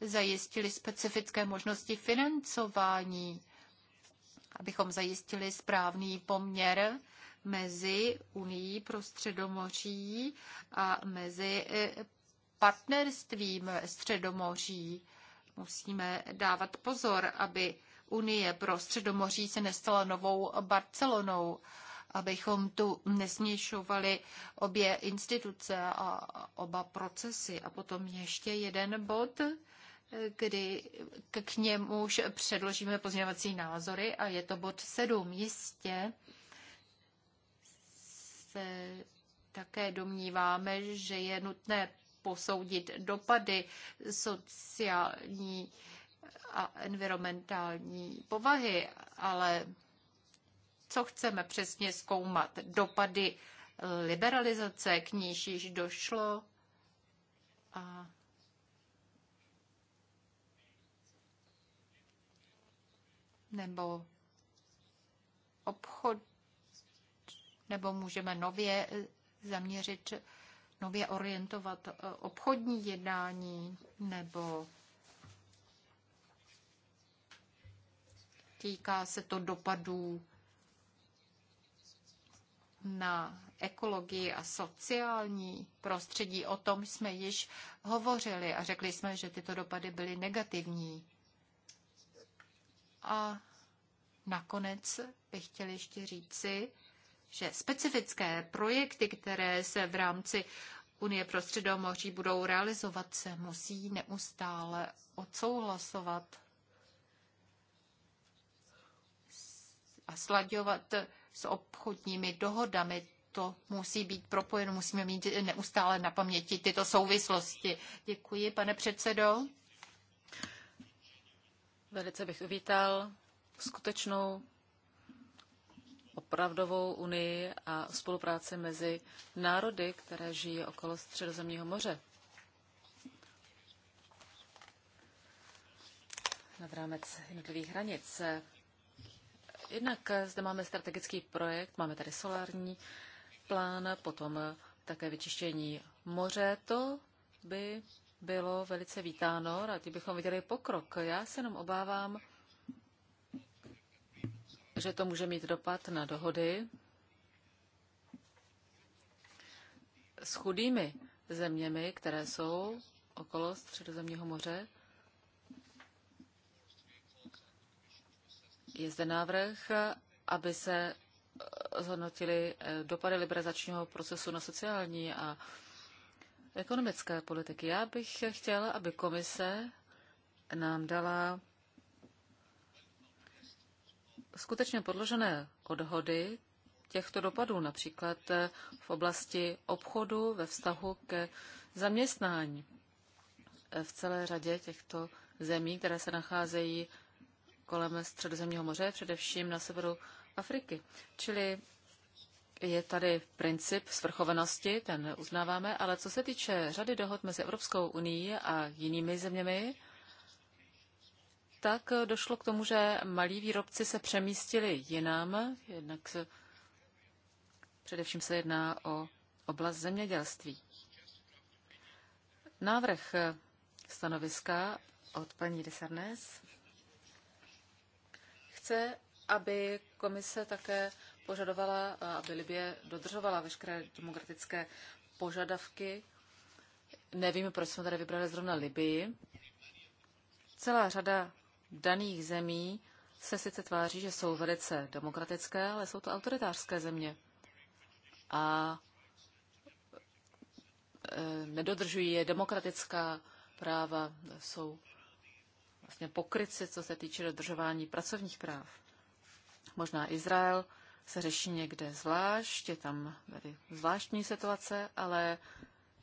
zajistili specifické možnosti financování, abychom zajistili správný poměr mezi Unii pro středomoří a mezi e, partnerstvím středomoří. Musíme dávat pozor, aby Unie pro Středomoří se nestala novou Barcelonou, abychom tu nesměšovali obě instituce a oba procesy. A potom ještě jeden bod, kdy k němuž předložíme pozměňovací názory a je to bod 7. Jistě se také domníváme, že je nutné posoudit dopady sociální a environmentální povahy, ale co chceme přesně zkoumat? Dopady liberalizace, k níž již došlo a nebo obchod, nebo můžeme nově zaměřit, nově orientovat obchodní jednání, nebo týká se to dopadů na ekologii a sociální prostředí. O tom jsme již hovořili a řekli jsme, že tyto dopady byly negativní. A nakonec bych chtěl ještě říci, že specifické projekty, které se v rámci Unie pro středomoří budou realizovat, se musí neustále odsouhlasovat. a slaďovat s obchodními dohodami. To musí být propojeno, musíme mít neustále na paměti tyto souvislosti. Děkuji, pane předsedo. Velice bych uvítal skutečnou opravdovou unii a spolupráci mezi národy, které žijí okolo Středozemního moře. Nad rámec jednotlivých hranic. Jednak eh, zde máme strategický projekt, máme tady solární plán, potom eh, také vyčištění moře. To by bylo velice vítáno, rádi bychom viděli pokrok. Já se jenom obávám, že to může mít dopad na dohody s chudými zeměmi, které jsou okolo Středozemního moře. Je zde návrh, aby se eh, zhodnotili eh, dopady liberalizačního procesu na sociální a ekonomické politiky. Já bych chtěla, aby komise nám dala skutečně podložené odhody těchto dopadů, například eh, v oblasti obchodu ve vztahu ke zaměstnání v celé řadě těchto zemí, které se nacházejí kolem Středozemního moře, především na severu Afriky. Čili je tady princip svrchovanosti, ten uznáváme, ale co se týče řady dohod mezi Evropskou unii a jinými zeměmi, tak došlo k tomu, že malí výrobci se přemístili jinam, jednak se, především se jedná o oblast zemědělství. Návrh stanoviska od paní Desarnes Chce, aby komise také požadovala, aby Libie dodržovala veškeré demokratické požadavky. Nevím, proč jsme tady vybrali zrovna Libii. Celá řada daných zemí se sice tváří, že jsou velice demokratické, ale jsou to autoritářské země. A e, nedodržují je demokratická práva, jsou vlastně pokryci, co se týče dodržování pracovních práv. Možná Izrael se řeší někde zvlášť, je tam tady zvláštní situace, ale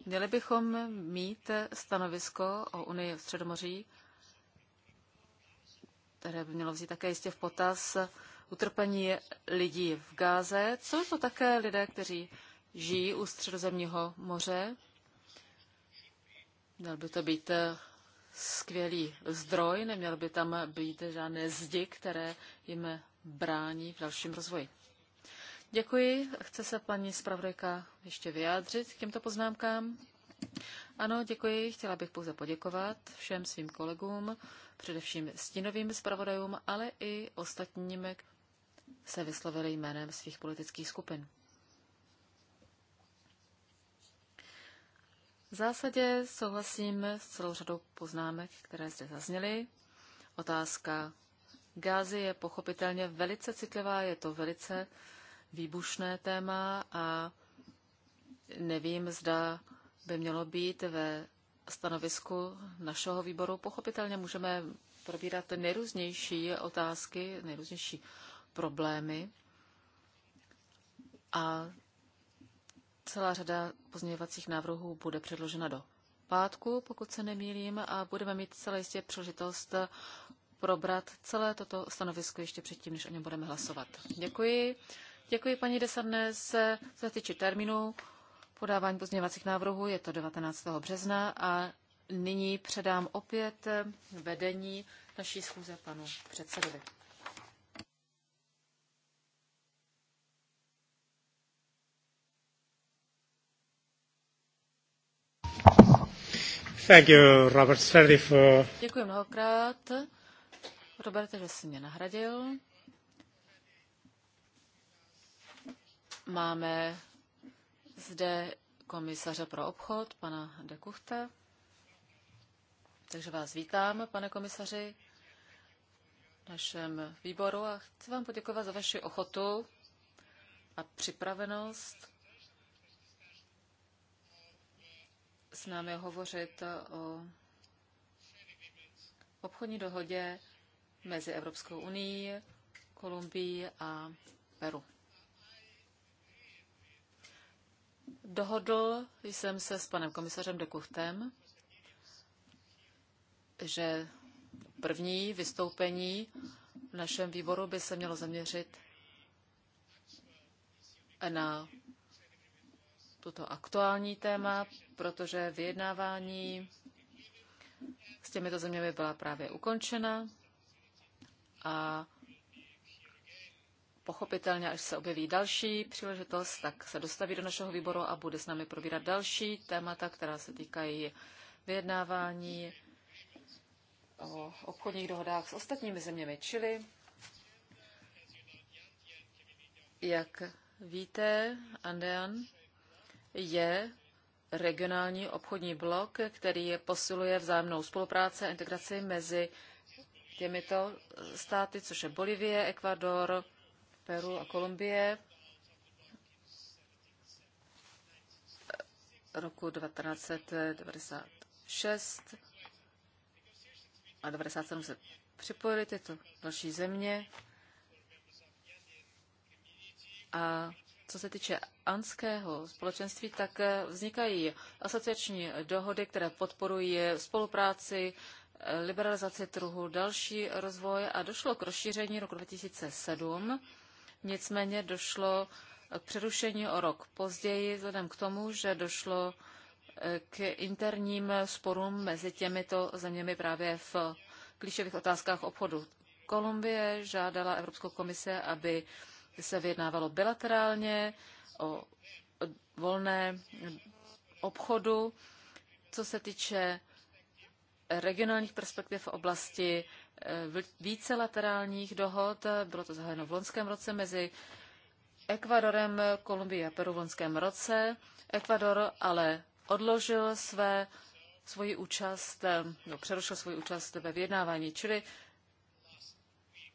měli bychom mít stanovisko o Unii v Středomoří, které by mělo vzít také jistě v potaz utrpení lidí v Gáze. Jsou to také lidé, kteří žijí u středozemního moře. Měl by to být skvělý zdroj, neměl by tam být žádné zdi, které jim brání v dalším rozvoji. Děkuji. Chce se paní zpravodajka ještě vyjádřit k těmto poznámkám? Ano, děkuji. Chtěla bych pouze poděkovat všem svým kolegům, především stínovým zpravodajům, ale i ostatním se vyslovili jménem svých politických skupin. V zásadě souhlasím s celou řadou poznámek, které zde zazněly. Otázka Gázy je pochopitelně velice citlivá, je to velice výbušné téma a nevím, zda by mělo být ve stanovisku našeho výboru. Pochopitelně můžeme probírat nejrůznější otázky, nejrůznější problémy a Celá řada pozměňovacích návrhů bude předložena do pátku, pokud se nemýlím, a budeme mít celé jistě příležitost probrat celé toto stanovisko ještě předtím, než o něm budeme hlasovat. Děkuji. Děkuji paní Desarnes za týče termínu. Podávání pozměňovacích návrhů je to 19. března a nyní předám opět vedení naší schůze panu předsedovi. Děkuji mnohokrát, Roberte, že jsi mě nahradil. Máme zde komisaře pro obchod, pana de Kuchte. Takže vás vítám, pane komisaři, v našem výboru a chci vám poděkovat za vaši ochotu a připravenost s námi hovořit eh, o obchodní dohodě mezi Evropskou unii, Kolumbií a Peru. Dohodl jsem se s panem komisařem de Kuchtem, že první vystoupení v našem výboru by se mělo zaměřit na toto aktuální téma, protože vyjednávání s těmito zeměmi byla právě ukončena a pochopitelně, až se objeví další příležitost, tak se dostaví do našeho výboru a bude s námi probírat další témata, která se týkají vyjednávání o obchodních dohodách s ostatními zeměmi, čili jak víte, Andean je regionální obchodní blok, který posiluje vzájemnou spolupráci a integraci mezi těmito státy, což je Bolivie, Ekvador, Peru a Kolumbie. roku 1996 a 1997 se připojily tyto další země a co se týče anského společenství, tak eh, vznikají asociační dohody, které podporují spolupráci, eh, liberalizaci trhu, další rozvoj a došlo k rozšíření roku 2007. Nicméně došlo k přerušení o rok později, vzhledem k tomu, že došlo eh, k interním sporům mezi těmito zeměmi právě v klíčových otázkách obchodu. Kolumbie žádala Evropskou komisi, aby se vyjednávalo bilaterálně o volné obchodu, co se týče regionálních perspektiv v oblasti eh, vícelaterálních dohod. Bylo to zahájeno v loňském roce mezi Ekvadorem, Kolumbií a Peru v loňském roce. Ekvador ale odložil své svoji účast, eh, no, přerušil svoji účast ve vyjednávání. Čili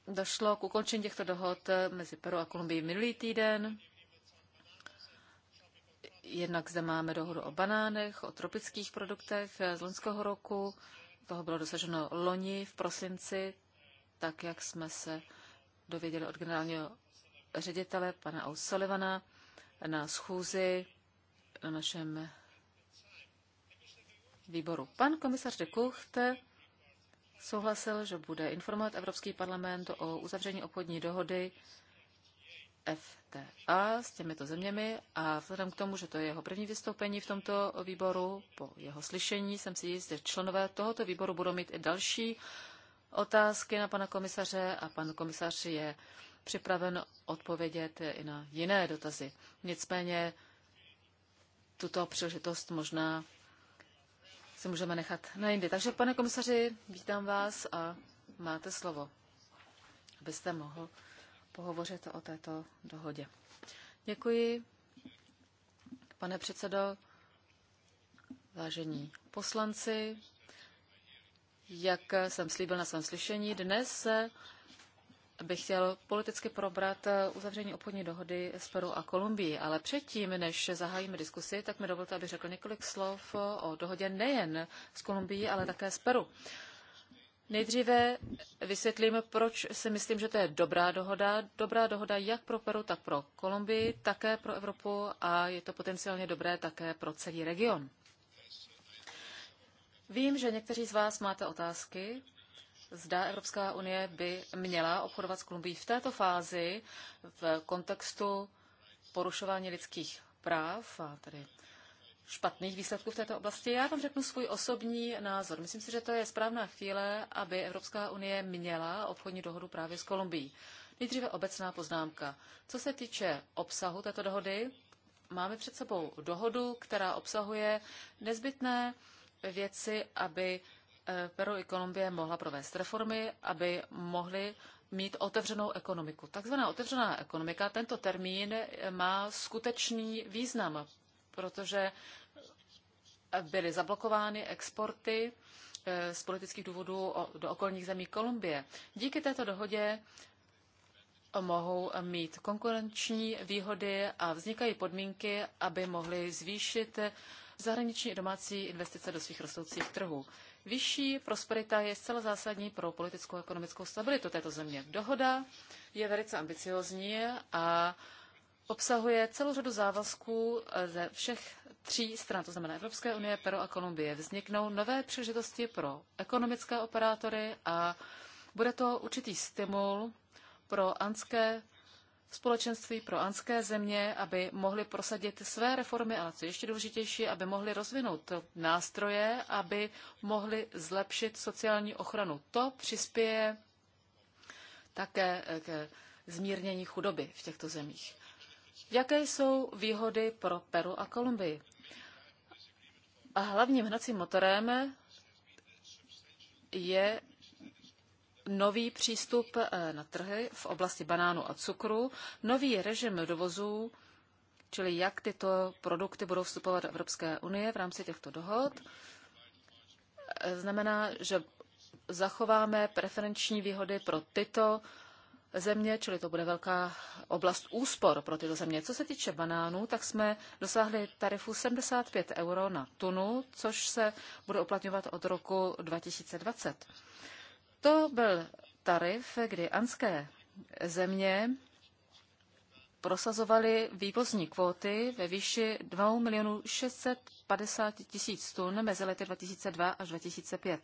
došlo k ukončení těchto dohod eh, mezi Peru a Kolumbií minulý týden. Jednak zde máme dohodu o banánech, o tropických produktech eh, z loňského roku. Toho bylo dosaženo loni v prosinci, tak jak jsme se dověděli od generálního ředitele pana O'Sullivana na schůzi na našem výboru. Pan komisař de Kuchte souhlasil, že bude informovat Evropský parlament o uzavření obchodní dohody FTA s těmito zeměmi a vzhledem k tomu, že to je jeho první vystoupení v tomto výboru, po jeho slyšení jsem si jist, že členové tohoto výboru budou mít i další otázky na pana komisaře a pan komisař je připraven odpovědět i na jiné dotazy. Nicméně tuto příležitost možná si můžeme nechat na jindy. Takže, pane komisaři, vítám vás a máte slovo, abyste mohl pohovořit o této dohodě. Děkuji, pane předsedo, vážení poslanci. Jak jsem slíbil na svém slyšení, dnes se bych chtěl politicky probrat eh, uzavření obchodní dohody s Peru a Kolumbií, ale předtím, než zahájíme diskusi, tak mi dovolte, abych řekl několik slov eh, o dohodě nejen s Kolumbií, ale také s Peru. Nejdříve vysvětlím, proč si myslím, že to je dobrá dohoda. Dobrá dohoda jak pro Peru, tak pro Kolumbii, také pro Evropu a je to potenciálně dobré také pro celý region. Vím, že někteří z vás máte otázky, zda Evropská unie by měla obchodovat s Kolumbií v této fázi v kontextu porušování lidských práv a tedy špatných výsledků v této oblasti. Já vám řeknu svůj osobní názor. Myslím si, že to je správná chvíle, aby Evropská unie měla obchodní dohodu právě s Kolumbií. Nejdříve obecná poznámka. Co se týče obsahu této dohody, máme před sebou dohodu, která obsahuje nezbytné věci, aby Eh, Peru i Kolumbie mohla provést reformy, aby mohly mít otevřenou ekonomiku. Takzvaná otevřená ekonomika, tento termín má skutečný význam, protože byly zablokovány exporty eh, z politických důvodů do okolních zemí Kolumbie. Díky této dohodě mohou mít konkurenční výhody a vznikají podmínky, aby mohly zvýšit zahraniční i domácí investice do svých rostoucích trhů. Vyšší prosperita je zcela zásadní pro politickou a ekonomickou stabilitu této země. Dohoda je velice ambiciozní a obsahuje celou řadu závazků ze všech tří stran, to znamená Evropské unie, Peru a Kolumbie. Vzniknou nové příležitosti pro ekonomické operátory a bude to určitý stimul pro anské společenství pro anské země, aby mohly prosadit své reformy, ale co ještě důležitější, aby mohly rozvinout nástroje, aby mohly zlepšit sociální ochranu. To přispěje také eh, k zmírnění chudoby v těchto zemích. Jaké jsou výhody pro Peru a Kolumbii? A hlavním hnacím motorem je nový přístup eh, na trhy v oblasti banánu a cukru, nový režim dovozů, čili jak tyto produkty budou vstupovat do Evropské unie v rámci těchto dohod. Eh, znamená, že zachováme preferenční výhody pro tyto země, čili to bude velká oblast úspor pro tyto země. Co se týče banánů, tak jsme dosáhli tarifu 75 euro na tunu, což se bude uplatňovat od roku 2020. To byl tarif, kdy anské země prosazovali vývozní kvóty ve výši 2 milionů 650 tisíc tun mezi lety 2002 až 2005.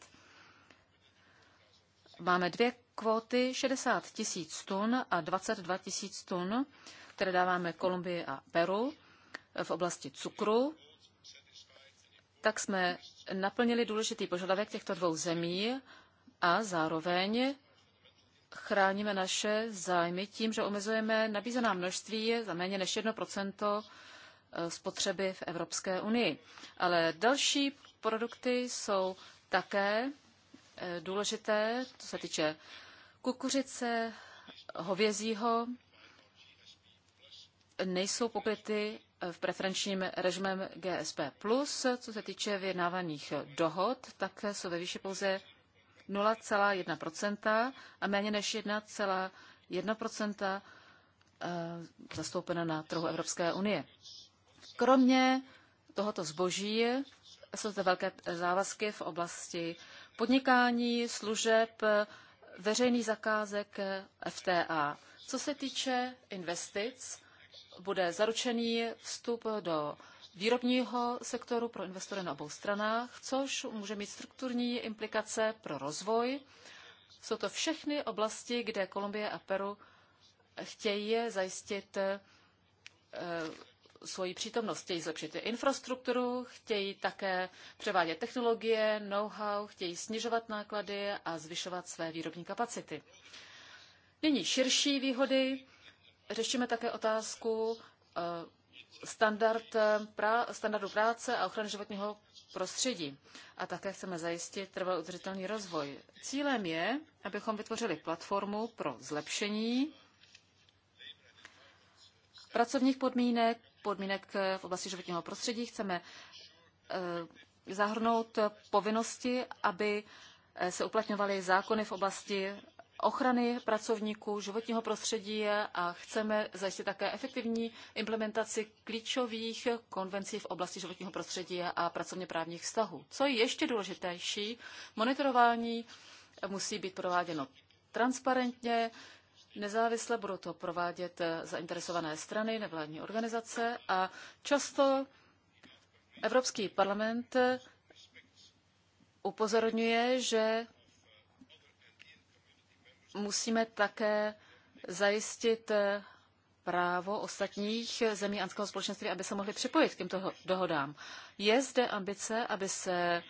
Máme dvě kvóty 60 tisíc tun a 22 tisíc tun, které dáváme Kolumbii a Peru v oblasti cukru. Tak jsme naplnili důležitý požadavek těchto dvou zemí a zároveň chráníme naše zájmy tím, že omezujeme nabízená množství za méně než 1% eh, spotřeby v Evropské unii. Ale další produkty jsou také eh, důležité, co se týče kukuřice, hovězího, nejsou pokryty eh, v preferenčním režimem GSP+, co se týče vyjednávaných dohod, tak jsou ve výši pouze 0,1 a méně než 1,1 eh, zastoupena na trhu Evropské unie. Kromě tohoto zboží jsou zde velké závazky v oblasti podnikání, služeb, veřejných zakázek FTA. Co se týče investic, bude zaručený vstup do výrobního sektoru pro investory na obou stranách, což může mít strukturní implikace pro rozvoj. Jsou to všechny oblasti, kde Kolumbie a Peru chtějí zajistit eh, svoji přítomnost, chtějí zlepšit infrastrukturu, chtějí také převádět technologie, know-how, chtějí snižovat náklady a zvyšovat své výrobní kapacity. Nyní širší výhody. Řešíme také otázku eh, standard eh, standardu práce a ochrany životního prostředí. A také chceme zajistit trvalý udržitelný rozvoj. Cílem je, abychom vytvořili platformu pro zlepšení pracovních podmínek, podmínek eh, v oblasti životního prostředí. Chceme eh, zahrnout povinnosti, aby se uplatňovaly zákony v oblasti ochrany pracovníků, životního prostředí a chceme zajistit také efektivní implementaci klíčových konvencí v oblasti životního prostředí a pracovně právních vztahů. Co je ještě důležitější, monitorování musí být prováděno transparentně, nezávisle budou to provádět eh, zainteresované strany, nevládní organizace a často Evropský parlament eh, upozorňuje, že musíme také zajistit eh, právo ostatních eh, zemí Anského společenství, aby se mohli připojit k těmto dohodám. Je zde ambice, aby se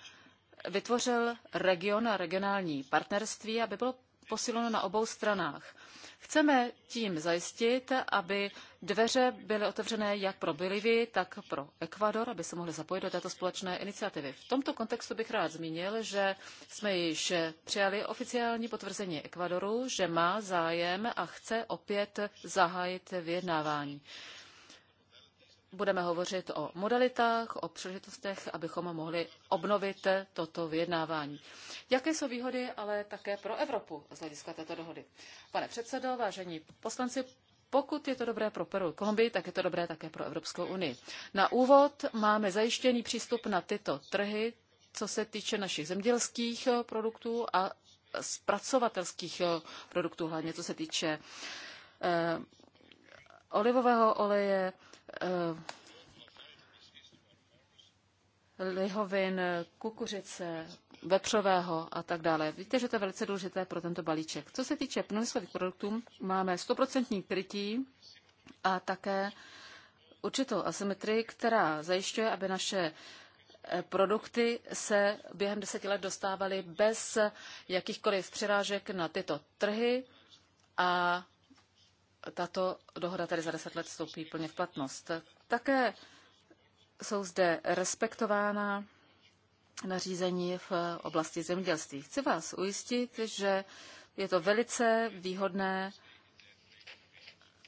vytvořil region a regionální partnerství, aby bylo posíleno na obou stranách. Chceme tím zajistit, aby dveře byly otevřené jak pro Bolivii, tak pro Ekvador, aby se mohli zapojit do této společné iniciativy. V tomto kontextu bych rád zmínil, že jsme již přijali oficiální potvrzení Ekvadoru, že má zájem a chce opět zahájit vyjednávání budeme hovořit o modalitách, o příležitostech, abychom mohli obnovit toto vyjednávání. Jaké jsou výhody ale také pro Evropu z hlediska této dohody? Pane předsedo, vážení poslanci, pokud je to dobré pro Peru Kolumbii, tak je to dobré také pro Evropskou unii. Na úvod máme zajištěný přístup na tyto trhy, co se týče našich zemědělských produktů a zpracovatelských produktů, hlavně co se týče eh, olivového oleje, Eh, lihovin, kukuřice, vepřového a tak dále. Víte, že to je velice důležité pro tento balíček. Co se týče průmyslových produktů, máme 100% krytí a také určitou asymetrii, která zajišťuje, aby naše eh, produkty se během deseti let dostávaly bez jakýchkoliv přirážek na tyto trhy a tato dohoda tedy za deset let vstoupí plně v platnost. Také jsou zde respektována nařízení v oblasti zemědělství. Chci vás ujistit, že je to velice výhodné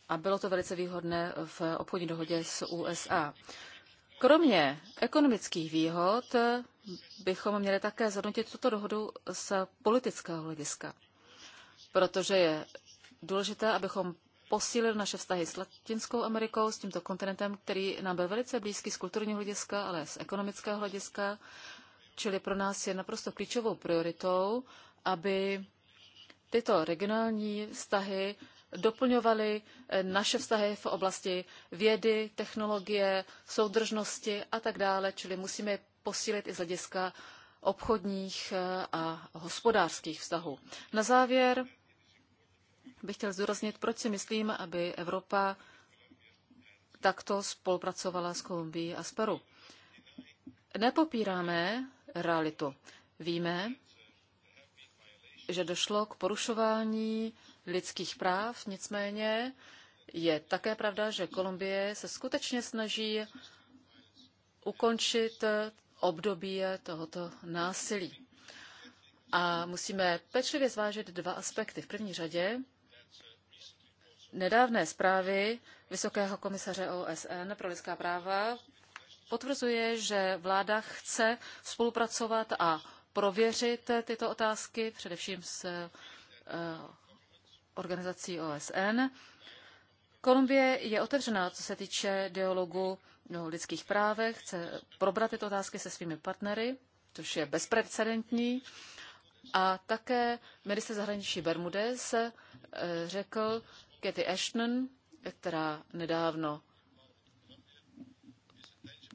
a bylo to velice výhodné v obchodní dohodě s USA. Kromě ekonomických výhod bychom měli také zhodnotit tuto dohodu z politického hlediska, protože je důležité, abychom posílil naše vztahy s Latinskou Amerikou, s tímto kontinentem, který nám byl velice blízký z kulturního hlediska, ale z ekonomického hlediska. Čili pro nás je naprosto klíčovou prioritou, aby tyto regionální vztahy doplňovaly eh, naše vztahy v oblasti vědy, technologie, soudržnosti a tak dále, čili musíme je posílit i z hlediska obchodních eh, a hospodářských vztahů. Na závěr bych chtěl zdůraznit, proč si myslím, aby Evropa takto spolupracovala s Kolumbií a s Peru. Nepopíráme realitu. Víme, že došlo k porušování lidských práv, nicméně je také pravda, že Kolumbie se skutečně snaží ukončit období tohoto násilí. A musíme pečlivě zvážit dva aspekty. V první řadě nedávné zprávy Vysokého komisaře OSN pro lidská práva potvrzuje, že vláda chce spolupracovat a prověřit tyto otázky, především s eh, organizací OSN. Kolumbie je otevřená, co se týče dialogu o lidských právech, chce probrat tyto otázky se svými partnery, což je bezprecedentní. A také minister zahraničí Bermudez eh, řekl, Cathy Ashton, která nedávno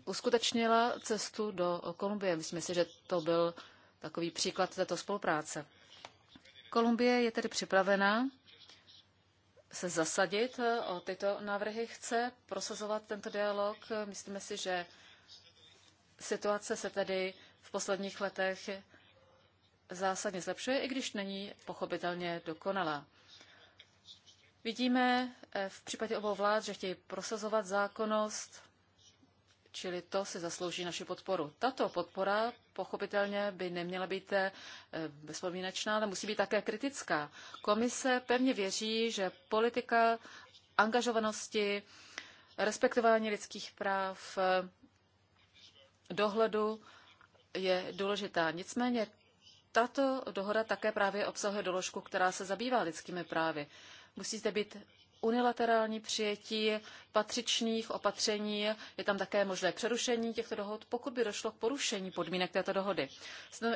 uskutečnila cestu do Kolumbie. Myslím si, že to byl takový příklad této spolupráce. Kolumbie je tedy připravena se zasadit o tyto návrhy, chce prosazovat tento dialog. Myslíme si, že situace se tedy v posledních letech zásadně zlepšuje, i když není pochopitelně dokonalá. Vidíme eh, v případě obou vlád, že chtějí prosazovat zákonnost, čili to si zaslouží naši podporu. Tato podpora pochopitelně by neměla být eh, bezpomínečná, ale musí být také kritická. Komise pevně věří, že politika angažovanosti, respektování lidských práv, eh, dohledu je důležitá. Nicméně tato dohoda také právě obsahuje doložku, která se zabývá lidskými právy. Musí zde být unilaterální přijetí patřičných opatření. Je tam také možné přerušení těchto dohod, pokud by došlo k porušení podmínek této dohody.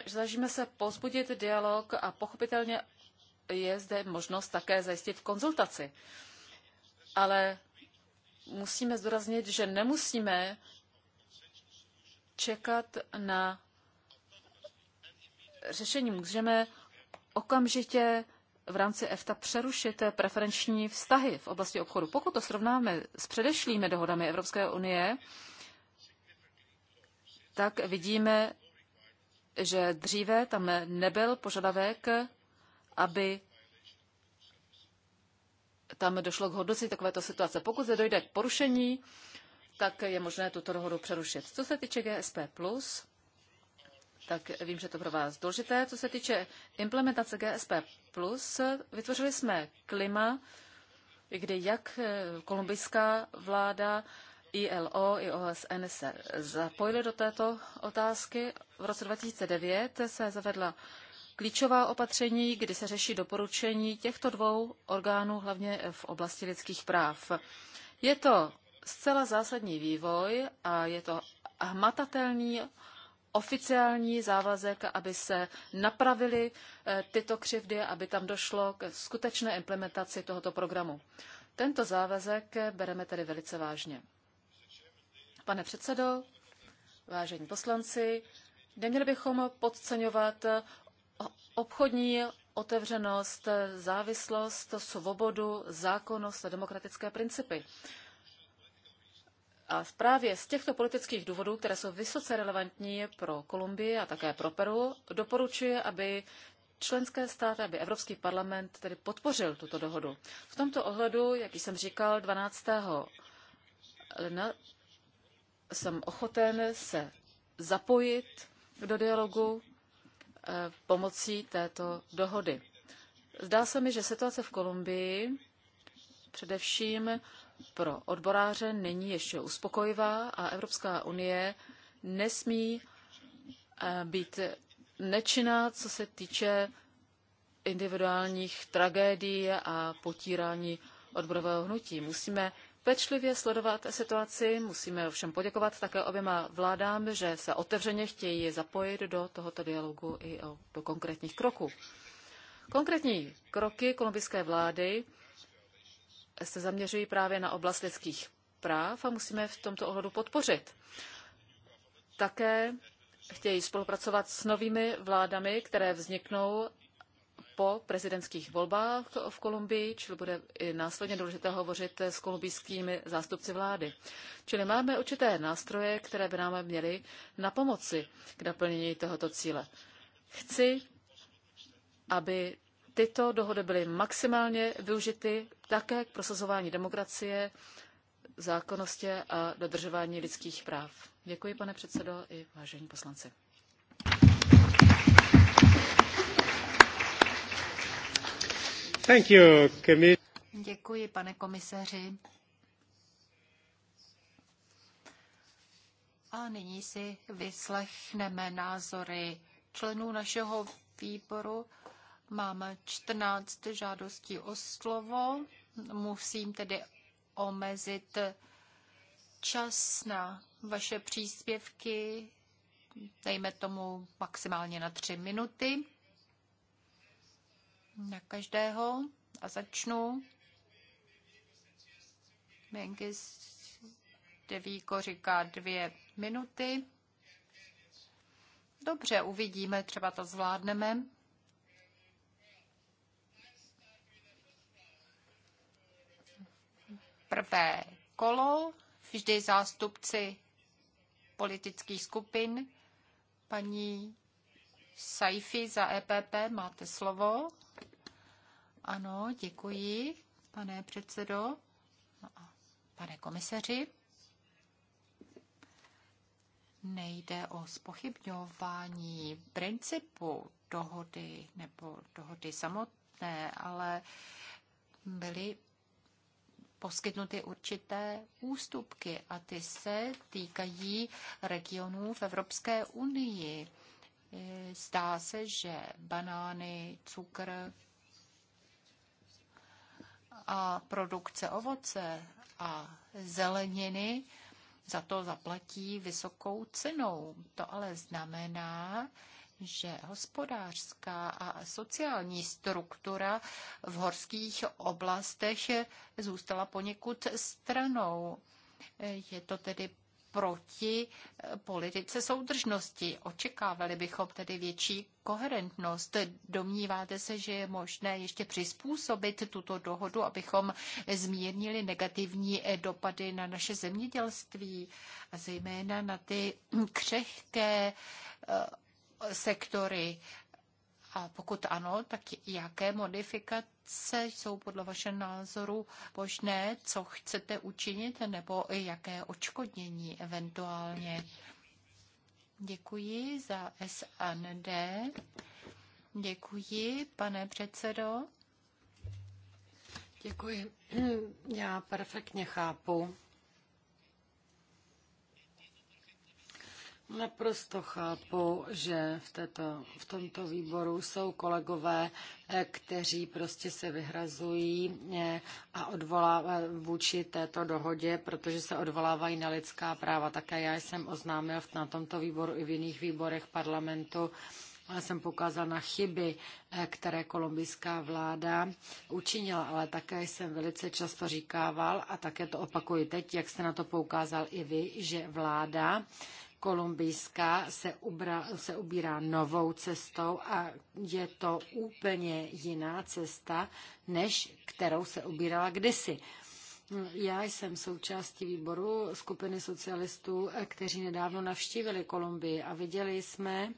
Snažíme se pozbudit dialog a pochopitelně je zde možnost také zajistit konzultaci. Ale musíme zdůraznit, že nemusíme čekat na řešení. Můžeme okamžitě v rámci EFTA přerušit preferenční vztahy v oblasti obchodu. Pokud to srovnáme s předešlými dohodami Evropské unie, tak vidíme, že dříve tam nebyl požadavek, aby tam došlo k hodnocení takovéto situace. Pokud se dojde k porušení, tak je možné tuto dohodu přerušit. Co se týče GSP+, plus, tak vím, že to pro vás důležité. Co se týče implementace GSP+, vytvořili jsme klima, kde jak eh, kolumbijská vláda, ILO i OSN se zapojili do této otázky. V roce 2009 se zavedla klíčová opatření, kdy se řeší doporučení těchto dvou orgánů, hlavně v oblasti lidských práv. Je to zcela zásadní vývoj a je to hmatatelný oficiální závazek, aby se napravily eh, tyto křivdy, aby tam došlo k skutečné implementaci tohoto programu. Tento závazek eh, bereme tedy velice vážně. Pane předsedo, vážení poslanci, neměli bychom podceňovat eh, obchodní otevřenost, závislost, svobodu, zákonnost a demokratické principy. A právě z těchto politických důvodů, které jsou vysoce relevantní pro Kolumbii a také pro Peru, doporučuje, aby členské státy, aby Evropský parlament tedy podpořil tuto dohodu. V tomto ohledu, jak jsem říkal, 12. ledna jsem ochoten se zapojit do dialogu eh, pomocí této dohody. Zdá se mi, že situace v Kolumbii především pro odboráře není ještě uspokojivá a Evropská unie nesmí eh, být nečinná, co se týče individuálních tragédií a potírání odborového hnutí. Musíme pečlivě sledovat situaci, musíme ovšem poděkovat také oběma vládám, že se otevřeně chtějí zapojit do tohoto dialogu i do konkrétních kroků. Konkrétní kroky kolumbijské vlády se zaměřují právě na oblast lidských práv a musíme v tomto ohledu podpořit. Také chtějí spolupracovat s novými vládami, které vzniknou po prezidentských volbách v Kolumbii, čili bude i následně důležité hovořit s kolumbijskými zástupci vlády. Čili máme určité nástroje, které by nám měly na pomoci k naplnění tohoto cíle. Chci, aby tyto dohody byly maximálně využity také k prosazování demokracie, zákonnosti a dodržování lidských práv. Děkuji, pane předsedo, i vážení poslanci. Thank you, Děkuji, pane komisaři. A nyní si vyslechneme názory členů našeho výboru. Máme 14 žádostí o slovo. Musím tedy omezit čas na vaše příspěvky, dejme tomu maximálně na tři minuty na každého a začnu. Mengis Devíko říká dvě minuty. Dobře, uvidíme, třeba to zvládneme. prvé kolo, vždy zástupci politických skupin. Paní Saifi za EPP, máte slovo. Ano, děkuji, pane předsedo. No pane komisaři, nejde o spochybňování principu dohody nebo dohody samotné, ale byly poskytnuty určité ústupky a ty se týkají regionů v Evropské unii. Zdá se, že banány, cukr a produkce ovoce a zeleniny za to zaplatí vysokou cenou. To ale znamená, že hospodářská a sociální struktura v horských oblastech zůstala poněkud stranou. Je to tedy proti eh, politice soudržnosti. Očekávali bychom tedy větší koherentnost. Domníváte se, že je možné ještě přizpůsobit tuto dohodu, abychom zmírnili negativní eh, dopady na naše zemědělství a zejména na ty křehké eh, sektory? A pokud ano, tak jaké modifikace jsou podle vašeho názoru možné, co chcete učinit, nebo jaké očkodnění eventuálně? Děkuji za SND. Děkuji, pane předsedo. Děkuji. Já perfektně chápu Naprosto chápu, že v, této, v tomto výboru jsou kolegové, eh, kteří prostě se vyhrazují eh, a odvolávají eh, vůči této dohodě, protože se odvolávají na lidská práva. Také já jsem oznámil na tomto výboru i v jiných výborech parlamentu, já jsem poukázal na chyby, které kolumbijská vláda učinila, ale také jsem velice často říkával, a také to opakuji teď, jak jste na to poukázal i vy, že vláda Kolumbijská se, ubra, se ubírá novou cestou a je to úplně jiná cesta, než kterou se ubírala kdysi. Já jsem součástí výboru skupiny socialistů, kteří nedávno navštívili Kolumbii a viděli jsme,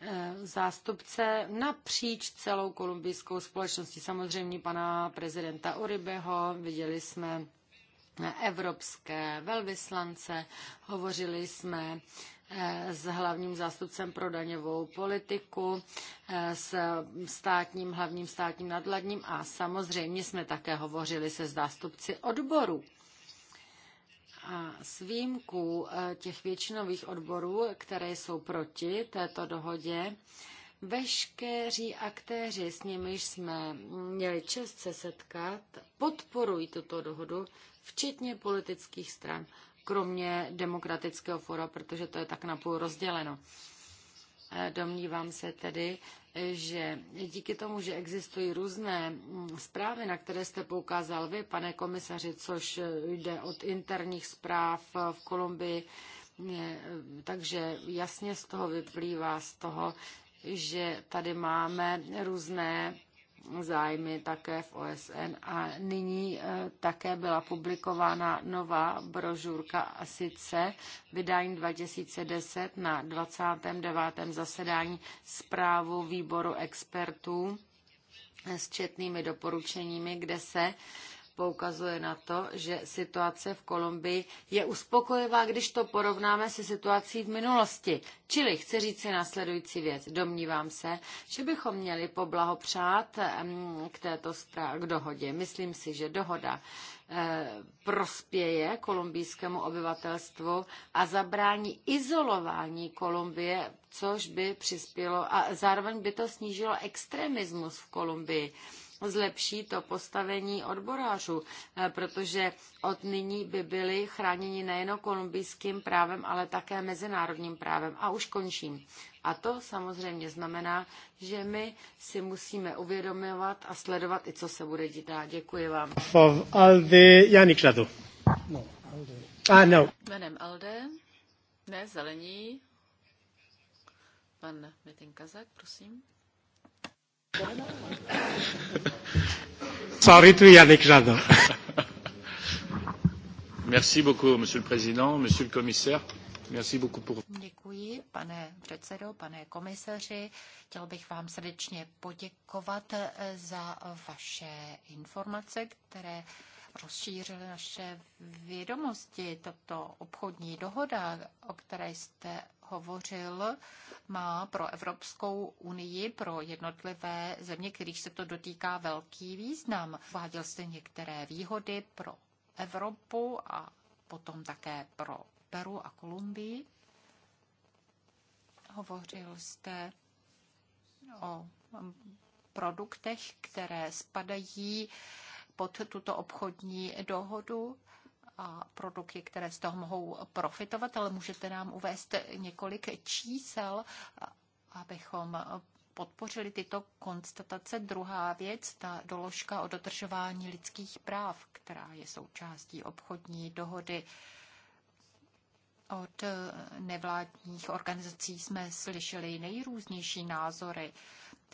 eh, zástupce napříč celou kolumbijskou společností. Samozřejmě pana prezidenta Uribeho, viděli jsme evropské velvyslance, hovořili jsme eh, s hlavním zástupcem pro daňovou politiku, eh, s státním, hlavním státním nadladním a samozřejmě jsme také hovořili se zástupci odborů. A s výjimkou eh, těch většinových odborů, které jsou proti této dohodě, veškeří aktéři, s nimiž jsme měli čest se setkat, podporují tuto dohodu, včetně politických stran, kromě demokratického fora, protože to je tak napůl rozděleno. Domnívám se tedy, že díky tomu, že existují různé mm, zprávy, na které jste poukázal vy, pane komisaři, což jde od interních zpráv v Kolumbii, takže jasně z toho vyplývá z toho, že tady máme různé zájmy také v OSN. A nyní eh, také byla publikována nová brožurka a sice vydání 2010 na 29. zasedání zprávu výboru expertů s četnými doporučeními, kde se poukazuje na to, že situace v Kolumbii je uspokojivá, když to porovnáme se situací v minulosti. Čili chci říct si následující věc. Domnívám se, že bychom měli poblahopřát k této zprávě, k dohodě. Myslím si, že dohoda eh, prospěje kolumbijskému obyvatelstvu a zabrání izolování Kolumbie, což by přispělo a zároveň by to snížilo extremismus v Kolumbii zlepší to postavení odborářů, eh, protože od nyní by byli chráněni nejen kolumbijským právem, ale také mezinárodním právem. A už končím. A to samozřejmě znamená, že my si musíme uvědomovat a sledovat i, co se bude dít. Děkuji vám. Alde Janik Lado. No, Alde. A no. Jmenem Alde, ne zelení. Pan Metin Kazak, prosím. Sorry to Yannick Jadot. Merci beaucoup, Monsieur le Président, Monsieur le Commissaire. Merci beaucoup pour... Děkuji, pane předsedo, pane komisaři. Chtěl bych vám srdečně poděkovat eh, za vaše informace, které rozšířili naše vědomosti. Tato obchodní dohoda, o které jste hovořil, má pro Evropskou unii, pro jednotlivé země, kterých se to dotýká, velký význam. Váděl jste některé výhody pro Evropu a potom také pro Peru a Kolumbii. Hovořil jste o produktech, které spadají pod tuto obchodní dohodu a produkty, které z toho mohou profitovat, ale můžete nám uvést několik čísel, abychom podpořili tyto konstatace. Druhá věc, ta doložka o dodržování lidských práv, která je součástí obchodní dohody. Od nevládních organizací jsme slyšeli nejrůznější názory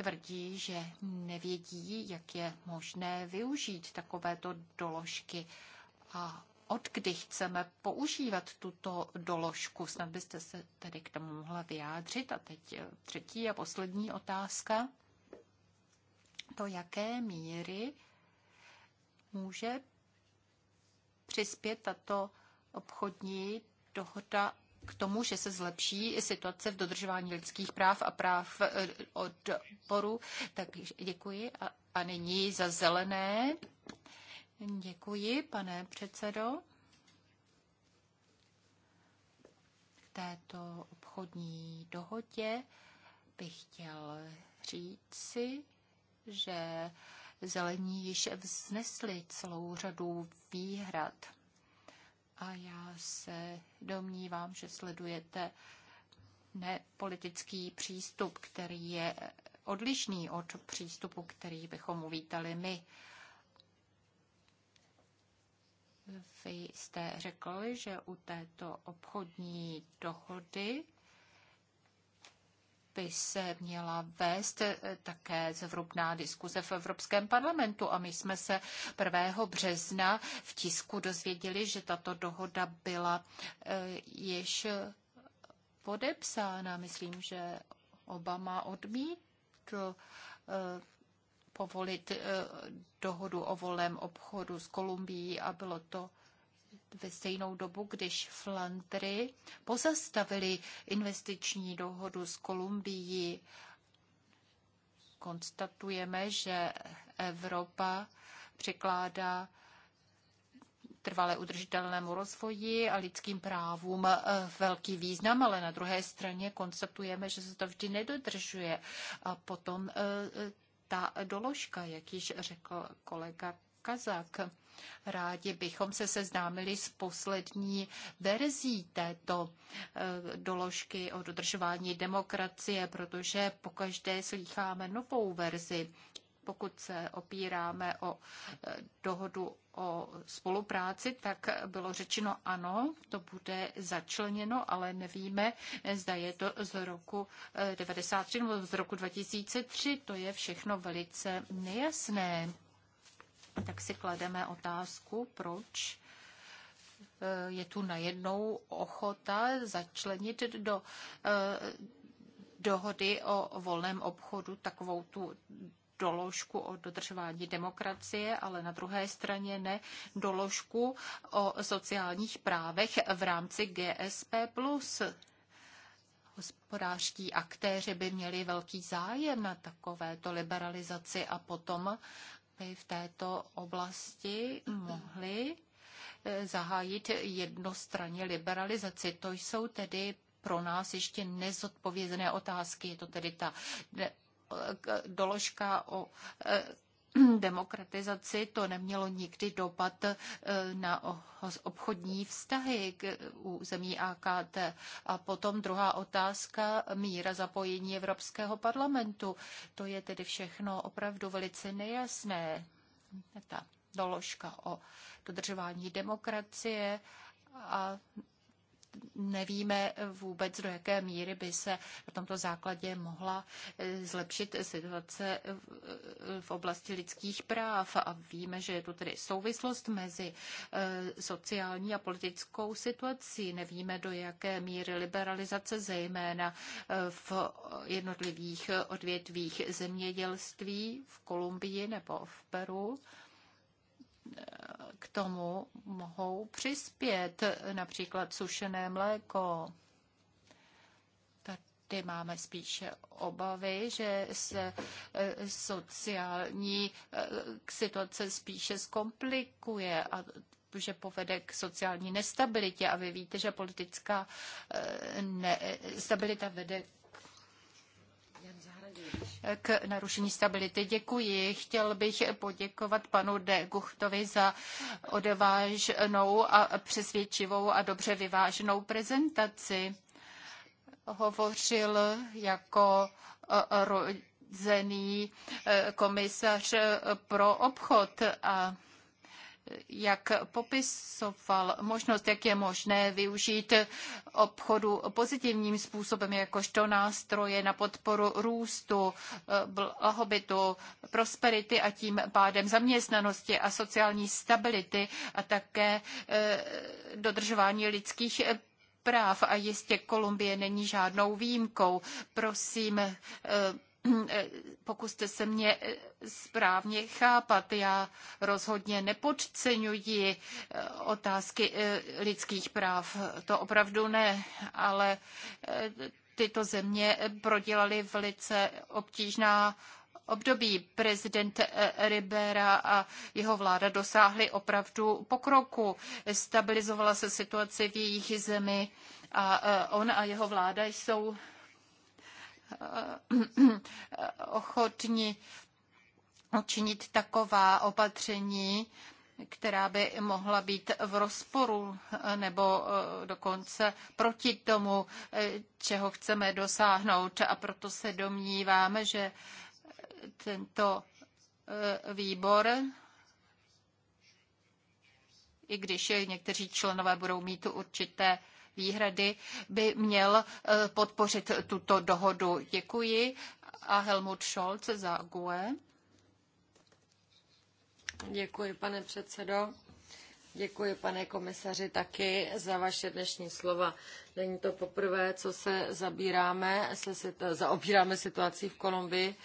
tvrdí, že nevědí, jak je možné využít takovéto doložky a od kdy chceme používat tuto doložku. Snad byste se tedy k tomu mohla vyjádřit. A teď eh, třetí a poslední otázka. To jaké míry může přispět tato obchodní dohoda k tomu, že se zlepší situace v dodržování lidských práv a práv e, odporu, Tak děkuji. A, a nyní za zelené. Děkuji, pane předsedo. K této obchodní dohodě bych chtěl říci, že zelení již vznesli celou řadu výhrad a já se domnívám, že sledujete nepolitický přístup, který je odlišný od přístupu, který bychom uvítali my. Vy jste řekl, že u této obchodní dohody by se měla vést eh, také zvrubná diskuze v Evropském parlamentu a my jsme se 1. března v tisku dozvěděli, že tato dohoda byla eh, již podepsána. Myslím, že Obama odmítl eh, povolit dohodu o volném obchodu s Kolumbií a bylo to ve stejnou dobu, když Flandry pozastavili investiční dohodu s Kolumbií. Konstatujeme, že Evropa překládá trvalé udržitelnému rozvoji a lidským právům eh, velký význam, ale na druhé straně konstatujeme, že se to vždy nedodržuje. A potom eh, eh, ta doložka, jak již řekl kolega Kazak, Rádi bychom se seznámili s poslední verzí této eh, doložky o dodržování demokracie, protože pokaždé slýcháme novou verzi pokud se opíráme o eh, dohodu o spolupráci, tak bylo řečeno ano, to bude začleněno, ale nevíme, zda je to z roku 1993 eh, nebo z roku 2003, to je všechno velice nejasné tak si klademe otázku, proč eh, je tu najednou ochota začlenit do eh, dohody o volném obchodu takovou tu doložku o dodržování demokracie, ale na druhé straně ne doložku o sociálních právech v rámci GSP+. Hospodářští aktéři by měli velký zájem na takovéto liberalizaci a potom v této oblasti mohly eh, zahájit jednostranně liberalizaci. To jsou tedy pro nás ještě nezodpovězené otázky. Je to tedy ta eh, doložka o eh, demokratizaci to nemělo nikdy dopad e, na obchodní vztahy u zemí AKT. A potom druhá otázka, míra zapojení Evropského parlamentu. To je tedy všechno opravdu velice nejasné. Ta doložka o dodržování demokracie a nevíme vůbec, do jaké míry by se na tomto základě mohla eh, zlepšit situace eh, v oblasti lidských práv. A víme, že je tu tedy souvislost mezi eh, sociální a politickou situací. Nevíme, do jaké míry liberalizace, zejména v jednotlivých odvětvích zemědělství v Kolumbii nebo v Peru, k tomu mohou přispět, například sušené mléko. Tady máme spíše obavy, že se eh, sociální eh, situace spíše zkomplikuje a že povede k sociální nestabilitě. A vy víte, že politická eh, stabilita vede k narušení stability. Děkuji. Chtěl bych poděkovat panu De Guchtovi za odvážnou a přesvědčivou a dobře vyváženou prezentaci. Hovořil jako eh, eh, rodzený eh, komisař pro obchod a jak popisoval možnost, jak je možné využít obchodu pozitivním způsobem, jakožto nástroje na podporu růstu, blahobytu, prosperity a tím pádem zaměstnanosti a sociální stability a také eh, dodržování lidských práv a jistě Kolumbie není žádnou výjimkou. Prosím, eh, pokud se mě eh, správně chápat, já rozhodně nepodceňuji eh, otázky eh, lidských práv, to opravdu ne, ale tyto země prodělaly velice obtížná období. Prezident Ribera a jeho vláda dosáhly opravdu pokroku. Stabilizovala se situace v jejich zemi a on a jeho vláda jsou Eh, eh, ochotni učinit taková opatření, která by mohla být v rozporu eh, nebo dokonce proti tomu, čeho chceme dosáhnout. A proto se domníváme, že tento výbor, i když někteří členové budou mít určité výhrady, by měl eh, podpořit tuto dohodu. Děkuji. A Helmut Scholz za GUE. Děkuji, pane předsedo. Děkuji, pane komisaři, taky za vaše dnešní slova. Není to poprvé, co se zabíráme, se, zaobíráme situací v Kolumbii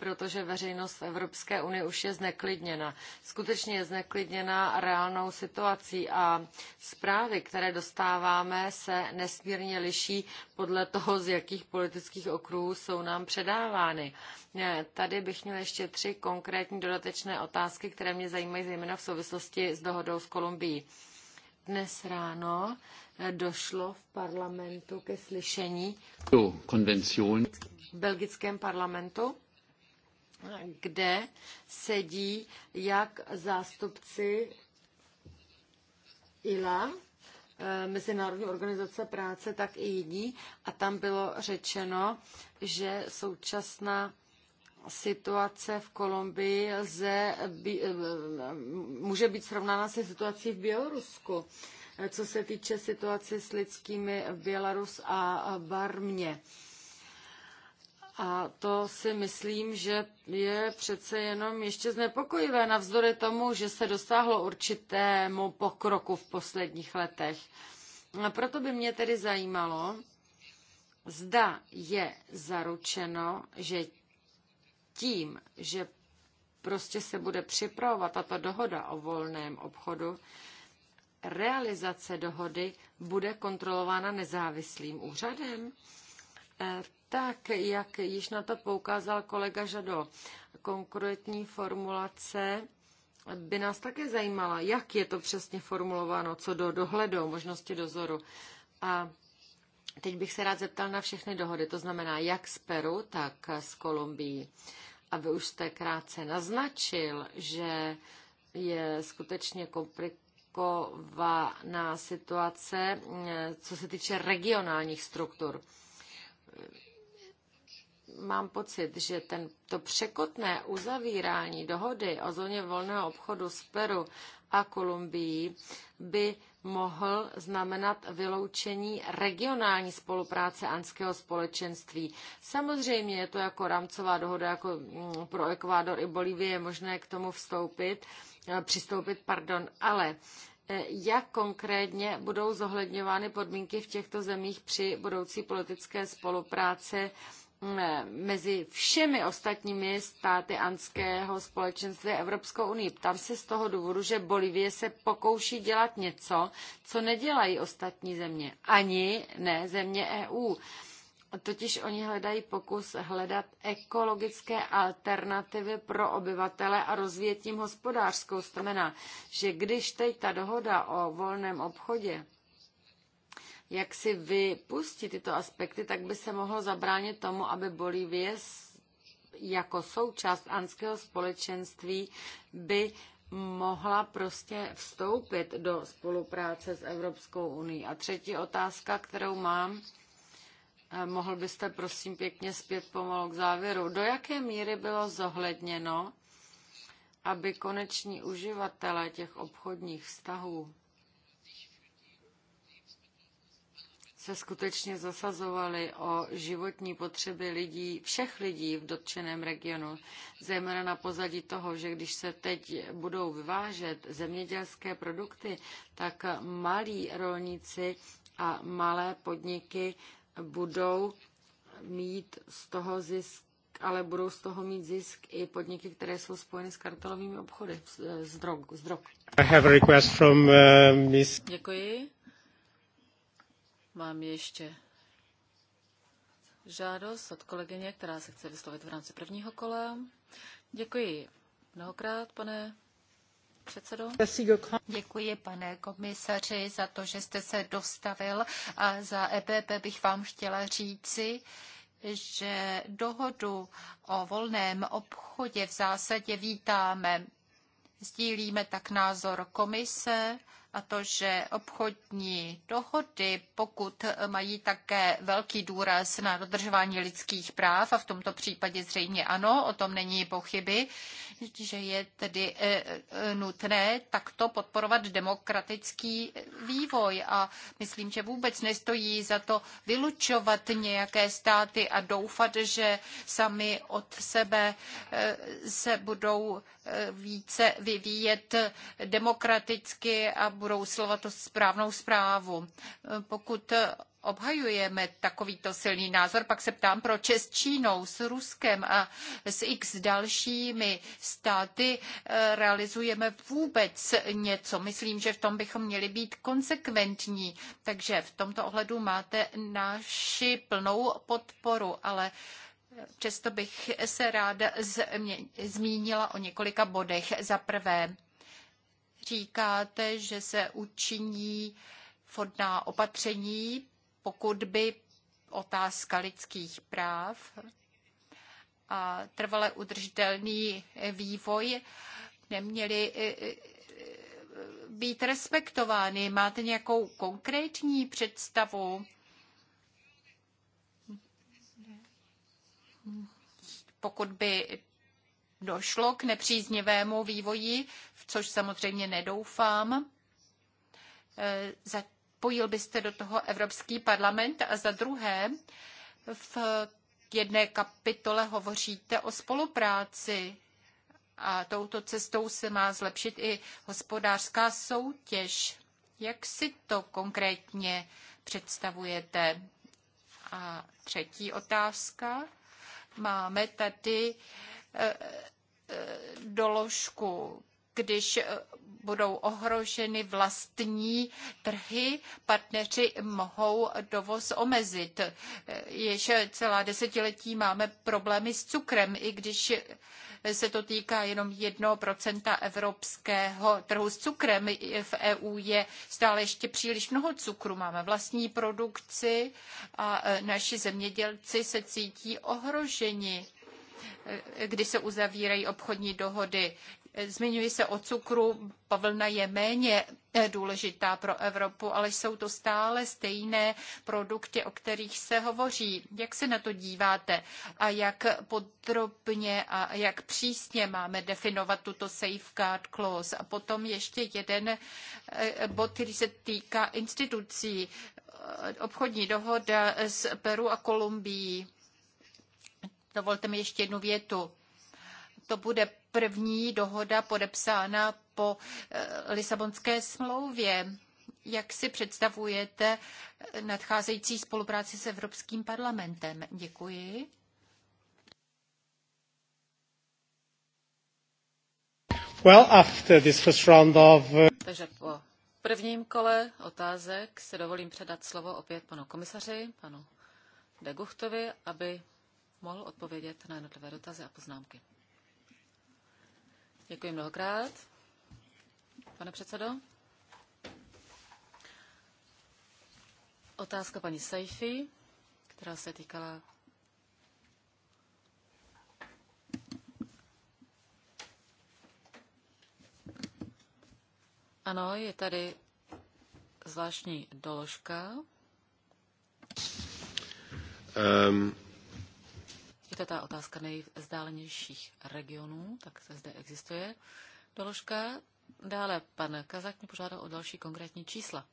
protože veřejnost v Evropské unii už je zneklidněna. Skutečně je zneklidněna reálnou situací a zprávy, které dostáváme, se nesmírně liší podle toho, z jakých politických okruhů jsou nám předávány. Eh, tady bych měla ještě tři konkrétní dodatečné otázky, které mě zajímají zejména v souvislosti s dohodou s Kolumbií. Dnes ráno eh, došlo v parlamentu ke slyšení v belgickém parlamentu kde sedí jak zástupci ILA, eh, Mezinárodní organizace práce, tak i jiní. A tam bylo řečeno, že současná situace v Kolumbii lze, eh, může být srovnána se situací v Bělorusku, eh, co se týče situace s lidskými v Bělarus a Barmě. A to si myslím, že je přece jenom ještě znepokojivé, navzdory tomu, že se dosáhlo určitému pokroku v posledních letech. A proto by mě tedy zajímalo, zda je zaručeno, že tím, že prostě se bude připravovat tato dohoda o volném obchodu, realizace dohody bude kontrolována nezávislým úřadem. Eh, tak, jak již na to poukázal kolega Žado, konkrétní formulace by nás také zajímala, jak je to přesně formulováno, co do dohledu, možnosti dozoru. A teď bych se rád zeptal na všechny dohody, to znamená jak z Peru, tak z Kolumbií. A vy už jste krátce naznačil, že je skutečně komplikovaná situace, co se týče regionálních struktur mám pocit, že ten, to překotné uzavírání dohody o zóně volného obchodu s Peru a Kolumbií by mohl znamenat vyloučení regionální spolupráce anského společenství. Samozřejmě je to jako rámcová dohoda jako mm, pro Ekvádor i Bolívie je možné k tomu vstoupit, eh, přistoupit, pardon, ale eh, jak konkrétně budou zohledňovány podmínky v těchto zemích při budoucí politické spolupráce Eh, mezi všemi ostatními státy Andského společenství Evropskou unii. Ptám se z toho důvodu, že Bolivie se pokouší dělat něco, co nedělají ostatní země, ani ne země EU. Totiž oni hledají pokus hledat ekologické alternativy pro obyvatele a rozvíjet tím hospodářskou. Znamená, že když teď ta dohoda o volném obchodě jak si vypustí tyto aspekty, tak by se mohlo zabránit tomu, aby Bolívie jako součást anského společenství by mohla prostě vstoupit do spolupráce s Evropskou unii. A třetí otázka, kterou mám, eh, mohl byste prosím pěkně zpět pomalu k závěru. Do jaké míry bylo zohledněno, aby koneční uživatelé těch obchodních vztahů se skutečně zasazovali o životní potřeby lidí, všech lidí v dotčeném regionu, zejména na pozadí toho, že když se teď budou vyvážet zemědělské produkty, tak malí rolníci a malé podniky budou mít z toho zisk, ale budou z toho mít zisk i podniky, které jsou spojeny s kartelovými obchody, s, eh, drog, s drog. I have a request from, uh, Miss... Děkuji. Mám ještě žádost od kolegyně, která se chce vyslovit v rámci prvního kola. Děkuji mnohokrát, pane předsedo. Děkuji, pane komisaři, za to, že jste se dostavil a za EPP bych vám chtěla říci, že dohodu o volném obchodě v zásadě vítáme. Sdílíme tak názor komise, a to, že obchodní dohody, pokud mají také velký důraz na dodržování lidských práv, a v tomto případě zřejmě ano, o tom není pochyby, že je tedy e, e, nutné takto podporovat demokratický vývoj. A myslím, že vůbec nestojí za to vylučovat nějaké státy a doufat, že sami od sebe e, se budou více vyvíjet demokraticky a budou slovat správnou zprávu. Pokud obhajujeme takovýto silný názor, pak se ptám, proč s Čínou, s Ruskem a s x dalšími státy eh, realizujeme vůbec něco. Myslím, že v tom bychom měli být konsekventní, takže v tomto ohledu máte naši plnou podporu, ale přesto bych se ráda zmínila o několika bodech. Za prvé, říkáte, že se učiní vhodná opatření, pokud by otázka lidských práv a trvale udržitelný vývoj neměly e, e, být respektovány. Máte nějakou konkrétní představu? Pokud by došlo k nepříznivému vývoji, v což samozřejmě nedoufám. E, zapojil byste do toho Evropský parlament a za druhé v jedné kapitole hovoříte o spolupráci a touto cestou se má zlepšit i hospodářská soutěž. Jak si to konkrétně představujete? A třetí otázka. Máme tady uh, Eh, eh, doložku když eh, budou ohroženy vlastní trhy, partneři mohou dovoz omezit. Jež celá desetiletí máme problémy s cukrem, i když se to týká jenom 1% evropského trhu s cukrem. V EU je stále ještě příliš mnoho cukru. Máme vlastní produkci a naši zemědělci se cítí ohroženi Eh, kdy se uzavírají obchodní dohody. Zmiňuji se o cukru, pavlna je méně eh, důležitá pro Evropu, ale jsou to stále stejné produkty, o kterých se hovoří. Jak se na to díváte a jak podrobně a jak přísně máme definovat tuto safeguard clause? A potom ještě jeden eh, bod, který se týká institucí. Obchodní dohoda s Peru a Kolumbií dovolte mi ještě jednu větu. To bude první dohoda podepsána po eh, Lisabonské smlouvě. Jak si představujete eh, nadcházející spolupráci s Evropským parlamentem? Děkuji. Well, after this first round of... Uh, Takže po prvním kole otázek se dovolím předat slovo opět panu komisaři, panu Deguchtovi, aby mohl odpovědět na jednotlivé dotazy a poznámky. Děkuji mnohokrát. Pane předsedo. Otázka paní Seifi, která se týkala Ano, je tady zvláštní doložka. Um, ta otázka nejvzdálenějších regionů, tak se zde existuje doložka. Dále pan Kazak mě požádal o další konkrétní čísla.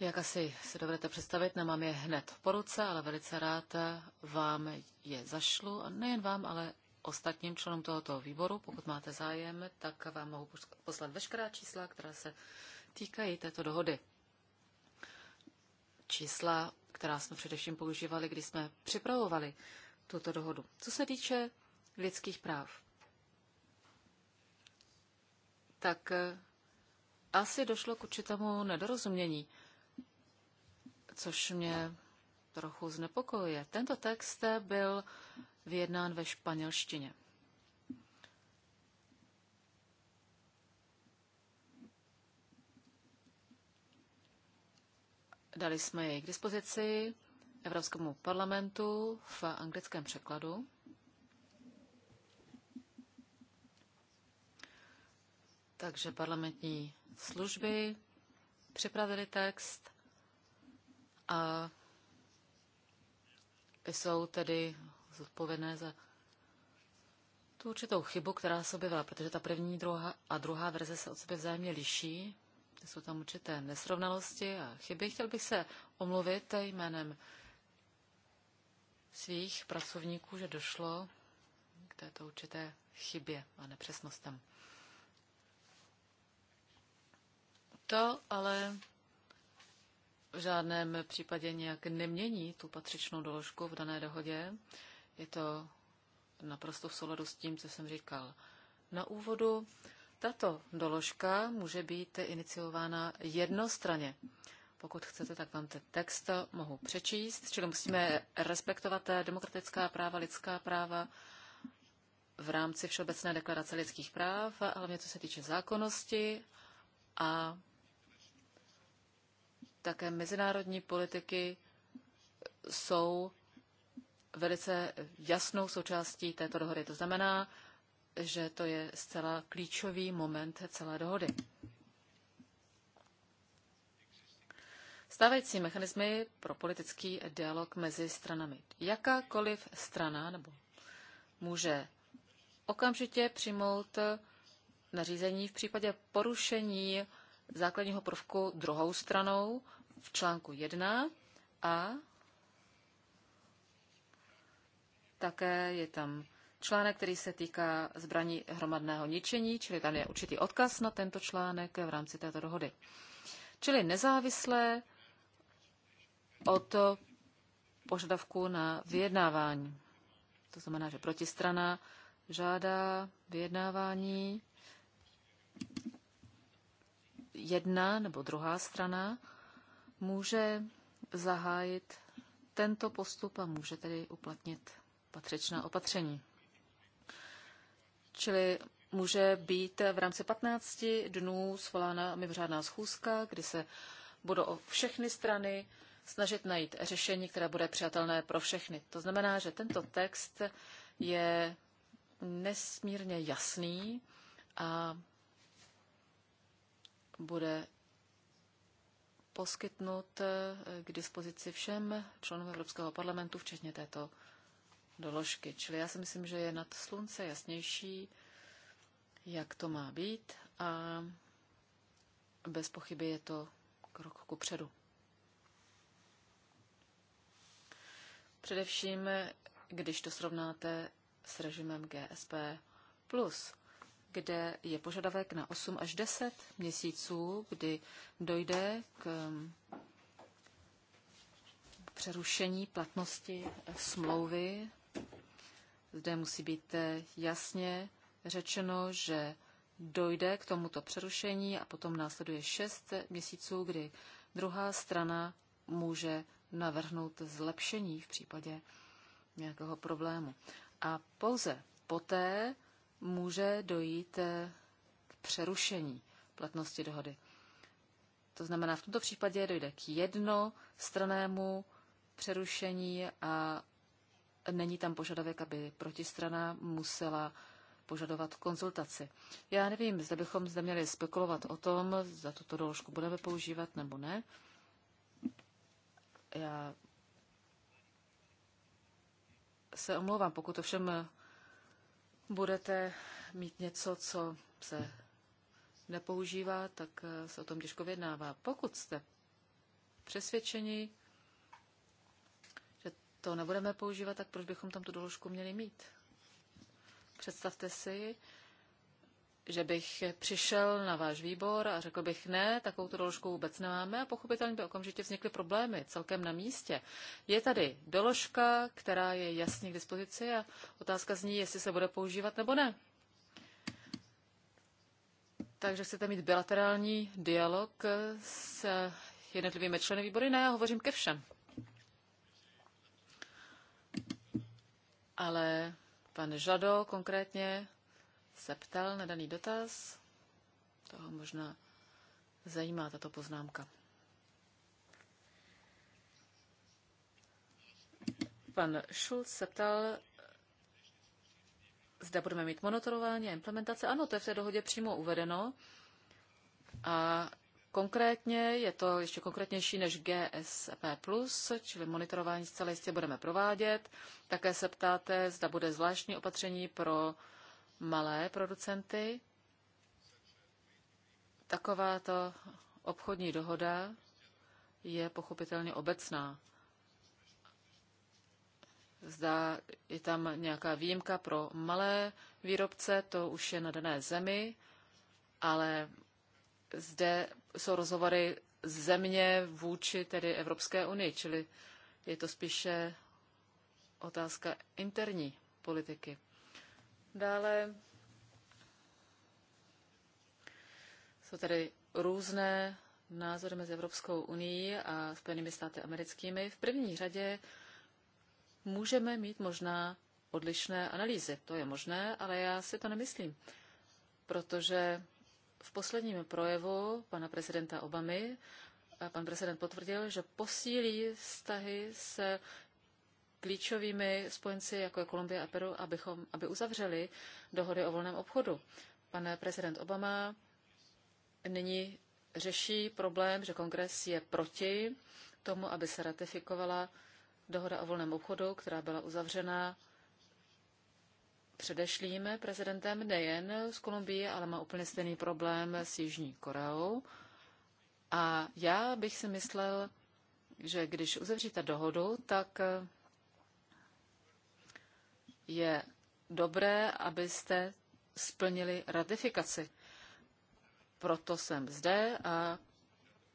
Jak asi si dovedete představit, nemám je hned po ruce, ale velice rád vám je zašlu. A nejen vám, ale ostatním členům tohoto výboru, pokud máte zájem, tak vám mohu poslat veškerá čísla, která se týkají této dohody. Čísla která jsme především používali, když jsme připravovali tuto dohodu. Co se týče lidských práv, tak eh, asi došlo k určitému nedorozumění, což mě trochu znepokojuje. Tento text byl vyjednán ve španělštině. Dali jsme jej k dispozici Evropskému parlamentu v anglickém překladu. Takže parlamentní služby připravili text a jsou tedy zodpovědné za tu určitou chybu, která se objevila, protože ta první druhá a druhá verze se od sebe vzájemně liší. Jsou tam určité nesrovnalosti a chyby. Chtěl bych se omluvit jménem svých pracovníků, že došlo k této určité chybě a nepřesnostem. To ale v žádném případě nějak nemění tu patřičnou doložku v dané dohodě. Je to naprosto v souladu s tím, co jsem říkal na úvodu. Tato doložka může být iniciována jednostraně. Pokud chcete, tak vám ten text mohu přečíst, čili musíme respektovat demokratická práva, lidská práva v rámci Všeobecné deklarace lidských práv, hlavně co se týče zákonnosti a také mezinárodní politiky jsou velice jasnou součástí této dohody. To znamená, že to je zcela klíčový moment celé dohody. Stávající mechanismy pro politický dialog mezi stranami. Jakákoliv strana nebo může okamžitě přijmout nařízení v případě porušení základního prvku druhou stranou v článku 1 a také je tam článek, který se týká zbraní hromadného ničení, čili tam je určitý odkaz na tento článek v rámci této dohody. Čili nezávislé od požadavku na vyjednávání. To znamená, že protistrana žádá vyjednávání jedna nebo druhá strana může zahájit tento postup a může tedy uplatnit patřičná opatření čili může být v rámci 15 dnů svolána mimořádná schůzka, kdy se budou o všechny strany snažit najít řešení, které bude přijatelné pro všechny. To znamená, že tento text je nesmírně jasný a bude poskytnut eh, k dispozici všem členům Evropského parlamentu, včetně této doložky. Čili já si myslím, že je nad slunce jasnější, jak to má být a bez pochyby je to krok ku předu. Především, když to srovnáte s režimem GSP+, kde je požadavek na 8 až 10 měsíců, kdy dojde k um, přerušení platnosti smlouvy zde musí být eh, jasně řečeno, že dojde k tomuto přerušení a potom následuje šest měsíců, kdy druhá strana může navrhnout zlepšení v případě nějakého problému. A pouze poté může dojít eh, k přerušení platnosti dohody. To znamená, v tomto případě dojde k jednostranému přerušení a není tam požadavek, aby protistrana musela požadovat konzultaci. Já nevím, zda bychom zde měli spekulovat o tom, zda tuto doložku budeme používat nebo ne. Já se omlouvám, pokud ovšem budete mít něco, co se nepoužívá, tak se o tom těžko vyjednává. Pokud jste přesvědčeni, to nebudeme používat, tak proč bychom tam tu doložku měli mít? Představte si, že bych přišel na váš výbor a řekl bych, ne, takovou doložku vůbec nemáme a pochopitelně by okamžitě vznikly problémy celkem na místě. Je tady doložka, která je jasně k dispozici a otázka zní, jestli se bude používat nebo ne. Takže chcete mít bilaterální dialog s jednotlivými členy výbory? Ne, já hovořím ke všem. ale pan Žado konkrétně se ptal na daný dotaz. Toho možná zajímá tato poznámka. Pan Schulz se ptal, zda budeme mít monitorování a implementace. Ano, to je v té dohodě přímo uvedeno. A Konkrétně je to ještě konkrétnější než GSP+, čili monitorování zcela jistě budeme provádět. Také se ptáte, zda bude zvláštní opatření pro malé producenty. Takováto obchodní dohoda je pochopitelně obecná. Zda je tam nějaká výjimka pro malé výrobce, to už je na dané zemi, ale zde jsou rozhovory země vůči tedy Evropské unii, čili je to spíše otázka interní politiky. Dále jsou tady různé názory mezi Evropskou unii a Spojenými státy americkými. V první řadě můžeme mít možná odlišné analýzy. To je možné, ale já si to nemyslím, protože v posledním projevu pana prezidenta Obamy eh, pan prezident potvrdil, že posílí vztahy s klíčovými spojenci, jako je Kolumbie a Peru, abychom, aby uzavřeli dohody o volném obchodu. Pan prezident Obama nyní řeší problém, že kongres je proti tomu, aby se ratifikovala dohoda o volném obchodu, která byla uzavřena předešlým prezidentem nejen z Kolumbie, ale má úplně stejný problém s Jižní Koreou. A já bych si myslel, že když uzavříte dohodu, tak je dobré, abyste splnili ratifikaci. Proto jsem zde a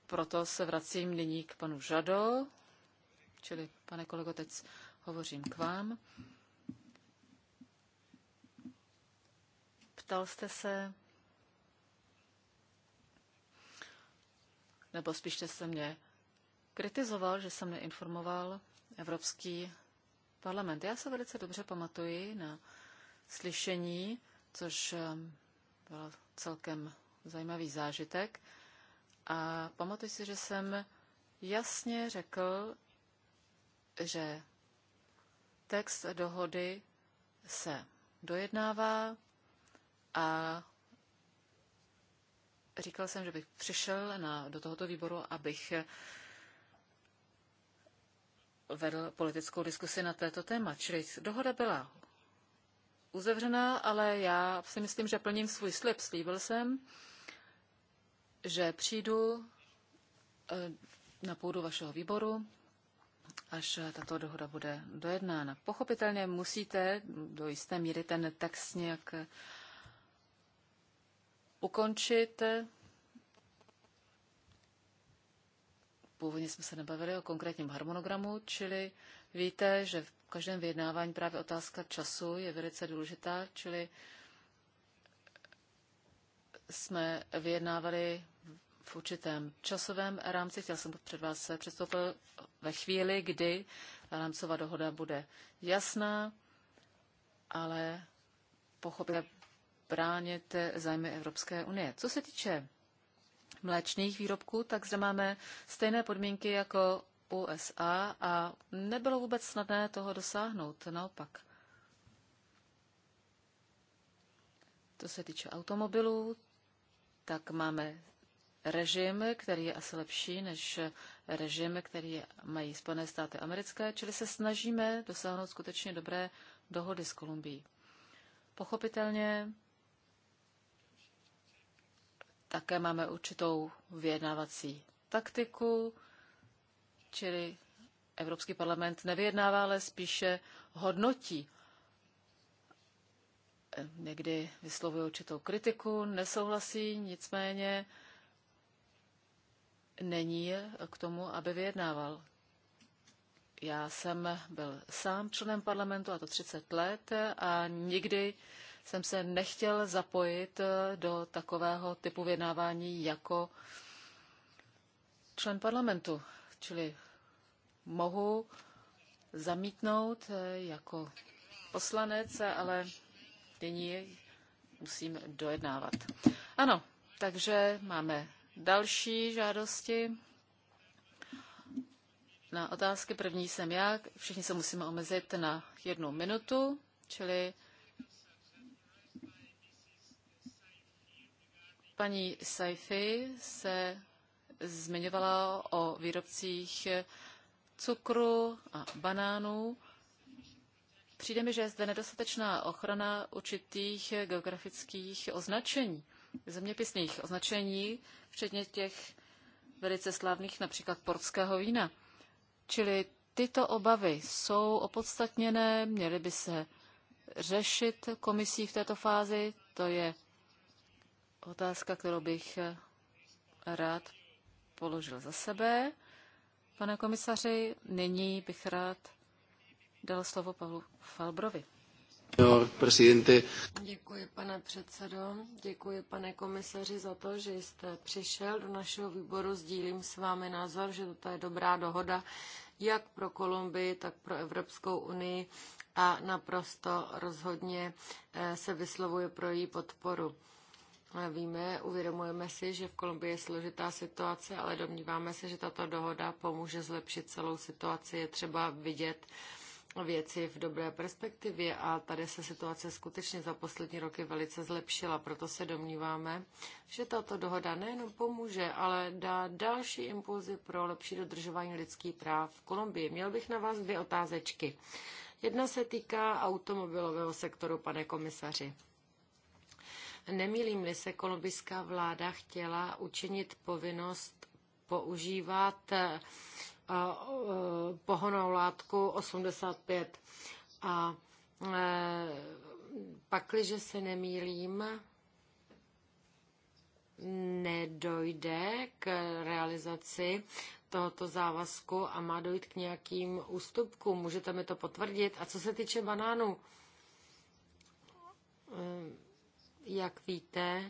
proto se vracím nyní k panu Žado, čili pane kolego, teď hovořím k vám. Ptal jste se, nebo spíš jste se mě kritizoval, že jsem neinformoval Evropský parlament. Já se velice dobře pamatuji na slyšení, což ehm, byl celkem zajímavý zážitek. A pamatuji si, že jsem jasně řekl, že text dohody se dojednává, a říkal jsem, že bych přišel na, do tohoto výboru, abych vedl politickou diskusi na této téma. Čili dohoda byla uzavřená, ale já si myslím, že plním svůj slib. Slíbil jsem, že přijdu eh, na půdu vašeho výboru, až tato dohoda bude dojednána. Pochopitelně musíte do jisté míry ten text nějak ukončit. Původně jsme se nebavili o konkrétním harmonogramu, čili víte, že v každém vyjednávání právě otázka času je velice důležitá, čili jsme vyjednávali v určitém časovém rámci. Chtěl jsem před vás předstoupil ve chvíli, kdy rámcová dohoda bude jasná, ale pochopit bránit zájmy Evropské unie. Co se týče mléčných výrobků, tak zde máme stejné podmínky jako USA a nebylo vůbec snadné toho dosáhnout, naopak. Co se týče automobilů, tak máme režim, který je asi lepší než režim, který mají Spojené státy americké, čili se snažíme dosáhnout skutečně dobré dohody s Kolumbií. Pochopitelně také máme určitou vyjednávací taktiku, čili Evropský parlament nevyjednává, ale spíše hodnotí. Někdy vyslovuje určitou kritiku, nesouhlasí, nicméně není k tomu, aby vyjednával. Já jsem byl sám členem parlamentu, a to 30 let, a nikdy jsem se nechtěl zapojit eh, do takového typu vyjednávání jako člen parlamentu. Čili mohu zamítnout eh, jako poslanec, ale nyní musím dojednávat. Ano, takže máme další žádosti. Na otázky první jsem já. Všichni se musíme omezit na jednu minutu, čili Paní Saifi se zmiňovala o výrobcích cukru a banánů. Přijde mi, že je zde nedostatečná ochrana určitých geografických označení, zeměpisných označení, včetně těch velice slavných, například portského vína. Čili tyto obavy jsou opodstatněné, měly by se řešit komisí v této fázi, to je otázka, kterou bych eh, rád položil za sebe. Pane komisaři, nyní bych rád dal slovo Pavlu Falbrovi. Děkuji, pane předsedo. Děkuji, pane komisaři, za to, že jste přišel do našeho výboru. Sdílím s vámi názor, že toto je dobrá dohoda jak pro Kolumbii, tak pro Evropskou unii a naprosto rozhodně eh, se vyslovuje pro její podporu. Víme, uvědomujeme si, že v Kolumbii je složitá situace, ale domníváme se, že tato dohoda pomůže zlepšit celou situaci. Je třeba vidět věci v dobré perspektivě a tady se situace skutečně za poslední roky velice zlepšila. Proto se domníváme, že tato dohoda nejenom pomůže, ale dá další impulzy pro lepší dodržování lidských práv v Kolumbii. Měl bych na vás dvě otázečky. Jedna se týká automobilového sektoru, pane komisaři. Nemýlím-li se, kolumbijská vláda chtěla učinit povinnost používat eh, eh, pohonou látku 85. A eh, pakliže se nemýlím, nedojde k realizaci tohoto závazku a má dojít k nějakým ústupkům. Můžete mi to potvrdit? A co se týče banánů, jak víte,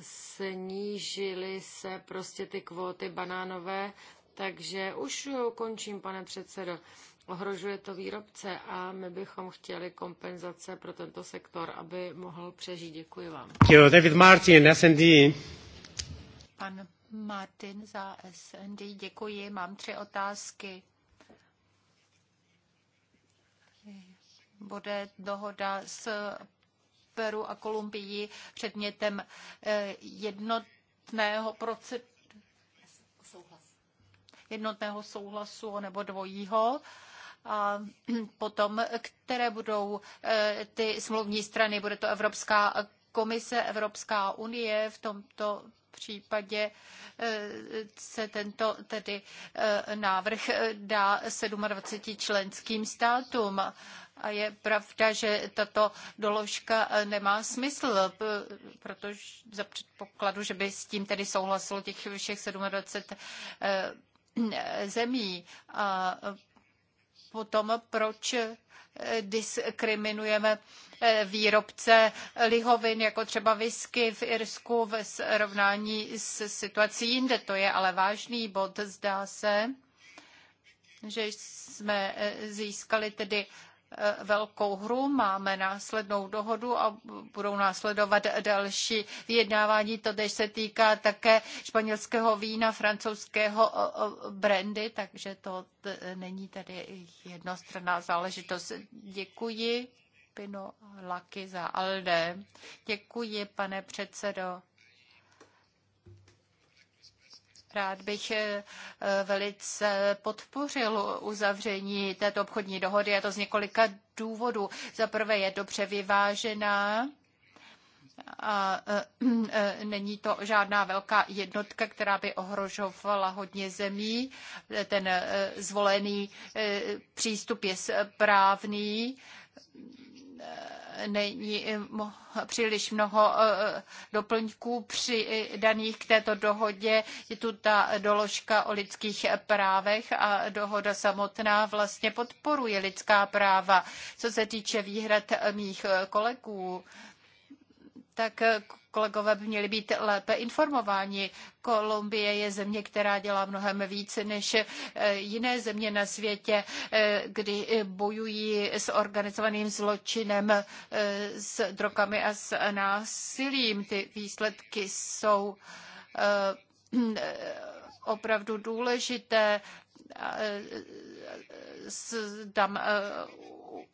snížily se prostě ty kvóty banánové, takže už končím, pane předsedo. Ohrožuje to výrobce a my bychom chtěli kompenzace pro tento sektor, aby mohl přežít. Děkuji vám. David Martin, SND. Pan Martin za SND, děkuji. Mám tři otázky. bude dohoda s Peru a Kolumbií předmětem eh, jednotného procesu jednotného souhlasu nebo dvojího a potom, které budou eh, ty smluvní strany. Bude to Evropská komise, Evropská unie v tomto případě eh, se tento tedy návrh dá 27 členským státům. A je pravda, že tato doložka eh, nemá smysl, eh, protože za předpokladu, že by s tím tedy souhlasilo těch všech 27 eh, zemí. A potom proč diskriminujeme výrobce lihovin, jako třeba whisky v Irsku ve srovnání s situací jinde. To je ale vážný bod, zdá se, že jsme získali tedy Eh, velkou hru, máme následnou dohodu a budou následovat další vyjednávání. To tež se týká také španělského vína, francouzského eh, eh, brandy, takže to není tady jednostranná záležitost. Děkuji Pino Laky za Alde. Děkuji, pane předsedo. Rád bych eh, eh, velice podpořil uzavření této obchodní dohody, a to z několika důvodů. Za prvé je dobře vyvážená, a eh, není to žádná velká jednotka, která by ohrožovala hodně zemí. Ten zvolený přístup je správný není eh, příliš mnoho eh, eh, doplňků přidaných k této dohodě. Je tu ta doložka o lidských právech a dohoda samotná vlastně podporuje lidská práva. Co se týče výhrad mých kolegů, tak kolegové by měli být lépe informováni. Kolumbie je země, která dělá mnohem více než eh, jiné země na světě, eh, kdy bojují s organizovaným zločinem, eh, s drogami a s násilím. Ty výsledky jsou opravdu důležité. Tam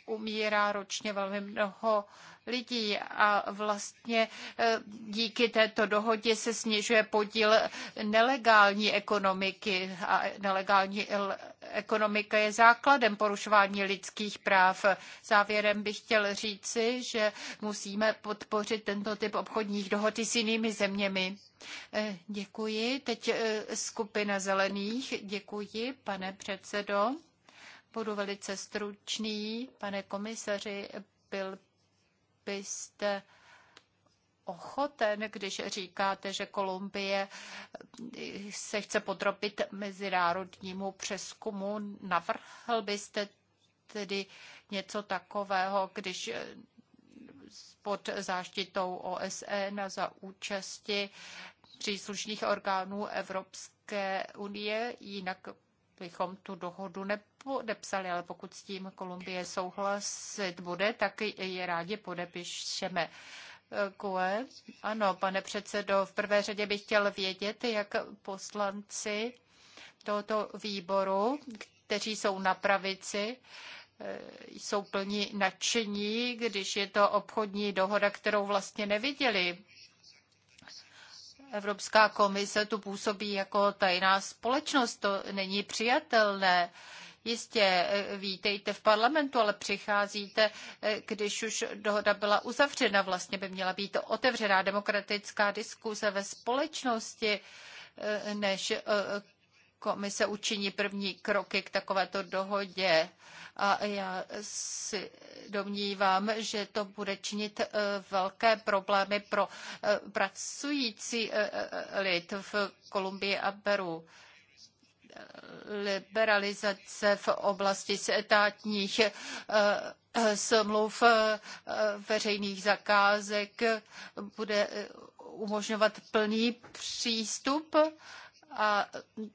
umírá ročně velmi mnoho lidí a vlastně e, díky této dohodě se snižuje podíl nelegální ekonomiky a nelegální ekonomika je základem porušování lidských práv. Závěrem bych chtěl říci, že musíme podpořit tento typ obchodních dohod i s jinými zeměmi. E, děkuji. Teď e, skupina zelených. Děkuji, pane předsedo. Budu velice stručný. Pane komisaři, byl byste ochoten, když říkáte, že Kolumbie se chce podrobit mezinárodnímu přeskumu. Navrhl byste tedy něco takového, když pod záštitou OSN e a za účasti příslušných orgánů Evropské unie, jinak bychom tu dohodu nepodepsali, ale pokud s tím Kolumbie souhlasit bude, tak je rádi podepíšeme. Kue. Ano, pane předsedo, v prvé řadě bych chtěl vědět, jak poslanci tohoto výboru, kteří jsou na pravici, jsou plní nadšení, když je to obchodní dohoda, kterou vlastně neviděli. Evropská komise tu působí jako tajná společnost. To není přijatelné. Jistě eh, vítejte v parlamentu, ale přicházíte, eh, když už dohoda byla uzavřena. Vlastně by měla být otevřená demokratická diskuse ve společnosti, eh, než komise učiní první kroky k takovéto dohodě. A já si domnívám, že to bude činit e, velké problémy pro e, pracující e, lid v Kolumbii a Peru liberalizace v oblasti státních smluv veřejných zakázek bude umožňovat plný přístup a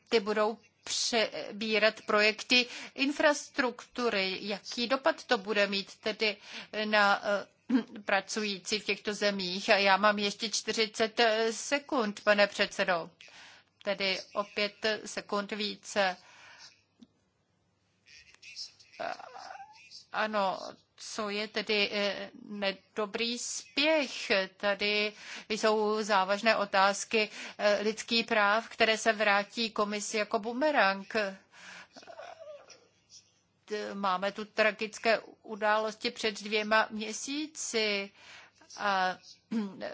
ty budou přebírat projekty infrastruktury. Jaký dopad to bude mít tedy na eh, pracující v těchto zemích? A já mám ještě 40 sekund, pane předsedo. Tedy o pět sekund více. Eh, ano, co je tedy eh, nedobrý spěch. Tady jsou závažné otázky eh, lidských práv, které se vrátí komisi jako bumerang. Máme tu tragické události před dvěma měsíci a eh,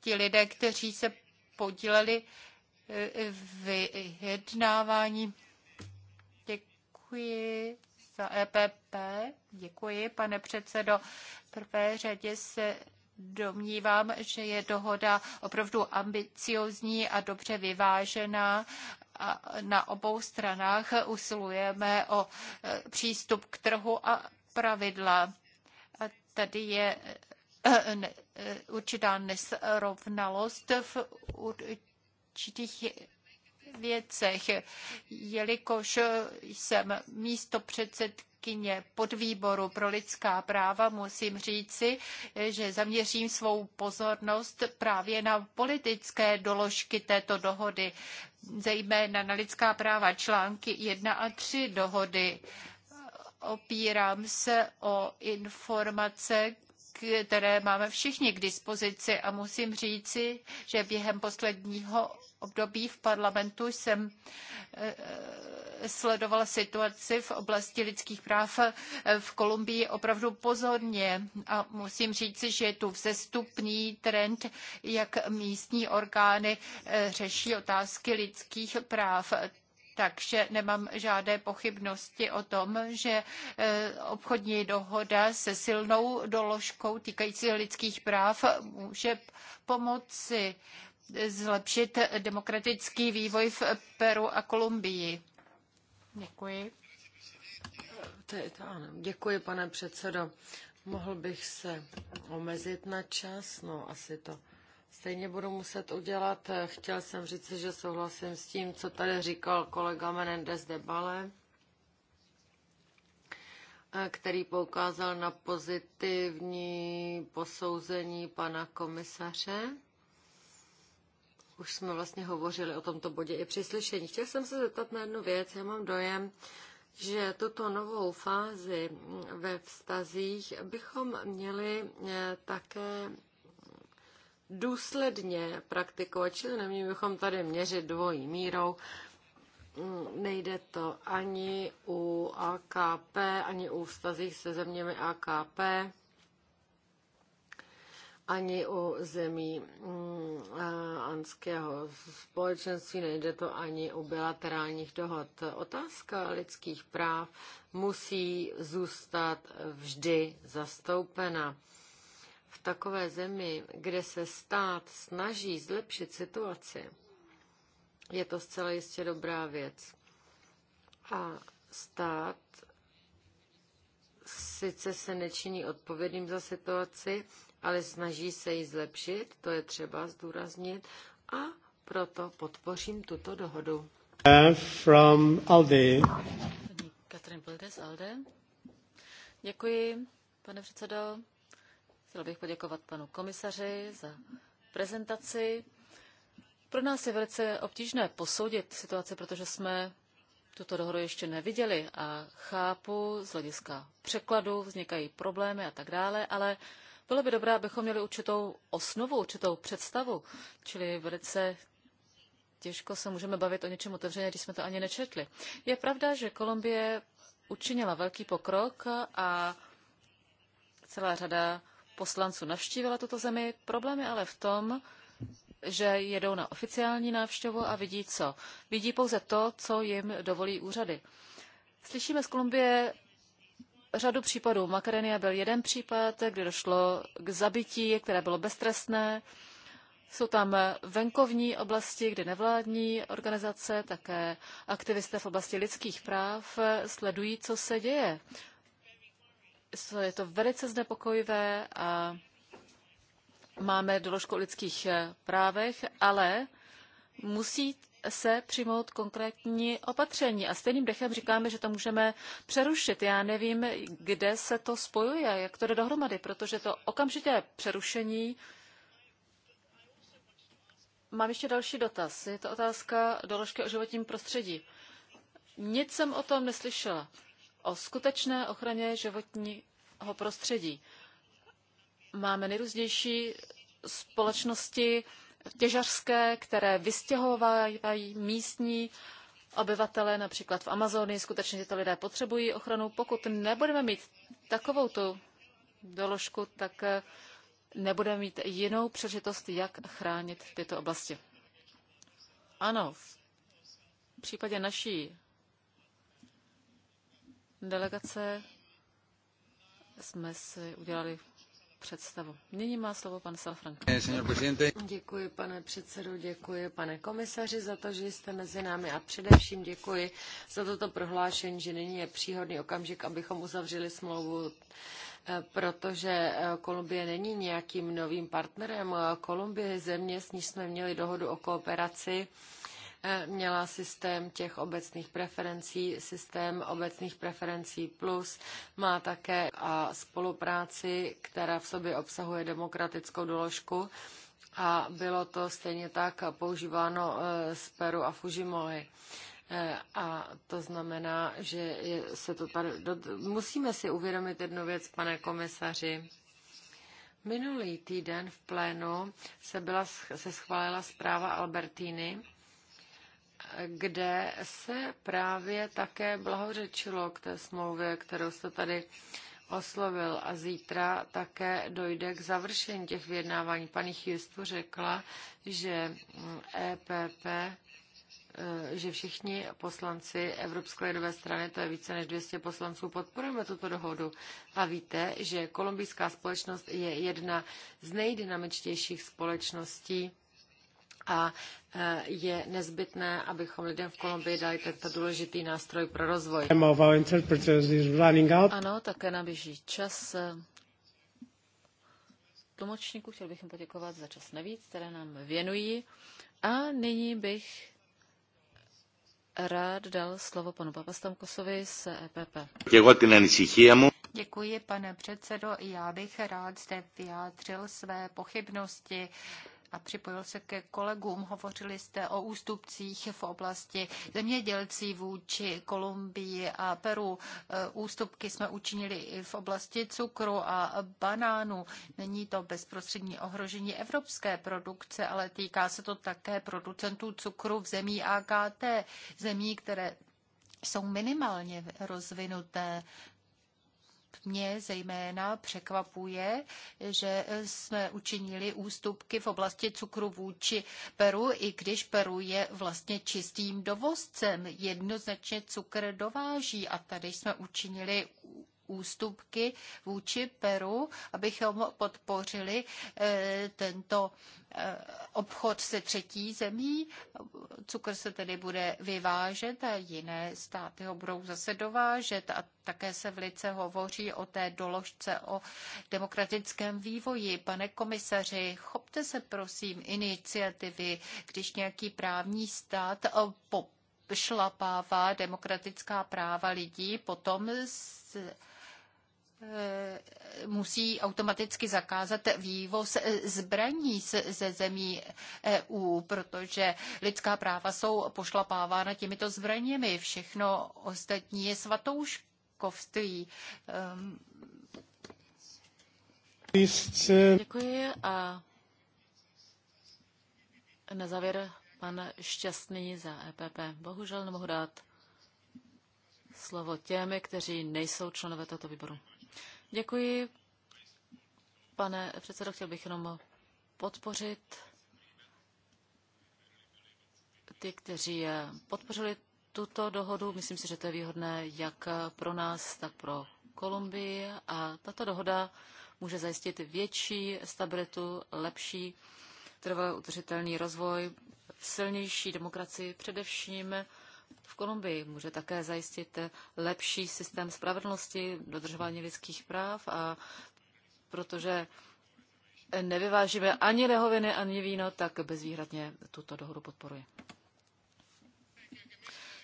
ti lidé, kteří se podíleli vyjednávání. Děkuji za EPP. Děkuji, pane předsedo. V prvé řadě se domnívám, že je dohoda opravdu ambiciozní a dobře vyvážená. A na obou stranách usilujeme o e, přístup k trhu a pravidla. A tady je e, e, určitá nesrovnalost v určitých věcech, jelikož jsem místo předsedkyně podvýboru pro lidská práva, musím říci, že zaměřím svou pozornost právě na politické doložky této dohody, zejména na lidská práva články 1 a 3 dohody. Opírám se o informace, které máme všichni k dispozici a musím říci, že během posledního období v parlamentu jsem eh, sledovala situaci v oblasti lidských práv eh, v Kolumbii opravdu pozorně a musím říci, že je tu vzestupný trend, jak místní orgány eh, řeší otázky lidských práv. Takže nemám žádné pochybnosti o tom, že obchodní dohoda se silnou doložkou týkající lidských práv může pomoci zlepšit demokratický vývoj v Peru a Kolumbii. Děkuji. Děkuji, pane předsedo. Mohl bych se omezit na čas, no asi to stejně budu muset udělat. Chtěl jsem říct, že souhlasím s tím, co tady říkal kolega Menendez de Bale, který poukázal na pozitivní posouzení pana komisaře. Už jsme vlastně hovořili o tomto bodě i při slyšení. Chtěl jsem se zeptat na jednu věc. Já mám dojem, že tuto novou fázi ve vztazích bychom měli eh, také důsledně praktikovat, čili neměli bychom tady měřit dvojí mírou. Mm, nejde to ani u AKP, ani u vztazích se zeměmi AKP ani u zemí mm, anského společenství, nejde to ani u bilaterálních dohod. Otázka lidských práv musí zůstat vždy zastoupena. V takové zemi, kde se stát snaží zlepšit situaci, je to zcela jistě dobrá věc. A stát sice se nečiní odpovědným za situaci, ale snaží se ji zlepšit, to je třeba zdůraznit, a proto podpořím tuto dohodu. Uh, from Aldi. Katrin Pildes, Alde. Děkuji, pane předsedo. Chtěl bych poděkovat panu komisaři za prezentaci. Pro nás je velice obtížné posoudit situaci, protože jsme tuto dohodu ještě neviděli a chápu z hlediska překladu, vznikají problémy a tak dále, ale bylo by dobré, abychom měli určitou osnovu, určitou představu, čili velice těžko se můžeme bavit o něčem otevřeně, když jsme to ani nečetli. Je pravda, že Kolumbie učinila velký pokrok a celá řada poslanců navštívila tuto zemi. Problém je ale v tom, že jedou na oficiální návštěvu a vidí co? Vidí pouze to, co jim dovolí úřady. Slyšíme z Kolumbie řadu případů. Makarenia byl jeden případ, kdy došlo k zabití, které bylo beztrestné. Jsou tam venkovní oblasti, kde nevládní organizace, také aktivisté v oblasti lidských práv sledují, co se děje. Je to velice znepokojivé a máme doložku o lidských právech, ale musí se přijmout konkrétní opatření. A stejným dechem říkáme, že to můžeme přerušit. Já nevím, kde se to spojuje, jak to jde dohromady, protože to okamžitě přerušení. Mám ještě další dotaz. Je to otázka doložky o životním prostředí. Nic jsem o tom neslyšela. O skutečné ochraně životního prostředí. Máme nejrůznější společnosti, těžařské, které vystěhovávají místní obyvatele, například v Amazonii, skutečně tyto lidé potřebují ochranu. Pokud nebudeme mít takovou tu doložku, tak eh, nebudeme mít jinou přežitost, jak chránit tyto oblasti. Ano, v případě naší delegace jsme si udělali představu. Nyní má slovo pan Salfrank. Eh, děkuji, pane předsedu, děkuji, pane komisaři, za to, že jste mezi námi a především děkuji za toto prohlášení, že nyní je příhodný okamžik, abychom uzavřeli smlouvu eh, protože eh, Kolumbie není nějakým novým partnerem. Kolumbie je země, s níž jsme měli dohodu o kooperaci měla systém těch obecných preferencí, systém obecných preferencí plus, má také a spolupráci, která v sobě obsahuje demokratickou doložku a bylo to stejně tak používáno eh, z Peru a Fujimori. Eh, a to znamená, že se to tady... Musíme si uvědomit jednu věc, pane komisaři. Minulý týden v plénu se, byla, se schválila zpráva Albertiny kde se právě také blahořečilo k té smlouvě, kterou jste tady oslovil a zítra také dojde k završení těch vyjednávání. Paní Hjustu řekla, že mm, EPP eh, že všichni poslanci Evropské lidové strany, to je více než 200 poslanců, podporujeme tuto dohodu. A víte, že kolumbijská společnost je jedna z nejdynamičtějších společností a e, je nezbytné, abychom lidem v Kolumbii dali tento důležitý nástroj pro rozvoj. Ano, také nám běží čas. Tlumočníku chtěl bych jim poděkovat za čas navíc, které nám věnují. A nyní bych rád dal slovo panu Papastamkosovi z EPP. Děkuji, pane předsedo. Já bych rád zde vyjádřil své pochybnosti a připojil se ke kolegům. Hovořili jste o ústupcích v oblasti zemědělcí vůči Kolumbii a Peru. E, ústupky jsme učinili i v oblasti cukru a banánu. Není to bezprostřední ohrožení evropské produkce, ale týká se to také producentů cukru v zemí AKT, zemí, které jsou minimálně rozvinuté mě zejména překvapuje, že jsme učinili ústupky v oblasti cukru vůči Peru, i když Peru je vlastně čistým dovozcem. Jednoznačně cukr dováží a tady jsme učinili ústupky vůči Peru, abychom podpořili eh, tento eh, obchod se třetí zemí. Cukr se tedy bude vyvážet a jiné státy ho budou zase dovážet a také se v Lice hovoří o té doložce o demokratickém vývoji. Pane komisaři, chopte se prosím iniciativy, když nějaký právní stát pošlapává demokratická práva lidí, potom s Eh, musí automaticky zakázat vývoz eh, zbraní ze zemí EU, protože lidská práva jsou pošlapávána těmito zbraněmi. Všechno ostatní je svatouškovství. Ehm. Děkuji a na závěr pan Šťastný za EPP. Bohužel nemohu dát slovo těmi, kteří nejsou členové tohoto výboru. Děkuji. Pane předsedo, chtěl bych jenom podpořit ty, kteří eh, podpořili tuto dohodu. Myslím si, že to je výhodné jak pro nás, tak pro Kolumbii a tato dohoda může zajistit větší stabilitu, lepší trvalý udržitelný rozvoj, silnější demokracii, především v Kolumbii. Může také zajistit lepší systém spravedlnosti, dodržování lidských práv a protože nevyvážíme ani lehoviny, ani víno, tak bezvýhradně tuto dohodu podporuji.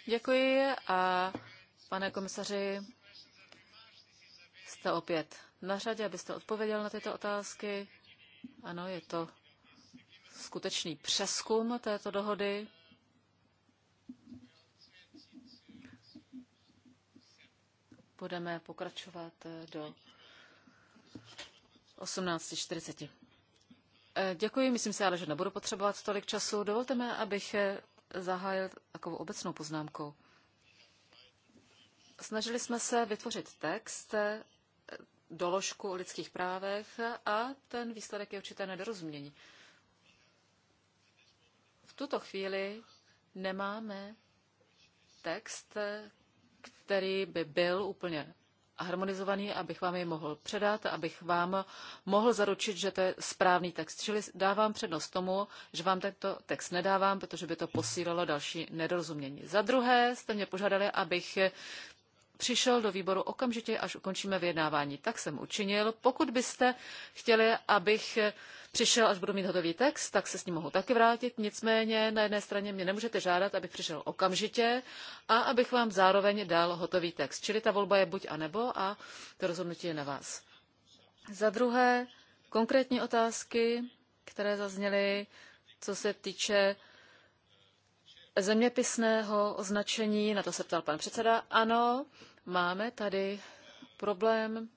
Děkuji a pane komisaři, jste opět na řadě, abyste odpověděl na tyto otázky. Ano, je to skutečný přeskum této dohody. budeme pokračovat eh, do 18.40. Eh, děkuji, myslím si ale, že nebudu potřebovat tolik času. Dovolte mi, abych eh, zahájil takovou obecnou poznámkou. Snažili jsme se vytvořit text, doložku o lidských právech a ten výsledek je určité nedorozumění. V tuto chvíli nemáme text, který by byl úplně harmonizovaný, abych vám jej mohl předat, abych vám mohl zaručit, že to je správný text. Čili dávám přednost tomu, že vám tento text nedávám, protože by to posílalo další nedorozumění. Za druhé jste mě požádali, abych přišel do výboru okamžitě, až ukončíme vyjednávání. Tak jsem učinil. Pokud byste chtěli, abych přišel, až budu mít hotový text, tak se s ním mohu taky vrátit. Nicméně na jedné straně mě nemůžete žádat, abych přišel okamžitě a abych vám zároveň dal hotový text. Čili ta volba je buď a nebo a to rozhodnutí je na vás. Za druhé, konkrétní otázky, které zazněly, co se týče zeměpisného označení, na to se ptal pan předseda. Ano, Máme tady problém,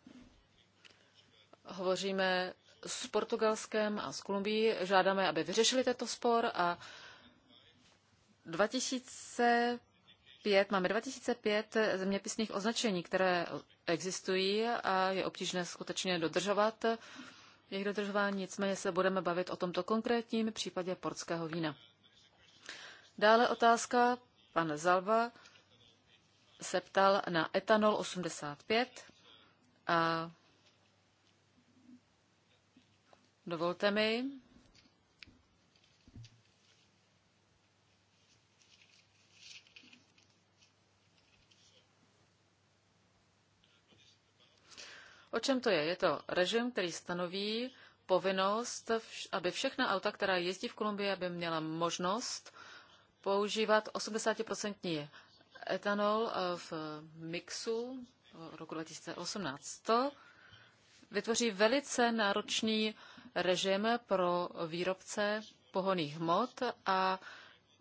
hovoříme s Portugalskem a s Kolumbií, žádáme, aby vyřešili tento spor a 2005, máme 2005 zeměpisných označení, které existují a je obtížné skutečně dodržovat jejich dodržování, nicméně se budeme bavit o tomto konkrétním případě portského vína. Dále otázka, pan Zalva se ptal na etanol 85 a dovolte mi, O čem to je? Je to režim, který stanoví povinnost, aby všechna auta, která jezdí v Kolumbii, aby měla možnost používat 80% etanol eh, v mixu roku 2018. To vytvoří velice náročný režim pro výrobce pohoných hmot a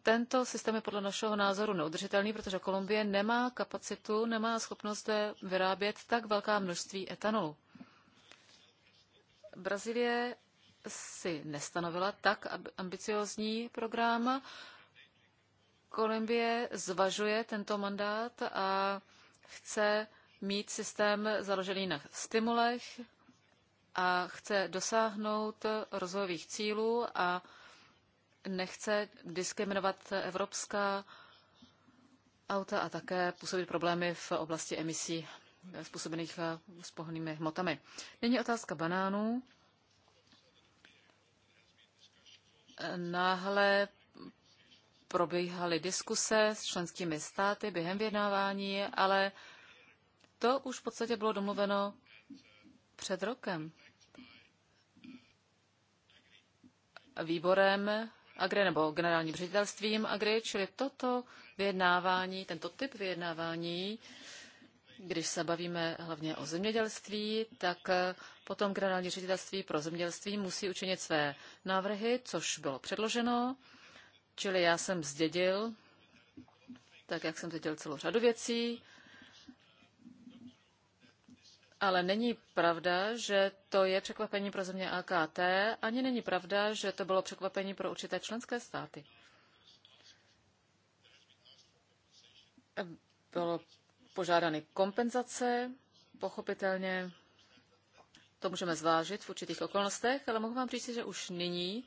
tento systém je podle našeho názoru neudržitelný, protože Kolumbie nemá kapacitu, nemá schopnost vyrábět tak velká množství etanolu. Brazílie si nestanovila tak ambiciozní program. Kolumbie zvažuje tento mandát a chce mít systém založený na stimulech a chce dosáhnout rozvojových cílů a nechce diskriminovat evropská auta a také působit problémy v oblasti emisí způsobených s eh, pohonými hmotami. Nyní otázka banánů. Náhle probíhaly diskuse s členskými státy během vyjednávání, ale to už v podstatě bylo domluveno před rokem. Výborem Agri nebo generálním ředitelstvím Agri, čili toto vyjednávání, tento typ vyjednávání, když se bavíme hlavně o zemědělství, tak potom generální ředitelství pro zemědělství musí učinit své návrhy, což bylo předloženo Čili já jsem zdědil, tak jak jsem zdědil celou řadu věcí, ale není pravda, že to je překvapení pro země AKT, ani není pravda, že to bylo překvapení pro určité členské státy. Bylo požádány kompenzace, pochopitelně to můžeme zvážit v určitých okolnostech, ale mohu vám říct, že už nyní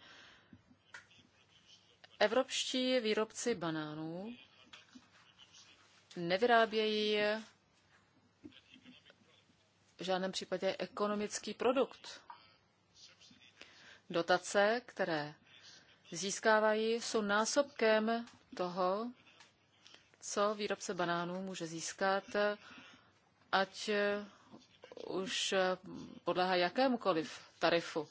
Evropští výrobci banánů nevyrábějí v žádném případě ekonomický produkt. Dotace, které získávají, jsou násobkem toho, co výrobce banánů může získat, ať už podléhá jakémukoliv tarifu.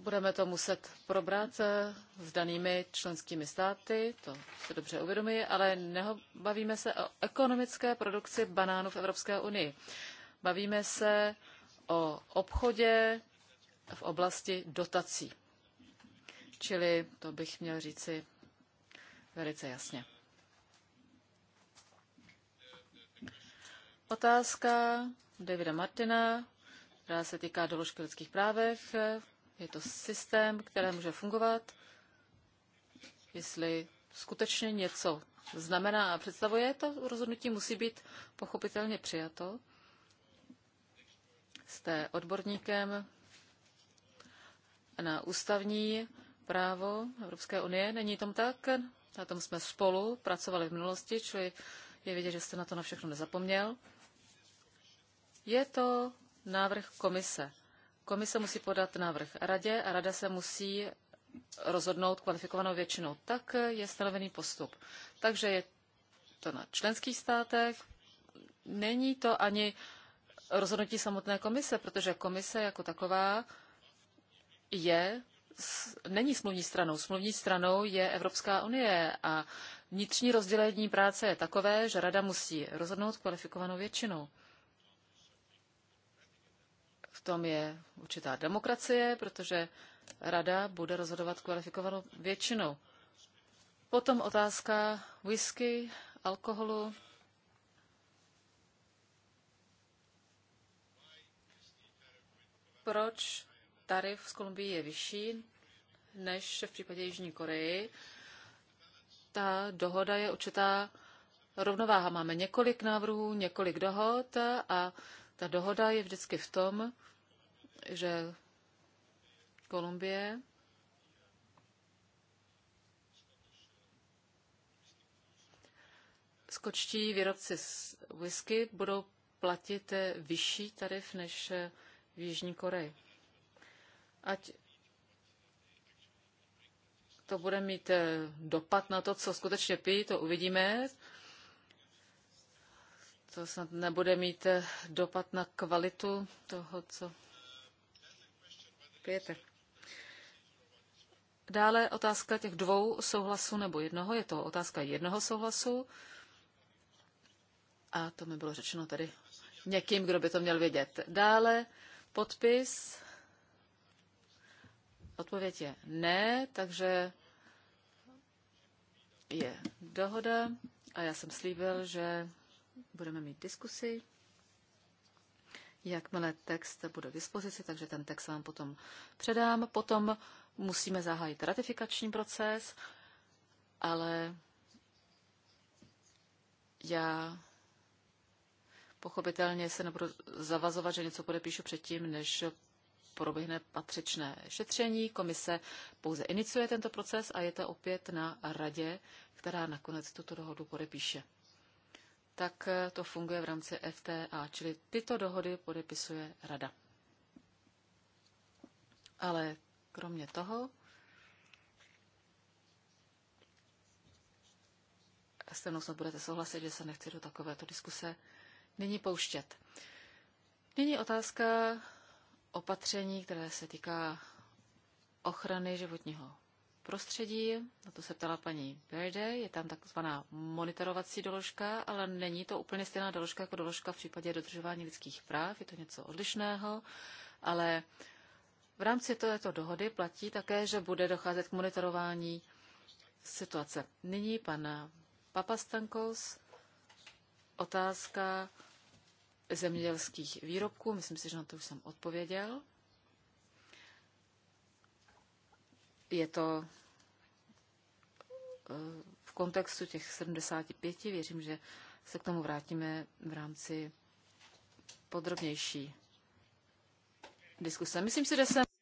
Budeme to muset probrat eh, s danými členskými státy, to se dobře uvědomuji, ale bavíme se o ekonomické produkci banánů v Evropské unii. Bavíme se o obchodě v oblasti dotací. Čili to bych měl říci velice jasně. Otázka Davida Martina, která se týká doložky lidských právech. Eh, je to systém, který může fungovat, jestli skutečně něco znamená a představuje, to rozhodnutí musí být pochopitelně přijato. Jste odborníkem na ústavní právo Evropské unie. Není tom tak? Na tom jsme spolu pracovali v minulosti, čili je vidět, že jste na to na všechno nezapomněl. Je to návrh komise. Komise musí podat návrh radě a rada se musí rozhodnout kvalifikovanou většinou. Tak je stanovený postup. Takže je to na členských státech. Není to ani rozhodnutí samotné komise, protože komise jako taková je, není smluvní stranou. Smluvní stranou je Evropská unie a vnitřní rozdělení práce je takové, že rada musí rozhodnout kvalifikovanou většinou v tom je určitá demokracie, protože rada bude rozhodovat kvalifikovanou většinou. Potom otázka whisky, alkoholu. Proč tarif z Kolumbii je vyšší než v případě Jižní Koreji? Ta dohoda je určitá rovnováha. Máme několik návrhů, několik dohod a ta dohoda je vždycky v tom, že Kolumbie skočtí výrobci z whisky budou platit eh, vyšší tarif než eh, v Jižní Koreji. Ať to bude mít eh, dopad na to, co skutečně pijí, to uvidíme. To snad nebude mít dopad na kvalitu toho, co Pěte. Dále otázka těch dvou souhlasů nebo jednoho. Je to otázka jednoho souhlasu. A to mi bylo řečeno tady někým, kdo by to měl vědět. Dále podpis. Odpověď je ne, takže je dohoda a já jsem slíbil, že budeme mít diskusi jakmile text bude k dispozici, takže ten text vám potom předám. Potom musíme zahájit ratifikační proces, ale já pochopitelně se nebudu zavazovat, že něco podepíšu předtím, než proběhne patřičné šetření. Komise pouze iniciuje tento proces a je to opět na radě, která nakonec tuto dohodu podepíše tak eh, to funguje v rámci FTA, čili tyto dohody podepisuje Rada. Ale kromě toho se mnou snad budete souhlasit, že se nechci do takovéto diskuse nyní pouštět. Nyní otázka opatření, které se týká ochrany životního prostředí, na to se ptala paní Berde, je tam takzvaná monitorovací doložka, ale není to úplně stejná doložka jako doložka v případě dodržování lidských práv, je to něco odlišného, ale v rámci této dohody platí také, že bude docházet k monitorování situace. Nyní pan Papastankos, otázka zemědělských výrobků, myslím si, že na to už jsem odpověděl. Je to eh, v kontextu těch 75. Věřím, že se k tomu vrátíme v rámci podrobnější diskuse. Myslím si, že jsem